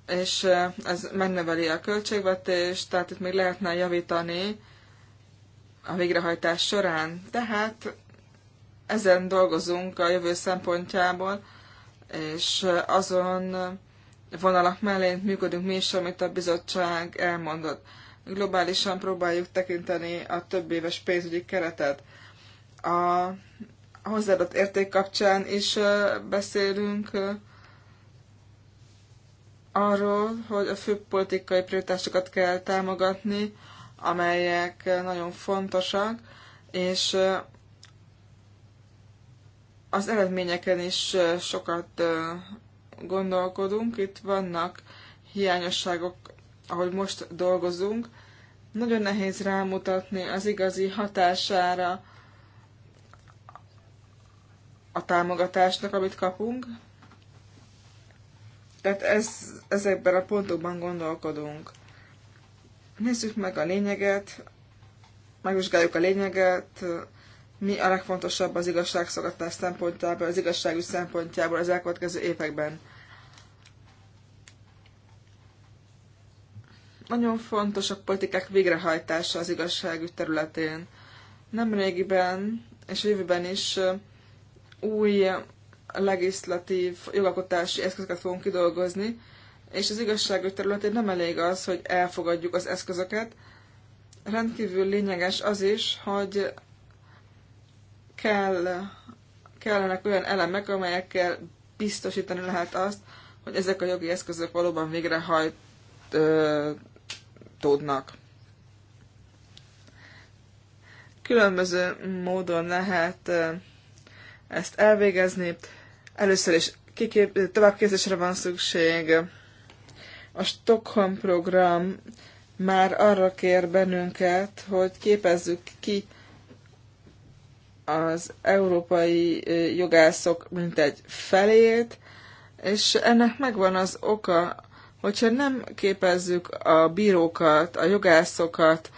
Speaker 4: és ez megnöveli a költségvetést, tehát itt még lehetne javítani a végrehajtás során. Tehát ezen dolgozunk a jövő szempontjából, és azon vonalak mellé működünk mi is, amit a bizottság elmondott globálisan próbáljuk tekinteni a több éves pénzügyi keretet. A hozzáadott érték kapcsán is beszélünk arról, hogy a fő politikai prioritásokat kell támogatni, amelyek nagyon fontosak, és az eredményeken is sokat gondolkodunk. Itt vannak hiányosságok ahogy most dolgozunk, nagyon nehéz rámutatni az igazi hatására a támogatásnak, amit kapunk. Tehát ez, ezekben a pontokban gondolkodunk. Nézzük meg a lényeget, megvizsgáljuk a lényeget, mi a legfontosabb az igazságszolgáltatás szempontjából, az igazságügy szempontjából az elkövetkező években. Nagyon fontos a politikák végrehajtása az igazságügy területén. Nemrégiben és a jövőben is új legislatív jogalkotási eszközöket fogunk kidolgozni, és az igazságügy területén nem elég az, hogy elfogadjuk az eszközöket. Rendkívül lényeges az is, hogy kell, kellenek olyan elemek, amelyekkel biztosítani lehet azt, hogy ezek a jogi eszközök valóban végrehajt Tudnak. Különböző módon lehet ezt elvégezni. Először is kikép- továbbképzésre van szükség. A Stockholm program már arra kér bennünket, hogy képezzük ki az európai jogászok mintegy felét, és ennek megvan az oka, Hogyha nem képezzük a bírókat, a jogászokat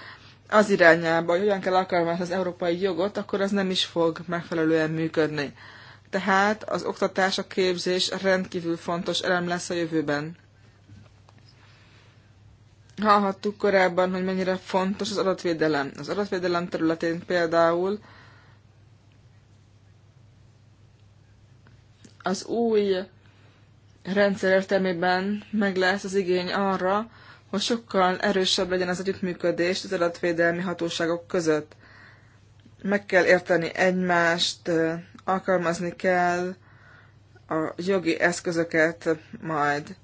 Speaker 4: az irányába, hogy hogyan kell alkalmazni az európai jogot, akkor az nem is fog megfelelően működni. Tehát az oktatás, a képzés rendkívül fontos elem lesz a jövőben. Hallhattuk korábban, hogy mennyire fontos az adatvédelem. Az adatvédelem területén például az új rendszer értelmében meg lesz az igény arra, hogy sokkal erősebb legyen az együttműködés az adatvédelmi hatóságok között. Meg kell érteni egymást, alkalmazni kell a jogi eszközöket majd.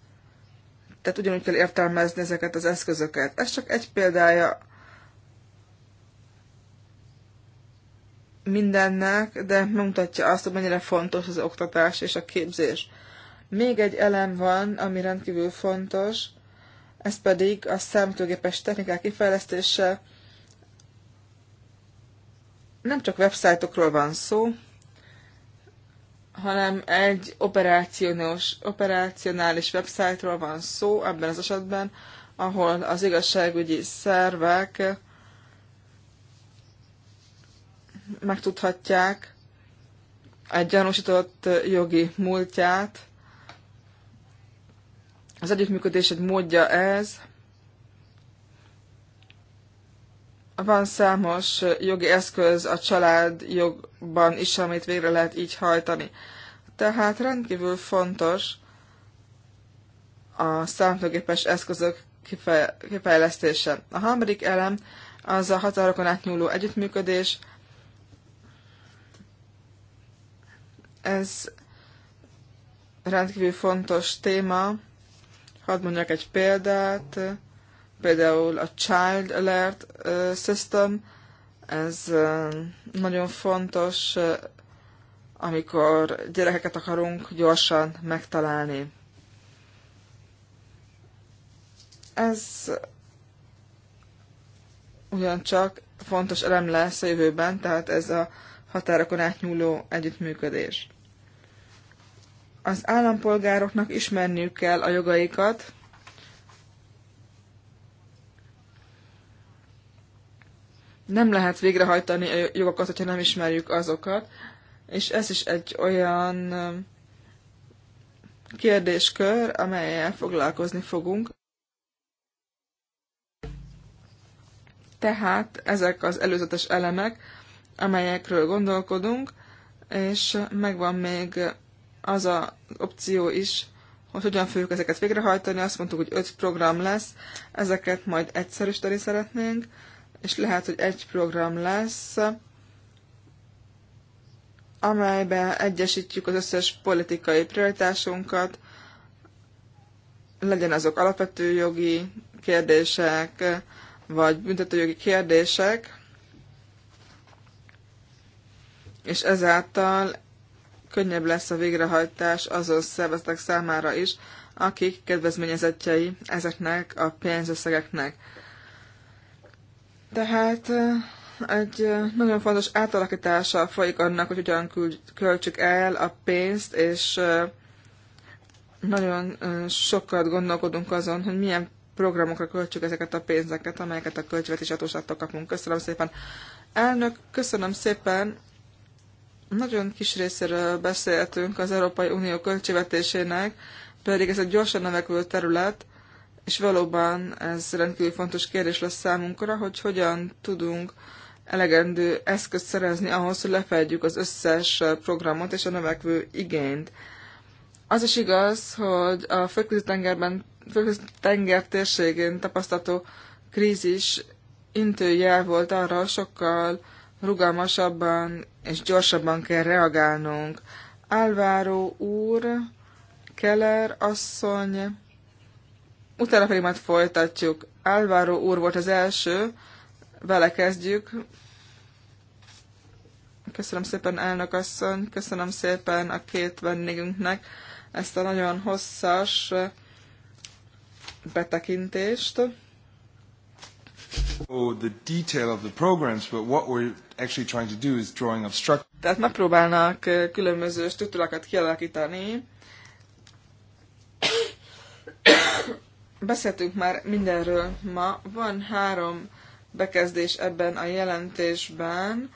Speaker 4: Tehát ugyanúgy kell értelmezni ezeket az eszközöket. Ez csak egy példája mindennek, de megmutatja azt, hogy mennyire fontos az oktatás és a képzés. Még egy elem van, ami rendkívül fontos, ez pedig a számítógépes technikák kifejlesztése. Nem csak websájtokról van szó, hanem egy operációs, operacionális websájtról van szó ebben az esetben, ahol az igazságügyi szervek megtudhatják egy gyanúsított jogi múltját, az együttműködés egy módja ez. Van számos jogi eszköz a család jogban is, amit végre lehet így hajtani. Tehát rendkívül fontos a számítógépes eszközök kifejlesztése. A harmadik elem az a határokon átnyúló együttműködés. Ez rendkívül fontos téma, Hadd mondjak egy példát, például a Child Alert System, ez nagyon fontos, amikor gyerekeket akarunk gyorsan megtalálni. Ez ugyancsak fontos elem lesz a jövőben, tehát ez a határokon átnyúló együttműködés. Az állampolgároknak ismerniük kell a jogaikat, nem lehet végrehajtani a jogokat, hogyha nem ismerjük azokat, és ez is egy olyan um, kérdéskör, amelyel foglalkozni fogunk. Tehát ezek az előzetes elemek, amelyekről gondolkodunk, és megvan még az a opció is, hogy hogyan fogjuk ezeket végrehajtani. Azt mondtuk, hogy öt program lesz, ezeket majd egyszerűsíteni szeretnénk, és lehet, hogy egy program lesz, amelyben egyesítjük az összes politikai prioritásunkat, legyen azok alapvető jogi kérdések, vagy büntetőjogi kérdések, és ezáltal könnyebb lesz a végrehajtás azon szervezetek számára is, akik kedvezményezettjei ezeknek a pénzösszegeknek. Tehát eh, egy eh, nagyon fontos átalakítása folyik annak, hogy hogyan költsük el a pénzt, és eh, nagyon sokat gondolkodunk azon, hogy milyen programokra költsük ezeket a pénzeket, amelyeket a költségvetési hatóságtól kapunk. Köszönöm szépen. Elnök, köszönöm szépen nagyon kis részéről beszéltünk az Európai Unió költségvetésének, pedig ez egy gyorsan növekvő terület, és valóban ez rendkívül fontos kérdés lesz számunkra, hogy hogyan tudunk elegendő eszközt szerezni ahhoz, hogy lefedjük az összes programot és a növekvő igényt. Az is igaz, hogy a Földközi-tengerben, Földközi-tenger térségén tapasztalható krízis intőjel volt arra, sokkal rugalmasabban és gyorsabban kell reagálnunk. Álváró úr, Keller asszony, utána pedig majd folytatjuk. Álváró úr volt az első, vele kezdjük. Köszönöm szépen, elnök asszony, köszönöm szépen a két vendégünknek ezt a nagyon hosszas betekintést. Tehát megpróbálnak különböző struktúrákat kialakítani. Beszéltünk már mindenről ma. Van három bekezdés ebben a jelentésben,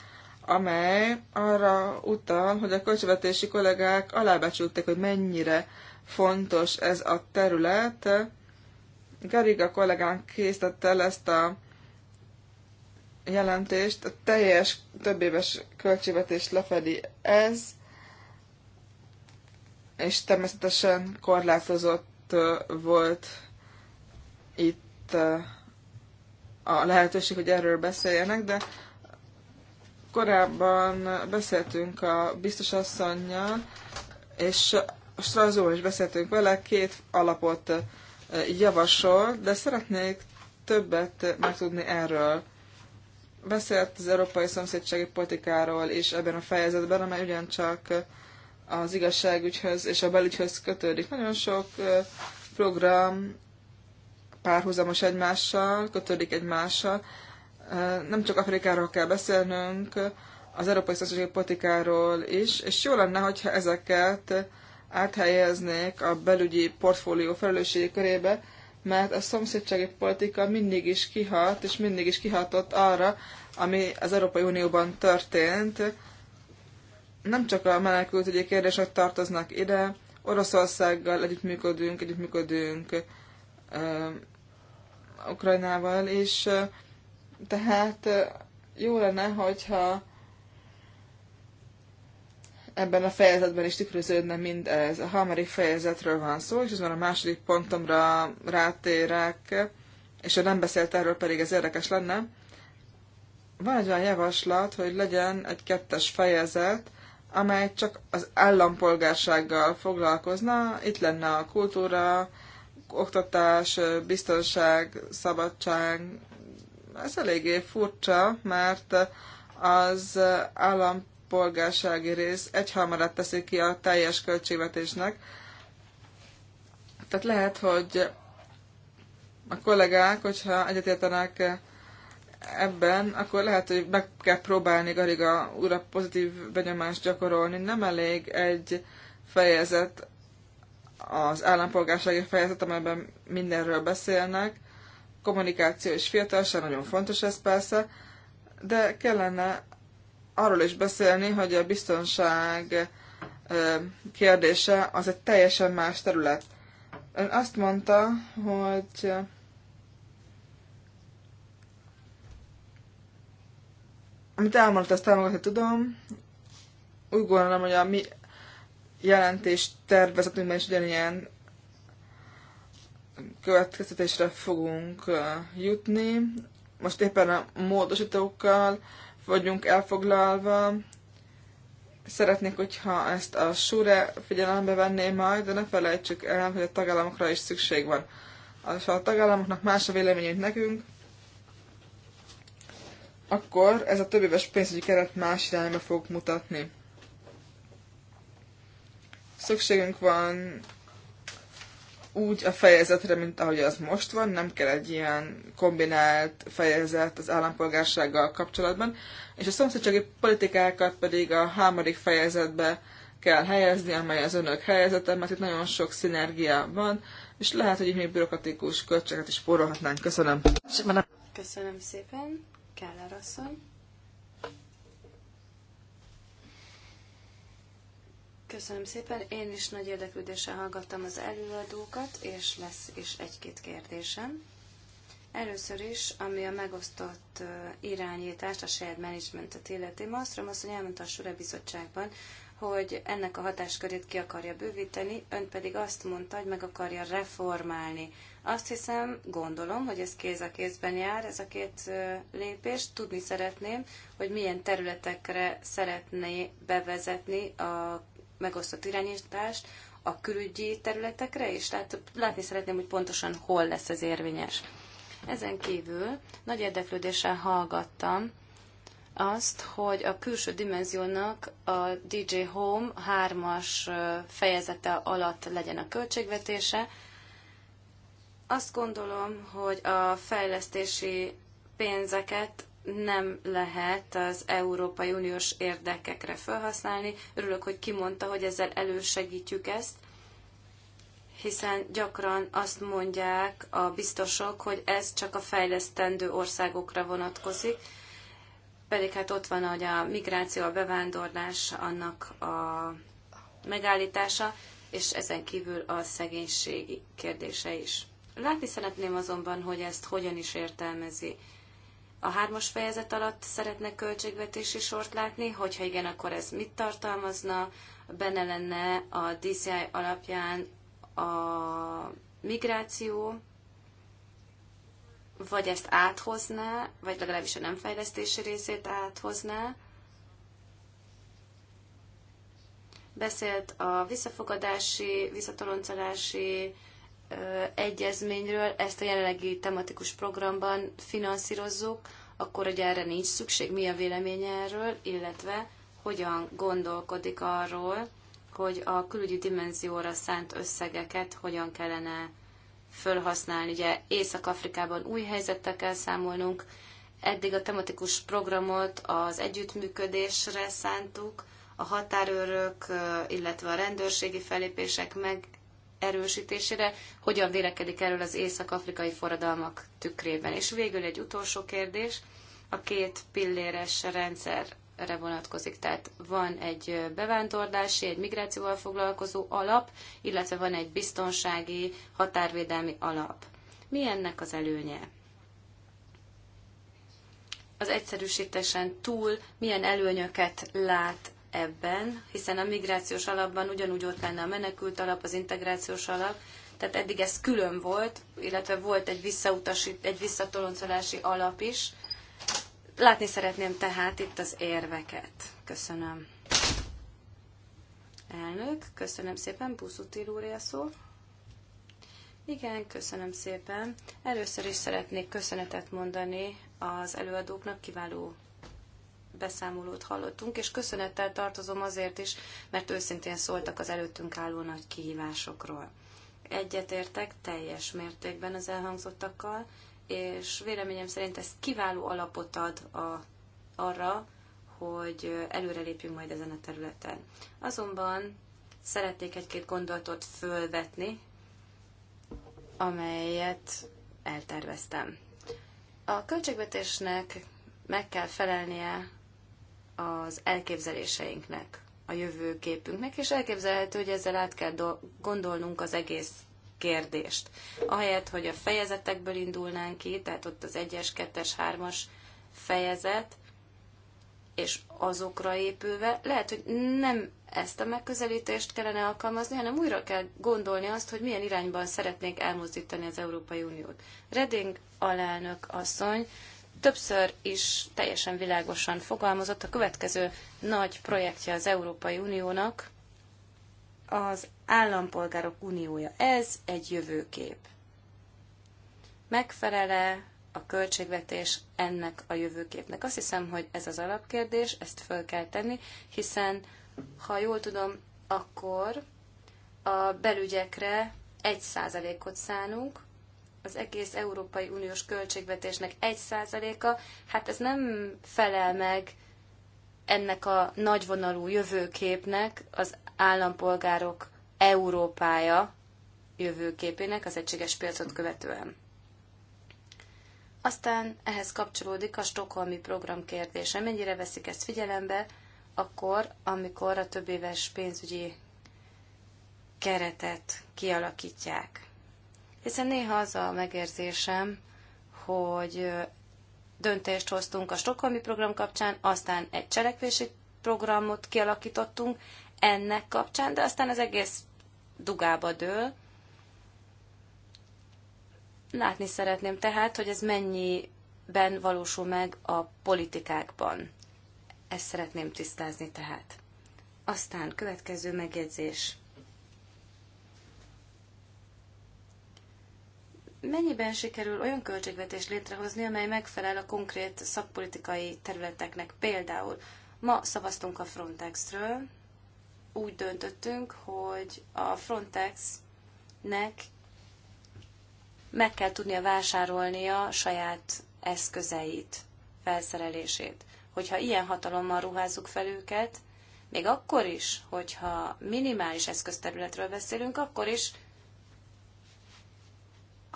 Speaker 4: amely arra utal, hogy a költségvetési kollégák alábecsülték, hogy mennyire fontos ez a terület. Gariga kollégánk készítette el ezt a jelentést, a teljes éves költségvetést lefedi ez, és természetesen korlátozott volt itt a lehetőség, hogy erről beszéljenek, de korábban beszéltünk a biztos asszonynal, és a Strasbourg is beszéltünk vele, két alapot javasol, de szeretnék többet megtudni erről. Beszélt az európai szomszédsági politikáról is ebben a fejezetben, amely ugyancsak az igazságügyhöz és a belügyhöz kötődik. Nagyon sok program párhuzamos egymással, kötődik egymással. Nem csak Afrikáról kell beszélnünk, az európai szomszédsági politikáról is, és jó lenne, hogyha ezeket áthelyeznék a belügyi portfólió felelősségi körébe, mert a szomszédsági politika mindig is kihat, és mindig is kihatott arra, ami az Európai Unióban történt. Nem csak a menekültügyi kérdések tartoznak ide, Oroszországgal együttműködünk, együttműködünk uh, Ukrajnával, és uh, tehát uh, jó lenne, hogyha ebben a fejezetben is tükröződne mindez. A harmadik fejezetről van szó, és ez már a második pontomra rátérek, és ha nem beszélt erről, pedig ez érdekes lenne. Van egy olyan javaslat, hogy legyen egy kettes fejezet, amely csak az állampolgársággal foglalkozna. Itt lenne a kultúra, oktatás, biztonság, szabadság. Ez eléggé furcsa, mert az állam polgársági rész egyharmadát teszi ki a teljes költségvetésnek. Tehát lehet, hogy a kollégák, hogyha egyetértenek ebben, akkor lehet, hogy meg kell próbálni Gariga úra pozitív benyomást gyakorolni. Nem elég egy fejezet, az állampolgársági fejezet, amelyben mindenről beszélnek. Kommunikáció és fiatalság, nagyon fontos ez persze, de kellene arról is beszélni, hogy a biztonság kérdése az egy teljesen más terület. Ön azt mondta, hogy amit elmondott, azt támogatni tudom. Úgy gondolom, hogy a mi jelentés tervezetünkben is ugyanilyen következtetésre fogunk jutni. Most éppen a módosítókkal vagyunk elfoglalva. Szeretnék, hogyha ezt a súre figyelembe venné majd, de ne felejtsük el, hogy a tagállamokra is szükség van. ha a tagállamoknak más a mint nekünk, akkor ez a többéves pénzügyi keret más irányba fog mutatni. Szükségünk van úgy a fejezetre, mint ahogy az most van, nem kell egy ilyen kombinált fejezet az állampolgársággal kapcsolatban, és a szomszédsági politikákat pedig a harmadik fejezetbe kell helyezni, amely az önök helyzete, mert itt nagyon sok szinergia van, és lehet, hogy így még bürokratikus költségeket is porolhatnánk Köszönöm.
Speaker 2: Köszönöm szépen, Keller asszony. Köszönöm szépen. Én is nagy érdeklődéssel hallgattam az előadókat, és lesz is egy-két kérdésem. Először is, ami a megosztott irányítást, a shared managementet illeti, ma azt, hogy elmondta a Sure Bizottságban, hogy ennek a hatáskörét ki akarja bővíteni, ön pedig azt mondta, hogy meg akarja reformálni. Azt hiszem, gondolom, hogy ez kéz a kézben jár, ez a két lépés. Tudni szeretném, hogy milyen területekre szeretné bevezetni a megosztott irányítást a külügyi területekre, és tehát látni szeretném, hogy pontosan hol lesz ez érvényes. Ezen kívül nagy érdeklődéssel hallgattam azt, hogy a külső dimenziónak a DJ Home hármas fejezete alatt legyen a költségvetése. Azt gondolom, hogy a fejlesztési pénzeket nem lehet az Európai Uniós érdekekre felhasználni. Örülök, hogy kimondta, hogy ezzel elősegítjük ezt, hiszen gyakran azt mondják a biztosok, hogy ez csak a fejlesztendő országokra vonatkozik, pedig hát ott van, hogy a migráció, a bevándorlás, annak a megállítása, és ezen kívül a szegénységi kérdése is. Látni szeretném azonban, hogy ezt hogyan is értelmezi a hármas fejezet alatt szeretne költségvetési sort látni, hogyha igen, akkor ez mit tartalmazna, benne lenne a DCI alapján a migráció, vagy ezt áthozná, vagy legalábbis a nem fejlesztési részét áthozná. Beszélt a visszafogadási, visszatoloncolási egyezményről, ezt a jelenlegi tematikus programban finanszírozzuk, akkor hogy erre nincs szükség, mi a véleménye erről, illetve hogyan gondolkodik arról, hogy a külügyi dimenzióra szánt összegeket hogyan kellene fölhasználni. Ugye Észak-Afrikában új helyzettel kell számolnunk, eddig a tematikus programot az együttműködésre szántuk, a határőrök, illetve a rendőrségi felépések meg erősítésére, hogyan vélekedik erről az észak-afrikai forradalmak tükrében. És végül egy utolsó kérdés, a két pilléres rendszerre vonatkozik. Tehát van egy bevándorlási, egy migrációval foglalkozó alap, illetve van egy biztonsági, határvédelmi alap. Mi ennek az előnye? Az egyszerűsítésen túl milyen előnyöket lát ebben, hiszen a migrációs alapban ugyanúgy ott lenne a menekült alap, az integrációs alap, tehát eddig ez külön volt, illetve volt egy, visszautasít, egy visszatoloncolási alap is. Látni szeretném tehát itt az érveket. Köszönöm. Elnök, köszönöm szépen, Buszutil úr szó. Igen, köszönöm szépen. Először is szeretnék köszönetet mondani az előadóknak, kiváló beszámolót hallottunk, és köszönettel tartozom azért is, mert őszintén szóltak az előttünk álló nagy kihívásokról. Egyetértek teljes mértékben az elhangzottakkal, és véleményem szerint ez kiváló alapot ad a, arra, hogy előrelépjünk majd ezen a területen. Azonban szeretnék egy-két gondolatot fölvetni, amelyet elterveztem. A költségvetésnek meg kell felelnie az elképzeléseinknek, a jövőképünknek, és elképzelhető, hogy ezzel át kell gondolnunk az egész kérdést. Ahelyett, hogy a fejezetekből indulnánk ki, tehát ott az 1-es, 2-es, 3-as fejezet, és azokra épülve, lehet, hogy nem ezt a megközelítést kellene alkalmazni, hanem újra kell gondolni azt, hogy milyen irányban szeretnék elmozdítani az Európai Uniót. Reding alelnök asszony többször is teljesen világosan fogalmazott, a következő nagy projektje az Európai Uniónak az Állampolgárok Uniója. Ez egy jövőkép. Megfelele a költségvetés ennek a jövőképnek? Azt hiszem, hogy ez az alapkérdés, ezt föl kell tenni, hiszen ha jól tudom, akkor a belügyekre 1 százalékot szánunk, az egész Európai Uniós költségvetésnek 1%-a, hát ez nem felel meg ennek a nagyvonalú jövőképnek, az állampolgárok Európája jövőképének, az egységes piacot követően. Aztán ehhez kapcsolódik a stokholmi program kérdése. Mennyire veszik ezt figyelembe, akkor, amikor a többéves pénzügyi keretet kialakítják hiszen néha az a megérzésem, hogy döntést hoztunk a Stockholmi program kapcsán, aztán egy cselekvési programot kialakítottunk ennek kapcsán, de aztán az egész dugába dől. Látni szeretném tehát, hogy ez mennyiben valósul meg a politikákban. Ezt szeretném tisztázni tehát. Aztán következő megjegyzés. mennyiben sikerül olyan költségvetést létrehozni, amely megfelel a konkrét szakpolitikai területeknek? Például ma szavaztunk a Frontexről, úgy döntöttünk, hogy a Frontexnek meg kell tudnia vásárolnia saját eszközeit, felszerelését. Hogyha ilyen hatalommal ruházzuk fel őket, még akkor is, hogyha minimális eszközterületről beszélünk, akkor is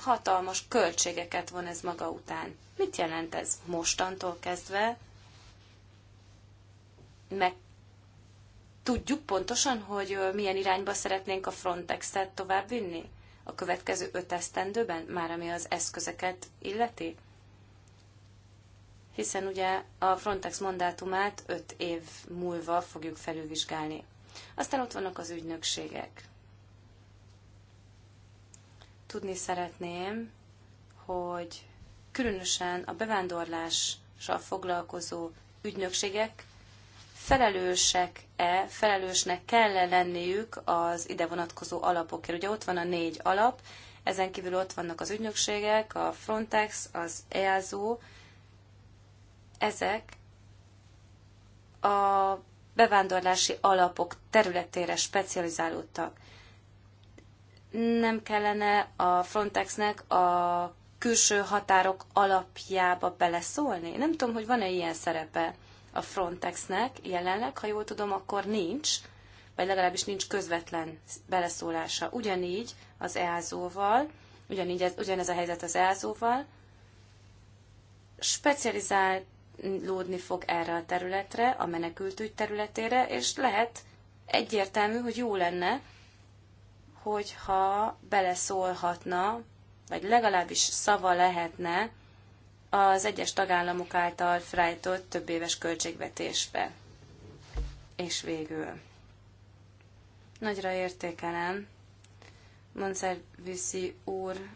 Speaker 2: hatalmas költségeket von ez maga után. Mit jelent ez mostantól kezdve? Meg tudjuk pontosan, hogy milyen irányba szeretnénk a Frontex-et továbbvinni? A következő öt esztendőben, már ami az eszközeket illeti? Hiszen ugye a Frontex mandátumát öt év múlva fogjuk felülvizsgálni. Aztán ott vannak az ügynökségek. Tudni szeretném, hogy különösen a bevándorlással foglalkozó ügynökségek felelősek-e, felelősnek kell -e lenniük az ide vonatkozó alapokért. Ugye ott van a négy alap, ezen kívül ott vannak az ügynökségek, a Frontex, az EASO, ezek a bevándorlási alapok területére specializálódtak nem kellene a Frontexnek a külső határok alapjába beleszólni? Nem tudom, hogy van-e ilyen szerepe a Frontexnek jelenleg, ha jól tudom, akkor nincs, vagy legalábbis nincs közvetlen beleszólása. Ugyanígy az EASO-val, ugyanígy ez, ugyanez a helyzet az EASO-val, specializálódni fog erre a területre, a menekültügy területére, és lehet egyértelmű, hogy jó lenne, hogyha beleszólhatna, vagy legalábbis szava lehetne az egyes tagállamok által frájtott több éves költségvetésbe. És végül. Nagyra értékelem Viszi úr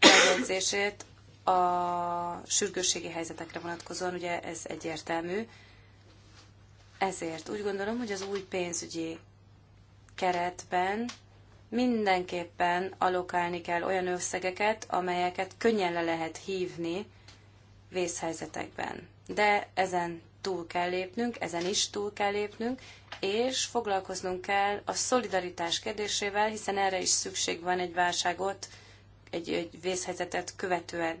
Speaker 2: megjegyzését a sürgősségi helyzetekre vonatkozóan, ugye ez egyértelmű. Ezért úgy gondolom, hogy az új pénzügyi keretben mindenképpen alokálni kell olyan összegeket, amelyeket könnyen le lehet hívni vészhelyzetekben. De ezen túl kell lépnünk, ezen is túl kell lépnünk, és foglalkoznunk kell a szolidaritás kérdésével, hiszen erre is szükség van egy válságot, egy, egy vészhelyzetet követően.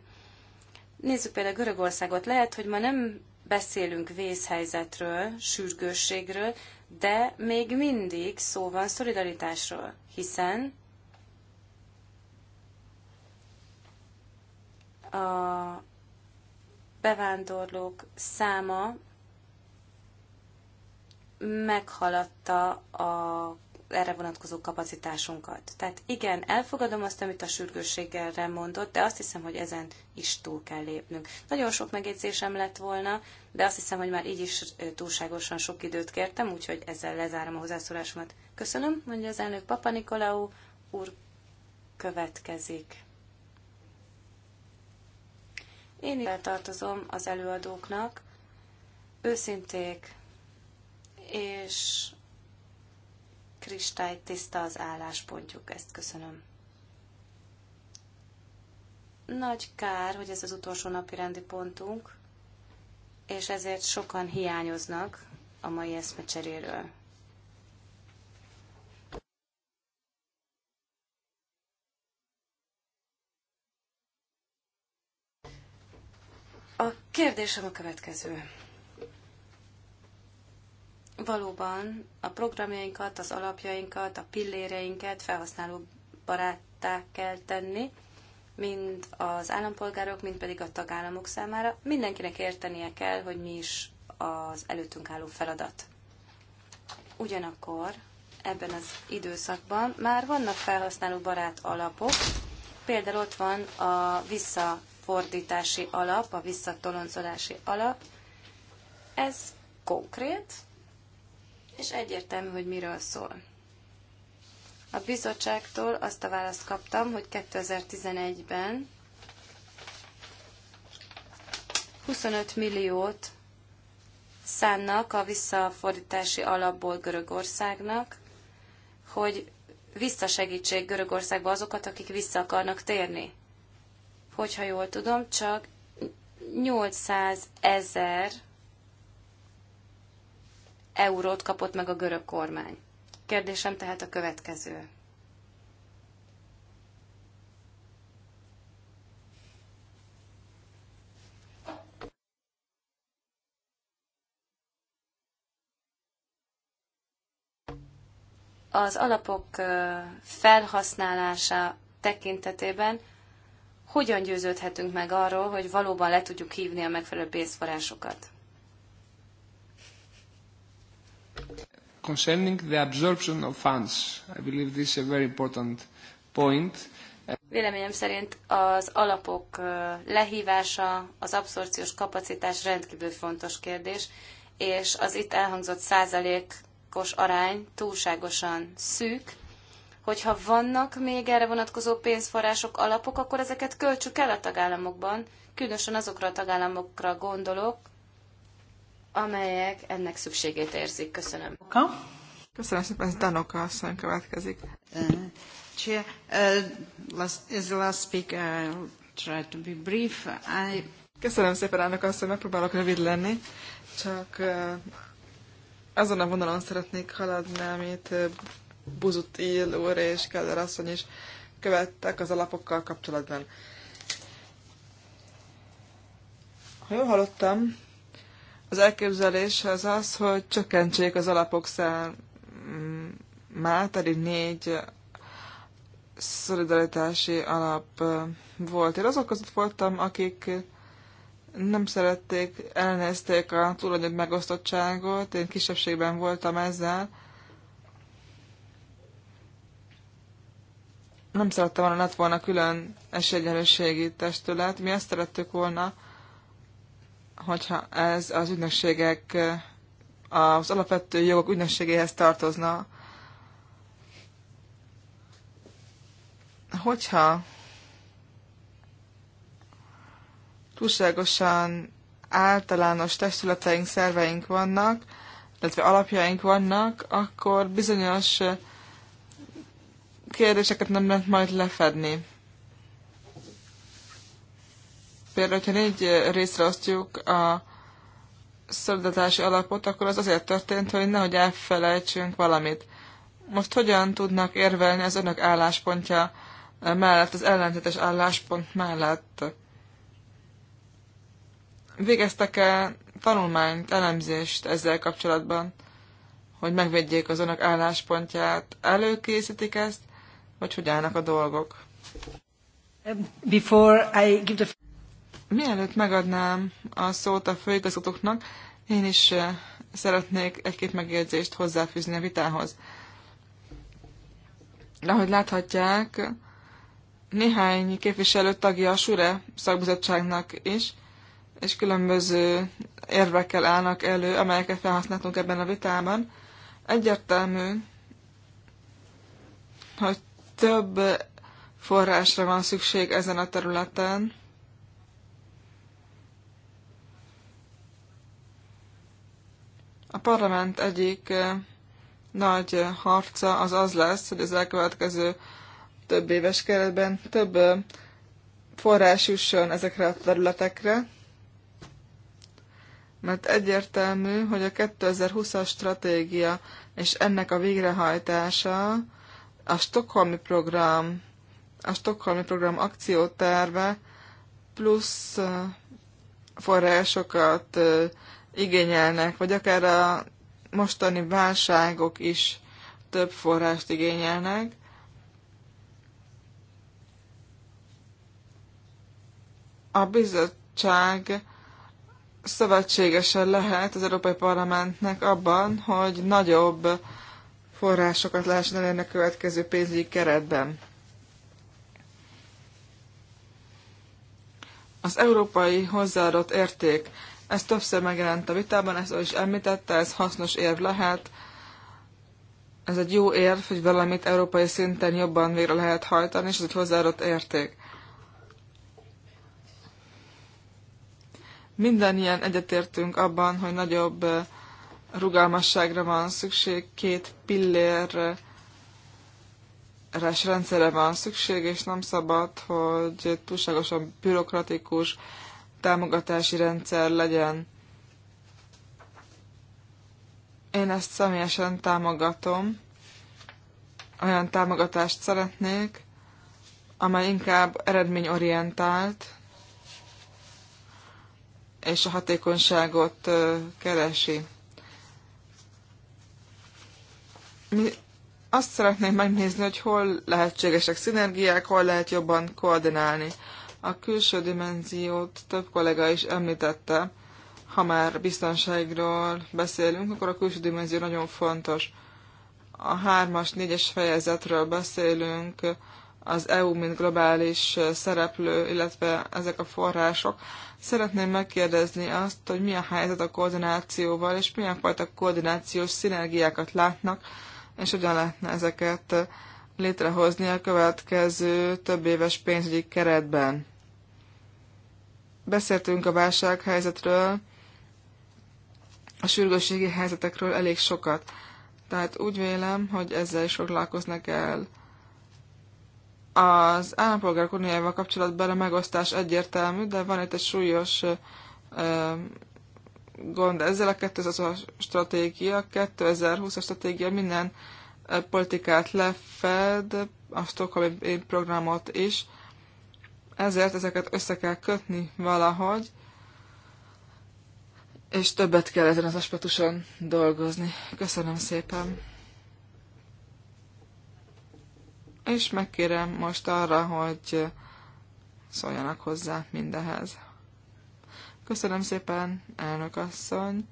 Speaker 2: Nézzük például Görögországot. Lehet, hogy ma nem beszélünk vészhelyzetről, sürgősségről, de még mindig szó van szolidaritásról, hiszen a bevándorlók száma meghaladta a erre vonatkozó kapacitásunkat. Tehát igen, elfogadom azt, amit a sürgősséggel mondott, de azt hiszem, hogy ezen is túl kell lépnünk. Nagyon sok megjegyzésem lett volna, de azt hiszem, hogy már így is túlságosan sok időt kértem, úgyhogy ezzel lezárom a hozzászólásomat. Köszönöm, mondja az elnök Papa Nikolaou úr következik. Én is tartozom az előadóknak, őszinték és Kristály tiszta az álláspontjuk. Ezt köszönöm. Nagy kár, hogy ez az utolsó napi rendi pontunk, és ezért sokan hiányoznak a mai eszmecseréről. A kérdésem a következő valóban a programjainkat, az alapjainkat, a pilléreinket felhasználó baráttá kell tenni, mind az állampolgárok, mind pedig a tagállamok számára. Mindenkinek értenie kell, hogy mi is az előttünk álló feladat. Ugyanakkor ebben az időszakban már vannak felhasználó barát alapok, például ott van a visszafordítási alap, a visszatoloncolási alap. Ez konkrét, és egyértelmű, hogy miről szól. A bizottságtól azt a választ kaptam, hogy 2011-ben 25 milliót szánnak a visszafordítási alapból Görögországnak, hogy visszasegítsék Görögországba azokat, akik vissza akarnak térni. Hogyha jól tudom, csak 800 ezer eurót kapott meg a görög kormány. Kérdésem tehát a következő. Az alapok felhasználása tekintetében hogyan győződhetünk meg arról, hogy valóban le tudjuk hívni a megfelelő pénzforrásokat?
Speaker 1: Concerning the absorption of funds, I believe this is a very important point.
Speaker 2: Véleményem szerint az alapok lehívása, az abszorciós kapacitás rendkívül fontos kérdés, és az itt elhangzott százalékos arány túlságosan szűk, hogyha vannak még erre vonatkozó pénzforrások, alapok, akkor ezeket költsük el a tagállamokban. Különösen azokra a tagállamokra gondolok, amelyek ennek szükségét érzik. Köszönöm.
Speaker 4: Köszönöm szépen, Ez Danoka asszony következik. Uh, chair, uh, last, the last speaker, I'll try to be brief. I... Köszönöm szépen, elnök asszony, megpróbálok rövid lenni, csak uh, azon a vonalon szeretnék haladni, amit uh, Ill úr és Keller asszony is követtek az alapokkal kapcsolatban. Ha jól hallottam, az elképzelés az az, hogy csökkentsék az alapok számát, pedig négy szolidaritási alap volt. Én azok között voltam, akik nem szerették, elnézték a tulajdon megosztottságot, én kisebbségben voltam ezzel. Nem szerettem volna, lett volna külön esélyegyenlőségi testület, mi azt szerettük volna, hogyha ez az ügynökségek, az alapvető jogok ügynökségéhez tartozna, hogyha túlságosan általános testületeink, szerveink vannak, illetve alapjaink vannak, akkor bizonyos kérdéseket nem lehet majd lefedni. Például, hogyha négy részre osztjuk a szolidaritási alapot, akkor az azért történt, hogy nehogy elfelejtsünk valamit. Most hogyan tudnak érvelni az önök álláspontja mellett, az ellentétes álláspont mellett? Végeztek-e tanulmányt, elemzést ezzel kapcsolatban, hogy megvédjék az önök álláspontját? Előkészítik ezt, vagy hogy állnak a dolgok? Before I give the... Mielőtt megadnám a szót a főigazgatóknak, én is eh, szeretnék egy-két megjegyzést hozzáfűzni a vitához. De ahogy láthatják, néhány képviselő tagja a SURE szakbizottságnak is, és különböző érvekkel állnak elő, amelyeket felhasználtunk ebben a vitában. Egyértelmű, hogy több forrásra van szükség ezen a területen, A parlament egyik eh, nagy harca az az lesz, hogy az elkövetkező több éves keretben több eh, forrás jusson ezekre a területekre, mert egyértelmű, hogy a 2020-as stratégia és ennek a végrehajtása a Stockholmi program, a Stockholmi program akcióterve plusz eh, forrásokat igényelnek, vagy akár a mostani válságok is több forrást igényelnek. A bizottság szövetségesen lehet az Európai Parlamentnek abban, hogy nagyobb forrásokat lehessen elérni a következő pénzügyi keretben. Az európai hozzáadott érték ez többször megjelent a vitában, ezt is említette, ez hasznos érv lehet. Ez egy jó érv, hogy valamit európai szinten jobban végre lehet hajtani, és ez egy hozzáadott érték. Minden ilyen egyetértünk abban, hogy nagyobb eh, rugalmasságra van szükség, két pillérre rendszerre van szükség, és nem szabad, hogy túlságosan bürokratikus, támogatási rendszer legyen. Én ezt személyesen támogatom. Olyan támogatást szeretnék, amely inkább eredményorientált, és a hatékonyságot keresi. Mi azt szeretnénk megnézni, hogy hol lehetségesek szinergiák, hol lehet jobban koordinálni a külső dimenziót több kollega is említette. Ha már biztonságról beszélünk, akkor a külső dimenzió nagyon fontos. A hármas, négyes fejezetről beszélünk, az EU, mint globális szereplő, illetve ezek a források. Szeretném megkérdezni azt, hogy mi a helyzet a koordinációval, és milyen fajta koordinációs szinergiákat látnak, és hogyan lehetne ezeket létrehozni a következő több éves pénzügyi keretben. Beszéltünk a válsághelyzetről, a sürgősségi helyzetekről elég sokat. Tehát úgy vélem, hogy ezzel is foglalkozni kell. Az állampolgárok uniójával kapcsolatban a megosztás egyértelmű, de van itt egy súlyos ö, gond. Ezzel a 2020-as stratégia, 2020-as stratégia minden politikát lefed, a Stockholm programot is, ezért ezeket össze kell kötni valahogy, és többet kell ezen az aspektuson dolgozni. Köszönöm szépen! És megkérem most arra, hogy szóljanak hozzá mindehez. Köszönöm szépen, elnök asszony!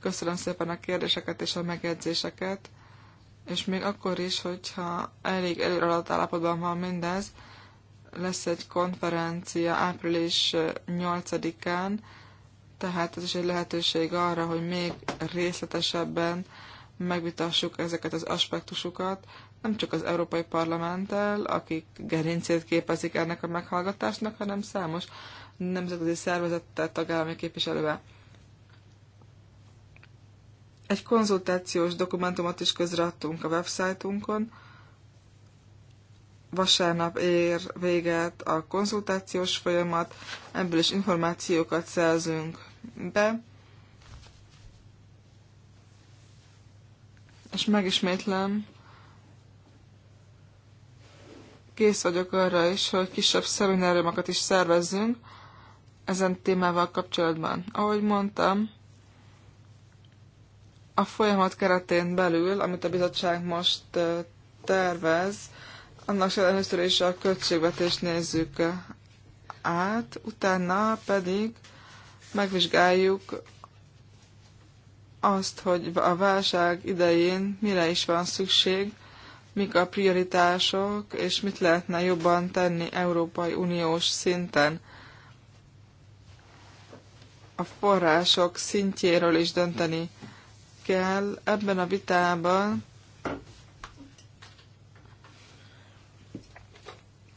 Speaker 4: Köszönöm szépen a kérdéseket és a megjegyzéseket, és még akkor is, hogyha elég előre alatt állapotban van mindez, lesz egy konferencia április 8-án, tehát ez is egy lehetőség arra, hogy még részletesebben megvitassuk ezeket az aspektusokat, nem csak az Európai Parlamenttel, akik gerincét képezik ennek a meghallgatásnak, hanem számos nemzetközi szervezettel, tagállami képviselővel. Egy konzultációs dokumentumot is közreadtunk a websájtunkon, vasárnap ér véget a konzultációs folyamat, ebből is információkat szerzünk be. És megismétlem, kész vagyok arra is, hogy kisebb szemináriumokat is szervezzünk ezen témával kapcsolatban. Ahogy mondtam, a folyamat keretén belül, amit a bizottság most tervez, annak során először is a költségvetést nézzük át, utána pedig megvizsgáljuk azt, hogy a válság idején mire is van szükség, mik a prioritások, és mit lehetne jobban tenni Európai Uniós szinten. A források szintjéről is dönteni kell. Ebben a vitában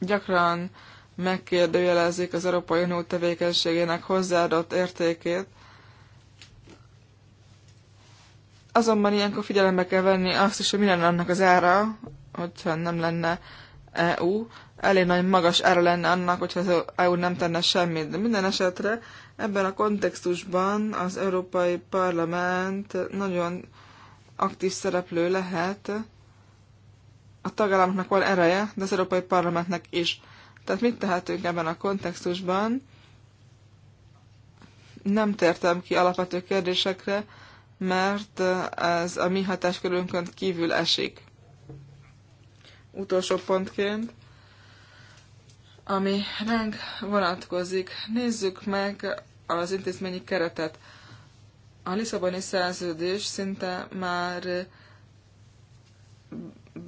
Speaker 4: gyakran megkérdőjelezik az Európai Unió tevékenységének hozzáadott értékét, azonban ilyenkor figyelembe kell venni azt is, hogy mi lenne annak az ára, hogyha nem lenne EU. Elég nagy magas ára lenne annak, hogyha az EU nem tenne semmit. De minden esetre ebben a kontextusban az Európai Parlament nagyon aktív szereplő lehet, a tagállamoknak van ereje, de az Európai Parlamentnek is. Tehát mit tehetünk ebben a kontextusban? Nem tértem ki alapvető kérdésekre, mert ez a mi hatáskörünkön kívül esik. Utolsó pontként, ami ránk vonatkozik, nézzük meg az intézményi keretet. A Lisszaboni szerződés szinte már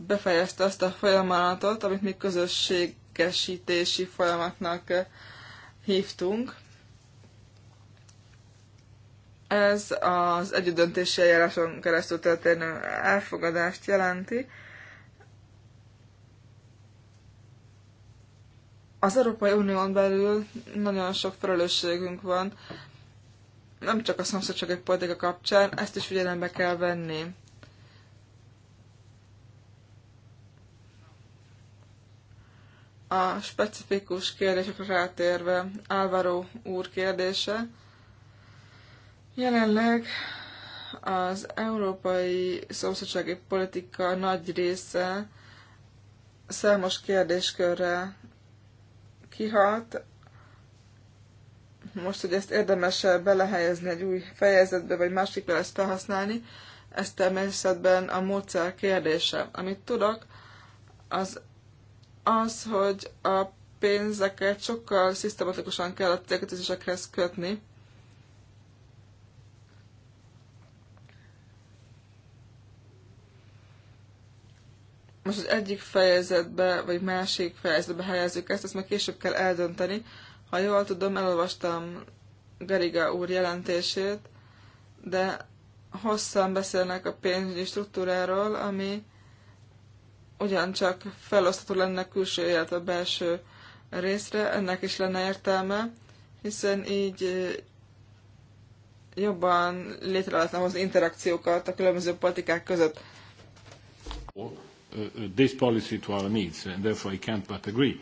Speaker 4: befejezte azt a folyamatot, amit mi közösségesítési folyamatnak eh, hívtunk. Ez az együttdöntési eljáráson keresztül történő elfogadást jelenti. Az Európai Unión belül nagyon sok felelősségünk van, nem csak a szomszédsági politika kapcsán, ezt is figyelembe kell venni A specifikus kérdésekre rátérve Álvaro úr kérdése. Jelenleg az európai szomszédsági politika nagy része számos kérdéskörre kihat. Most, hogy ezt érdemes -e belehelyezni egy új fejezetbe, vagy másikra ezt felhasználni, ez természetben a módszer kérdése. Amit tudok, az az, hogy a pénzeket sokkal szisztematikusan kell a célkötözésekhez kötni. Most az egyik fejezetbe, vagy másik fejezetbe helyezzük ezt, ezt meg később kell eldönteni. Ha jól tudom, elolvastam Gariga úr jelentését, de hosszan beszélnek a pénzügyi struktúráról, ami ugyancsak felosztható lenne külső, illetve belső részre, ennek is lenne értelme, hiszen így jobban létre lehetne hozni interakciókat a különböző politikák között. Uh,
Speaker 6: uh, this policy needs, and therefore I can't but agree.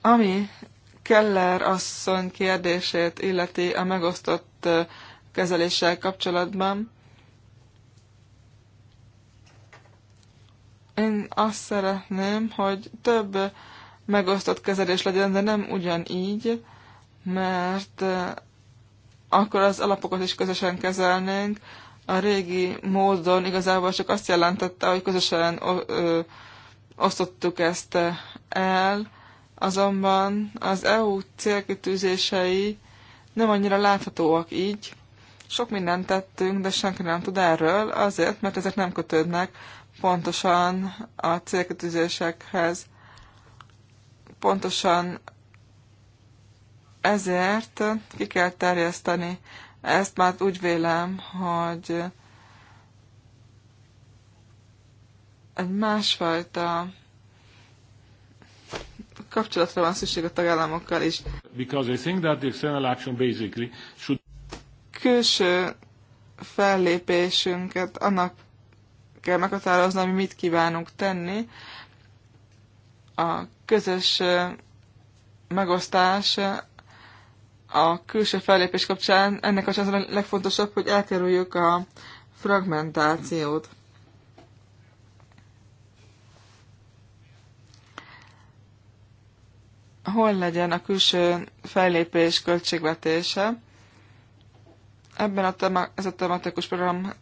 Speaker 4: Ami Keller asszony kérdését illeti a megosztott kezeléssel kapcsolatban, Én azt szeretném, hogy több megosztott kezelés legyen, de nem ugyanígy, mert eh, akkor az alapokat is közösen kezelnénk. A régi módon igazából csak azt jelentette, hogy közösen osztottuk ezt eh, el, azonban az EU célkitűzései nem annyira láthatóak így. Sok mindent tettünk, de senki nem tud erről, azért, mert ezek nem kötődnek pontosan a célkötőzésekhez. Pontosan ezért ki kell terjeszteni. Ezt már úgy vélem, hogy egy másfajta kapcsolatra van szükség a tagállamokkal is. Because I think that the external action basically should... Külső fellépésünket annak kell meghatározni, hogy mit kívánunk tenni. A közös megosztás a külső fellépés kapcsán ennek az a legfontosabb, hogy elkerüljük a fragmentációt. Hol legyen a külső fellépés költségvetése? Ebben a tema- ez a tematikus program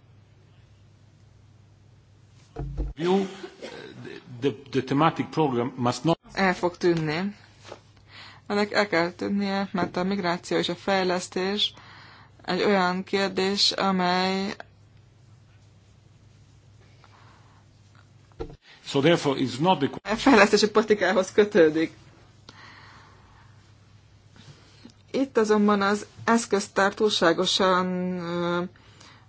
Speaker 4: el fog tűnni. Ennek el kell tűnnie, mert a migráció és a fejlesztés egy olyan kérdés, amely
Speaker 6: So therefore it's not because...
Speaker 4: a fejlesztési politikához kötődik. Itt azonban az eszköztár túlságosan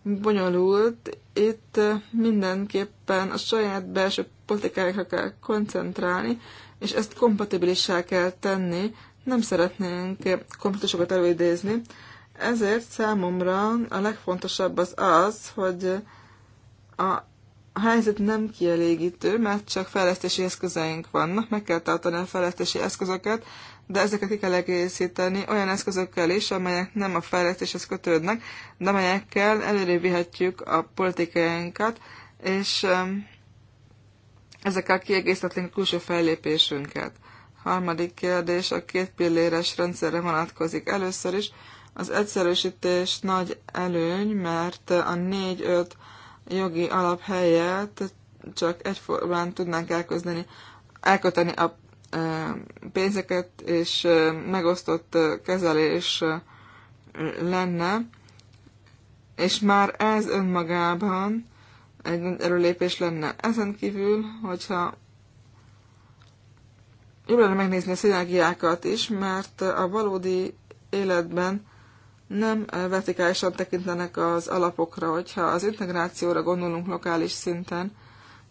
Speaker 4: bonyolult. Itt mindenképpen a saját belső politikáikra kell koncentrálni, és ezt kompatibilissá kell tenni. Nem szeretnénk konfliktusokat előidézni. Ezért számomra a legfontosabb az az, hogy a a helyzet nem kielégítő, mert csak fejlesztési eszközeink vannak, meg kell tartani a fejlesztési eszközöket, de ezeket ki kell egészíteni olyan eszközökkel is, amelyek nem a fejlesztéshez kötődnek, de amelyekkel előrébb vihetjük a politikáinkat, és ezekkel kiegészítetnénk a külső fellépésünket. Harmadik kérdés a két pilléres rendszerre vonatkozik. Először is az egyszerűsítés nagy előny, mert a négy öt jogi alap helyett csak egyformán tudnánk elközdeni, elkötni a pénzeket és megosztott kezelés lenne, és már ez önmagában egy nagy erőlépés lenne. Ezen kívül, hogyha jobb lenne megnézni a szinergiákat is, mert a valódi életben nem vertikálisan tekintenek az alapokra, hogyha az integrációra gondolunk lokális szinten,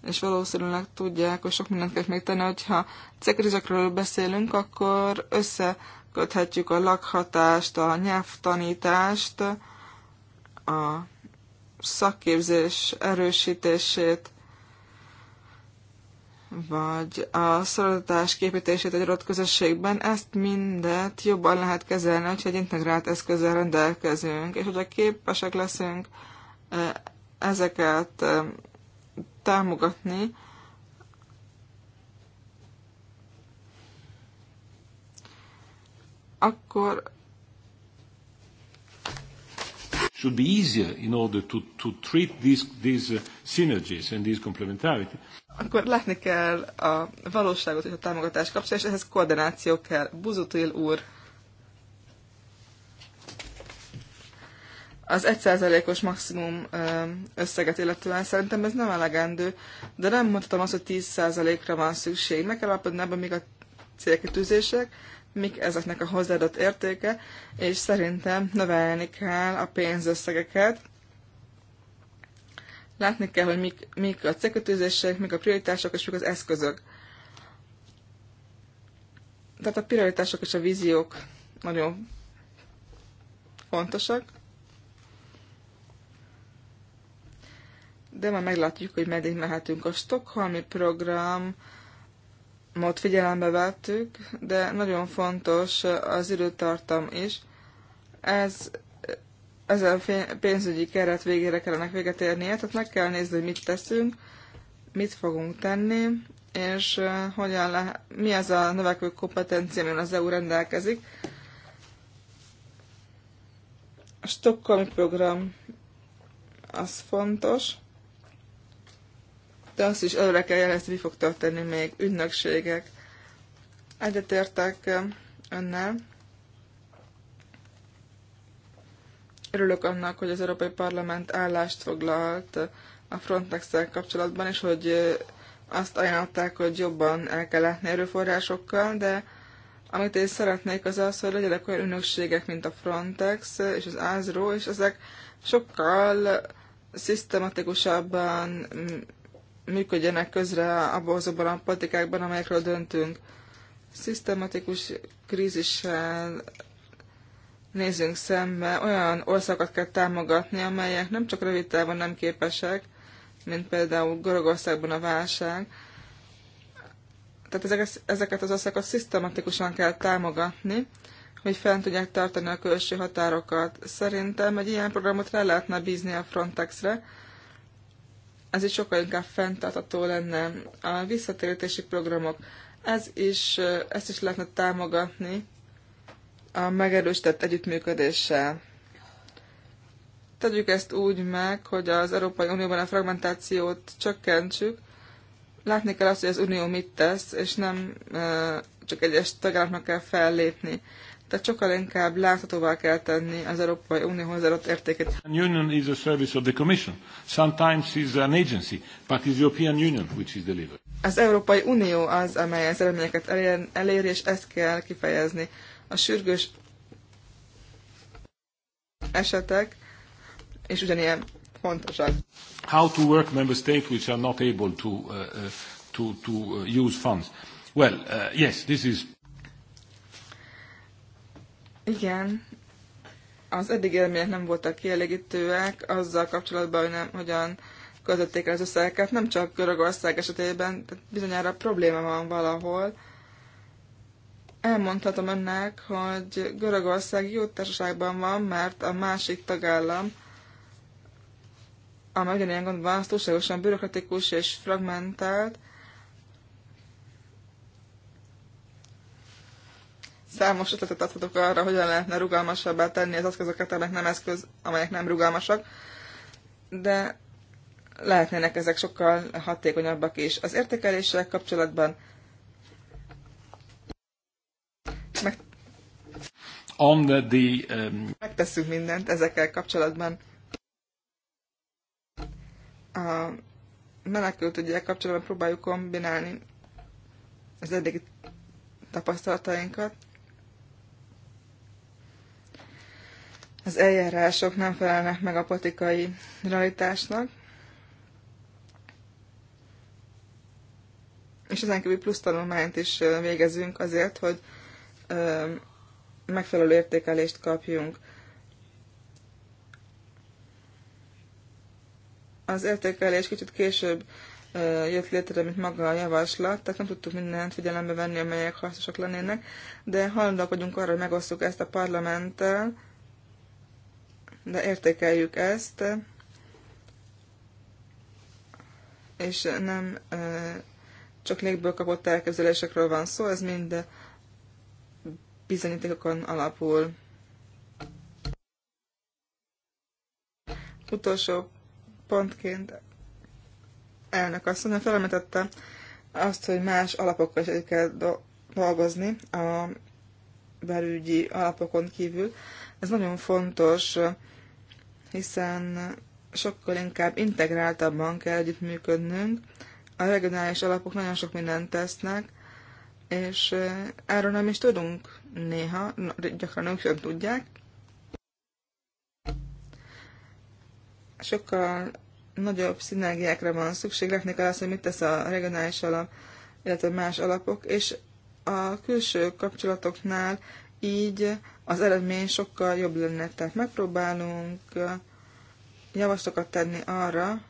Speaker 4: és valószínűleg tudják, hogy sok mindent kell még tenni, hogyha cekrizekről beszélünk, akkor összeköthetjük a lakhatást, a nyelvtanítást, a szakképzés erősítését, vagy a szolidatás képítését egy adott közösségben, ezt mindet jobban lehet kezelni, hogyha egy integrált eszközzel rendelkezünk, és hogyha képesek leszünk eh, ezeket eh, támogatni. Akkor
Speaker 6: should be easier in order to, to treat these, these uh, synergies and these complementarity.
Speaker 4: Akkor látni kell a valóságot és a támogatás kapcsán, és ehhez koordináció kell. Buzutil úr. az 1%-os maximum összeget illetően szerintem ez nem elegendő, de nem mondhatom azt, hogy 10%-ra van szükség. Meg kell alapodni ebben még a célkitűzések, mik ezeknek a hozzáadott értéke, és szerintem növelni kell a pénzösszegeket. Látni kell, hogy mik, mik a célkitűzések, mik a prioritások, és mik az eszközök. Tehát a prioritások és a víziók nagyon fontosak. de majd meglátjuk, hogy meddig mehetünk. A Stockholmi program mód figyelembe vettük, de nagyon fontos az időtartam is. Ez ez a pénzügyi keret végére kellene véget érnie, tehát meg kell nézni, hogy mit teszünk, mit fogunk tenni, és hogyan le, mi az a növekvő kompetencia, amivel az EU rendelkezik. A Stockholmi program az fontos, de azt is előre kell jelezni, mi fog történni még ügynökségek. Egyetértek um, önnel. Örülök annak, hogy az Európai Parlament állást foglalt uh, a frontex kapcsolatban, és hogy uh, azt ajánlották, hogy jobban el kell látni erőforrásokkal, de amit én szeretnék az az, hogy legyenek olyan ünökségek, mint a Frontex uh, és az ASRO, és ezek sokkal szisztematikusabban mm, működjenek közre abban azokban a politikákban, amelyekről döntünk. Szisztematikus krízissel nézzünk szembe, olyan országokat kell támogatni, amelyek nem csak rövid távon nem képesek, mint például Görögországban a válság. Tehát ezeket, ezeket az országokat szisztematikusan kell támogatni, hogy fent tudják tartani a külső határokat. Szerintem egy ilyen programot rá lehetne bízni a Frontexre, ez is sokkal inkább fenntartható lenne. A visszatérítési programok, ez is, ezt is lehetne támogatni a megerősített együttműködéssel. Tegyük ezt úgy meg, hogy az Európai Unióban a fragmentációt csökkentsük, látni kell azt, hogy az Unió mit tesz, és nem csak egyes tagállamnak kell fellépni tehát sokkal inkább láthatóvá kell tenni az Európai Unió hozzáadott értéket. The
Speaker 6: Union is a service of the Commission. Sometimes is an agency, but it's the European Union which is delivered.
Speaker 4: Az Európai Unió az, amely az eredményeket eléri, és ezt kell kifejezni. A sürgős esetek, és ugyanilyen fontosak.
Speaker 6: How to work member states which are not able to, uh, uh to, to uh, use funds? Well, uh, yes, this is
Speaker 4: igen, az eddig élmények nem voltak kielégítőek azzal kapcsolatban, hogy nem, hogyan közötték el az összegeket, nem csak Görögország esetében, tehát bizonyára probléma van valahol. Elmondhatom önnek, hogy Görögország jó társaságban van, mert a másik tagállam, amely ugyanilyen gond van, az túlságosan bürokratikus és fragmentált, Számos ötletet adhatok arra, hogyan lehetne rugalmasabbá tenni az eszközöket, amelyek nem eszköz, amelyek nem rugalmasak, de lehetnének ezek sokkal hatékonyabbak is. Az értékeléssel kapcsolatban
Speaker 6: meg... On the, the, um...
Speaker 4: megtesszük mindent ezekkel kapcsolatban. A menekült ügyel kapcsolatban próbáljuk kombinálni az eddigi tapasztalatainkat. az eljárások nem felelnek meg a patikai realitásnak, és ezen kívül plusz tanulmányt is végezünk azért, hogy megfelelő értékelést kapjunk. Az értékelés kicsit később jött létre, mint maga a javaslat, tehát nem tudtuk mindent figyelembe venni, amelyek hasznosak lennének, de hajlandóak vagyunk arra, hogy megosztjuk ezt a parlamenttel, de értékeljük ezt, és nem csak légből kapott elképzelésekről van szó, ez mind bizonyítékokon alapul. Utolsó pontként elnök asszony felemetette azt, hogy más alapokkal is kell dolgozni a belügyi alapokon kívül. Ez nagyon fontos hiszen sokkal inkább integráltabban kell együttműködnünk. A regionális alapok nagyon sok mindent tesznek, és erről nem is tudunk néha, gyakran ők sem tudják. Sokkal nagyobb szinergiákra van szükség, látni kell azt, hogy mit tesz a regionális alap, illetve más alapok, és a külső kapcsolatoknál így az eredmény sokkal jobb lenne. Tehát megpróbálunk javaslatokat tenni arra,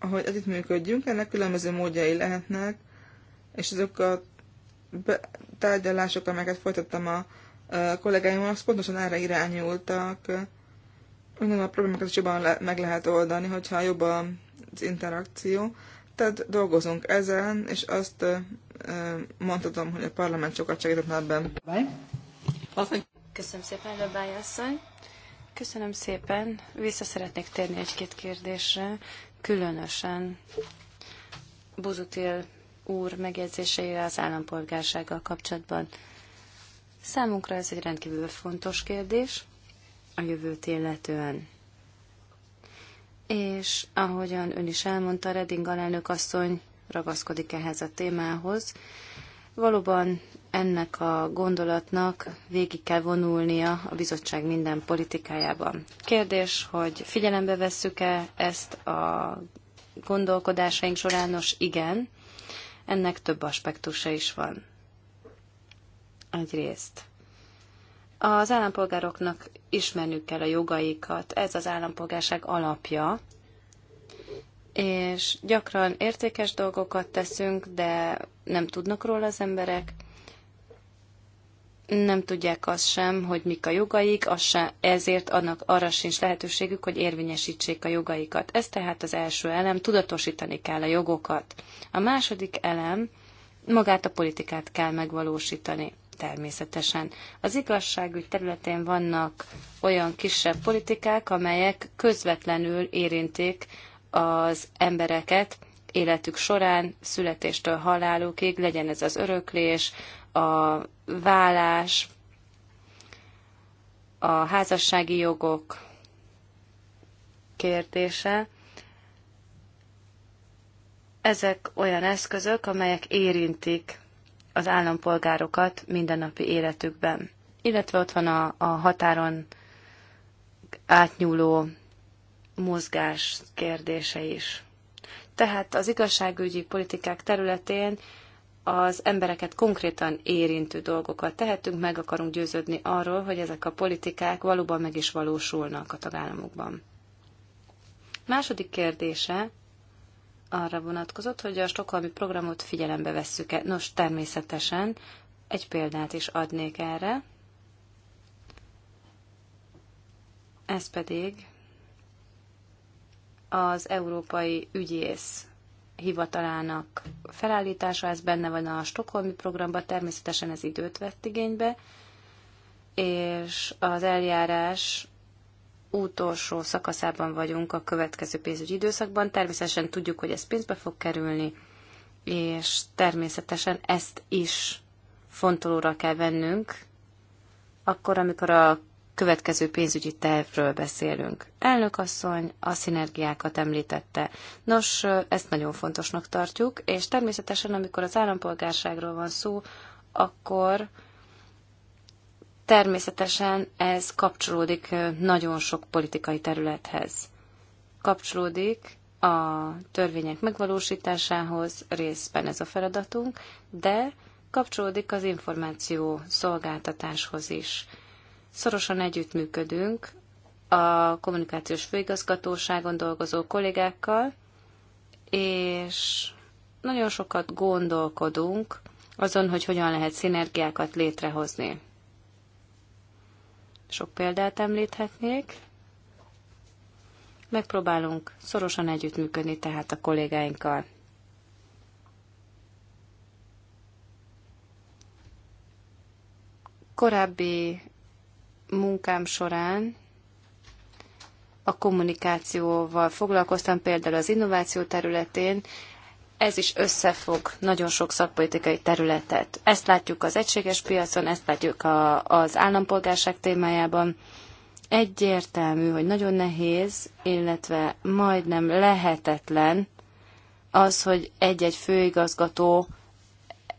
Speaker 4: hogy együttműködjünk, ennek különböző módjai lehetnek, és azok a tárgyalások, amelyeket folytattam a kollégáimmal, az pontosan erre irányultak. Minden a problémákat is jobban le- meg lehet oldani, hogyha jobb az interakció. Tehát dolgozunk ezen, és azt mondhatom, hogy a parlament sokat segített már ebben.
Speaker 2: Köszönöm szépen, Lebály asszony. Köszönöm szépen. Vissza szeretnék térni egy-két kérdésre, különösen Buzutil úr megjegyzéseire az állampolgársággal kapcsolatban. Számunkra ez egy rendkívül fontos kérdés a jövőt illetően. És ahogyan ön is elmondta, Reding alelnök asszony ragaszkodik ehhez a témához. Valóban ennek a gondolatnak végig kell vonulnia a bizottság minden politikájában. Kérdés, hogy figyelembe vesszük-e ezt a gondolkodásaink sorános igen, ennek több aspektusa is van. Egyrészt. Az állampolgároknak ismernük kell a jogaikat, ez az állampolgárság alapja, és gyakran értékes dolgokat teszünk, de nem tudnak róla az emberek, nem tudják azt sem, hogy mik a jogaik, az sem, ezért annak arra sincs lehetőségük, hogy érvényesítsék a jogaikat. Ez tehát az első elem, tudatosítani kell a jogokat. A második elem, magát a politikát kell megvalósítani. Természetesen. Az igazságügy területén vannak olyan kisebb politikák, amelyek közvetlenül érintik az embereket életük során, születéstől halálukig, legyen ez az öröklés, a vállás, a házassági jogok kérdése. Ezek olyan eszközök, amelyek érintik az állampolgárokat mindennapi életükben. Illetve ott van a, a határon átnyúló mozgás kérdése is. Tehát az igazságügyi politikák területén az embereket konkrétan érintő dolgokat tehetünk, meg akarunk győződni arról, hogy ezek a politikák valóban meg is valósulnak a tagállamokban. Második kérdése arra vonatkozott, hogy a stokholmi programot figyelembe vesszük-e. Nos, természetesen egy példát is adnék erre. Ez pedig az Európai Ügyész hivatalának felállítása, ez benne van a Stockholmi programban, természetesen ez időt vett igénybe, és az eljárás utolsó szakaszában vagyunk a következő pénzügyi időszakban. Természetesen tudjuk, hogy ez pénzbe fog kerülni, és természetesen ezt is fontolóra kell vennünk, akkor, amikor a következő pénzügyi tervről beszélünk. Elnök asszony a szinergiákat említette. Nos, ezt nagyon fontosnak tartjuk, és természetesen, amikor az állampolgárságról van szó, akkor természetesen ez kapcsolódik nagyon sok politikai területhez. Kapcsolódik a törvények megvalósításához, részben ez a feladatunk, de kapcsolódik az információ szolgáltatáshoz is Szorosan együttműködünk a kommunikációs főigazgatóságon dolgozó kollégákkal, és nagyon sokat gondolkodunk azon, hogy hogyan lehet szinergiákat létrehozni. Sok példát említhetnék. Megpróbálunk szorosan együttműködni tehát a kollégáinkkal. Korábbi munkám során a kommunikációval foglalkoztam, például az innováció területén, ez is összefog nagyon sok szakpolitikai területet. Ezt látjuk az egységes piacon, ezt látjuk a, az állampolgárság témájában. Egyértelmű, hogy nagyon nehéz, illetve majdnem lehetetlen az, hogy egy-egy főigazgató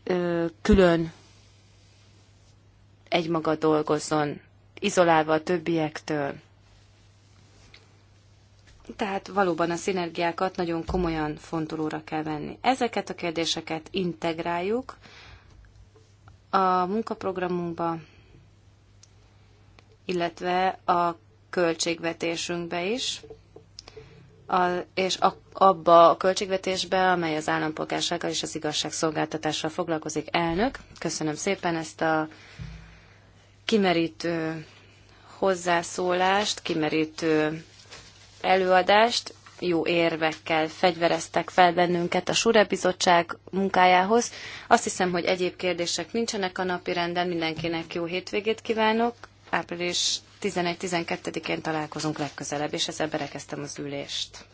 Speaker 2: ö, külön egymaga dolgozzon izolálva a többiektől. Tehát valóban a szinergiákat nagyon komolyan fontolóra kell venni. Ezeket a kérdéseket integráljuk a munkaprogramunkba, illetve a költségvetésünkbe is, a, és a, abba a költségvetésbe, amely az állampolgársággal és az igazságszolgáltatással foglalkozik elnök. Köszönöm szépen ezt a kimerítő hozzászólást, kimerítő előadást, jó érvekkel fegyvereztek fel bennünket a Sure Bizottság munkájához. Azt hiszem, hogy egyéb kérdések nincsenek a napi renden, mindenkinek jó hétvégét kívánok. Április 11-12-én találkozunk legközelebb, és ezzel berekeztem az ülést.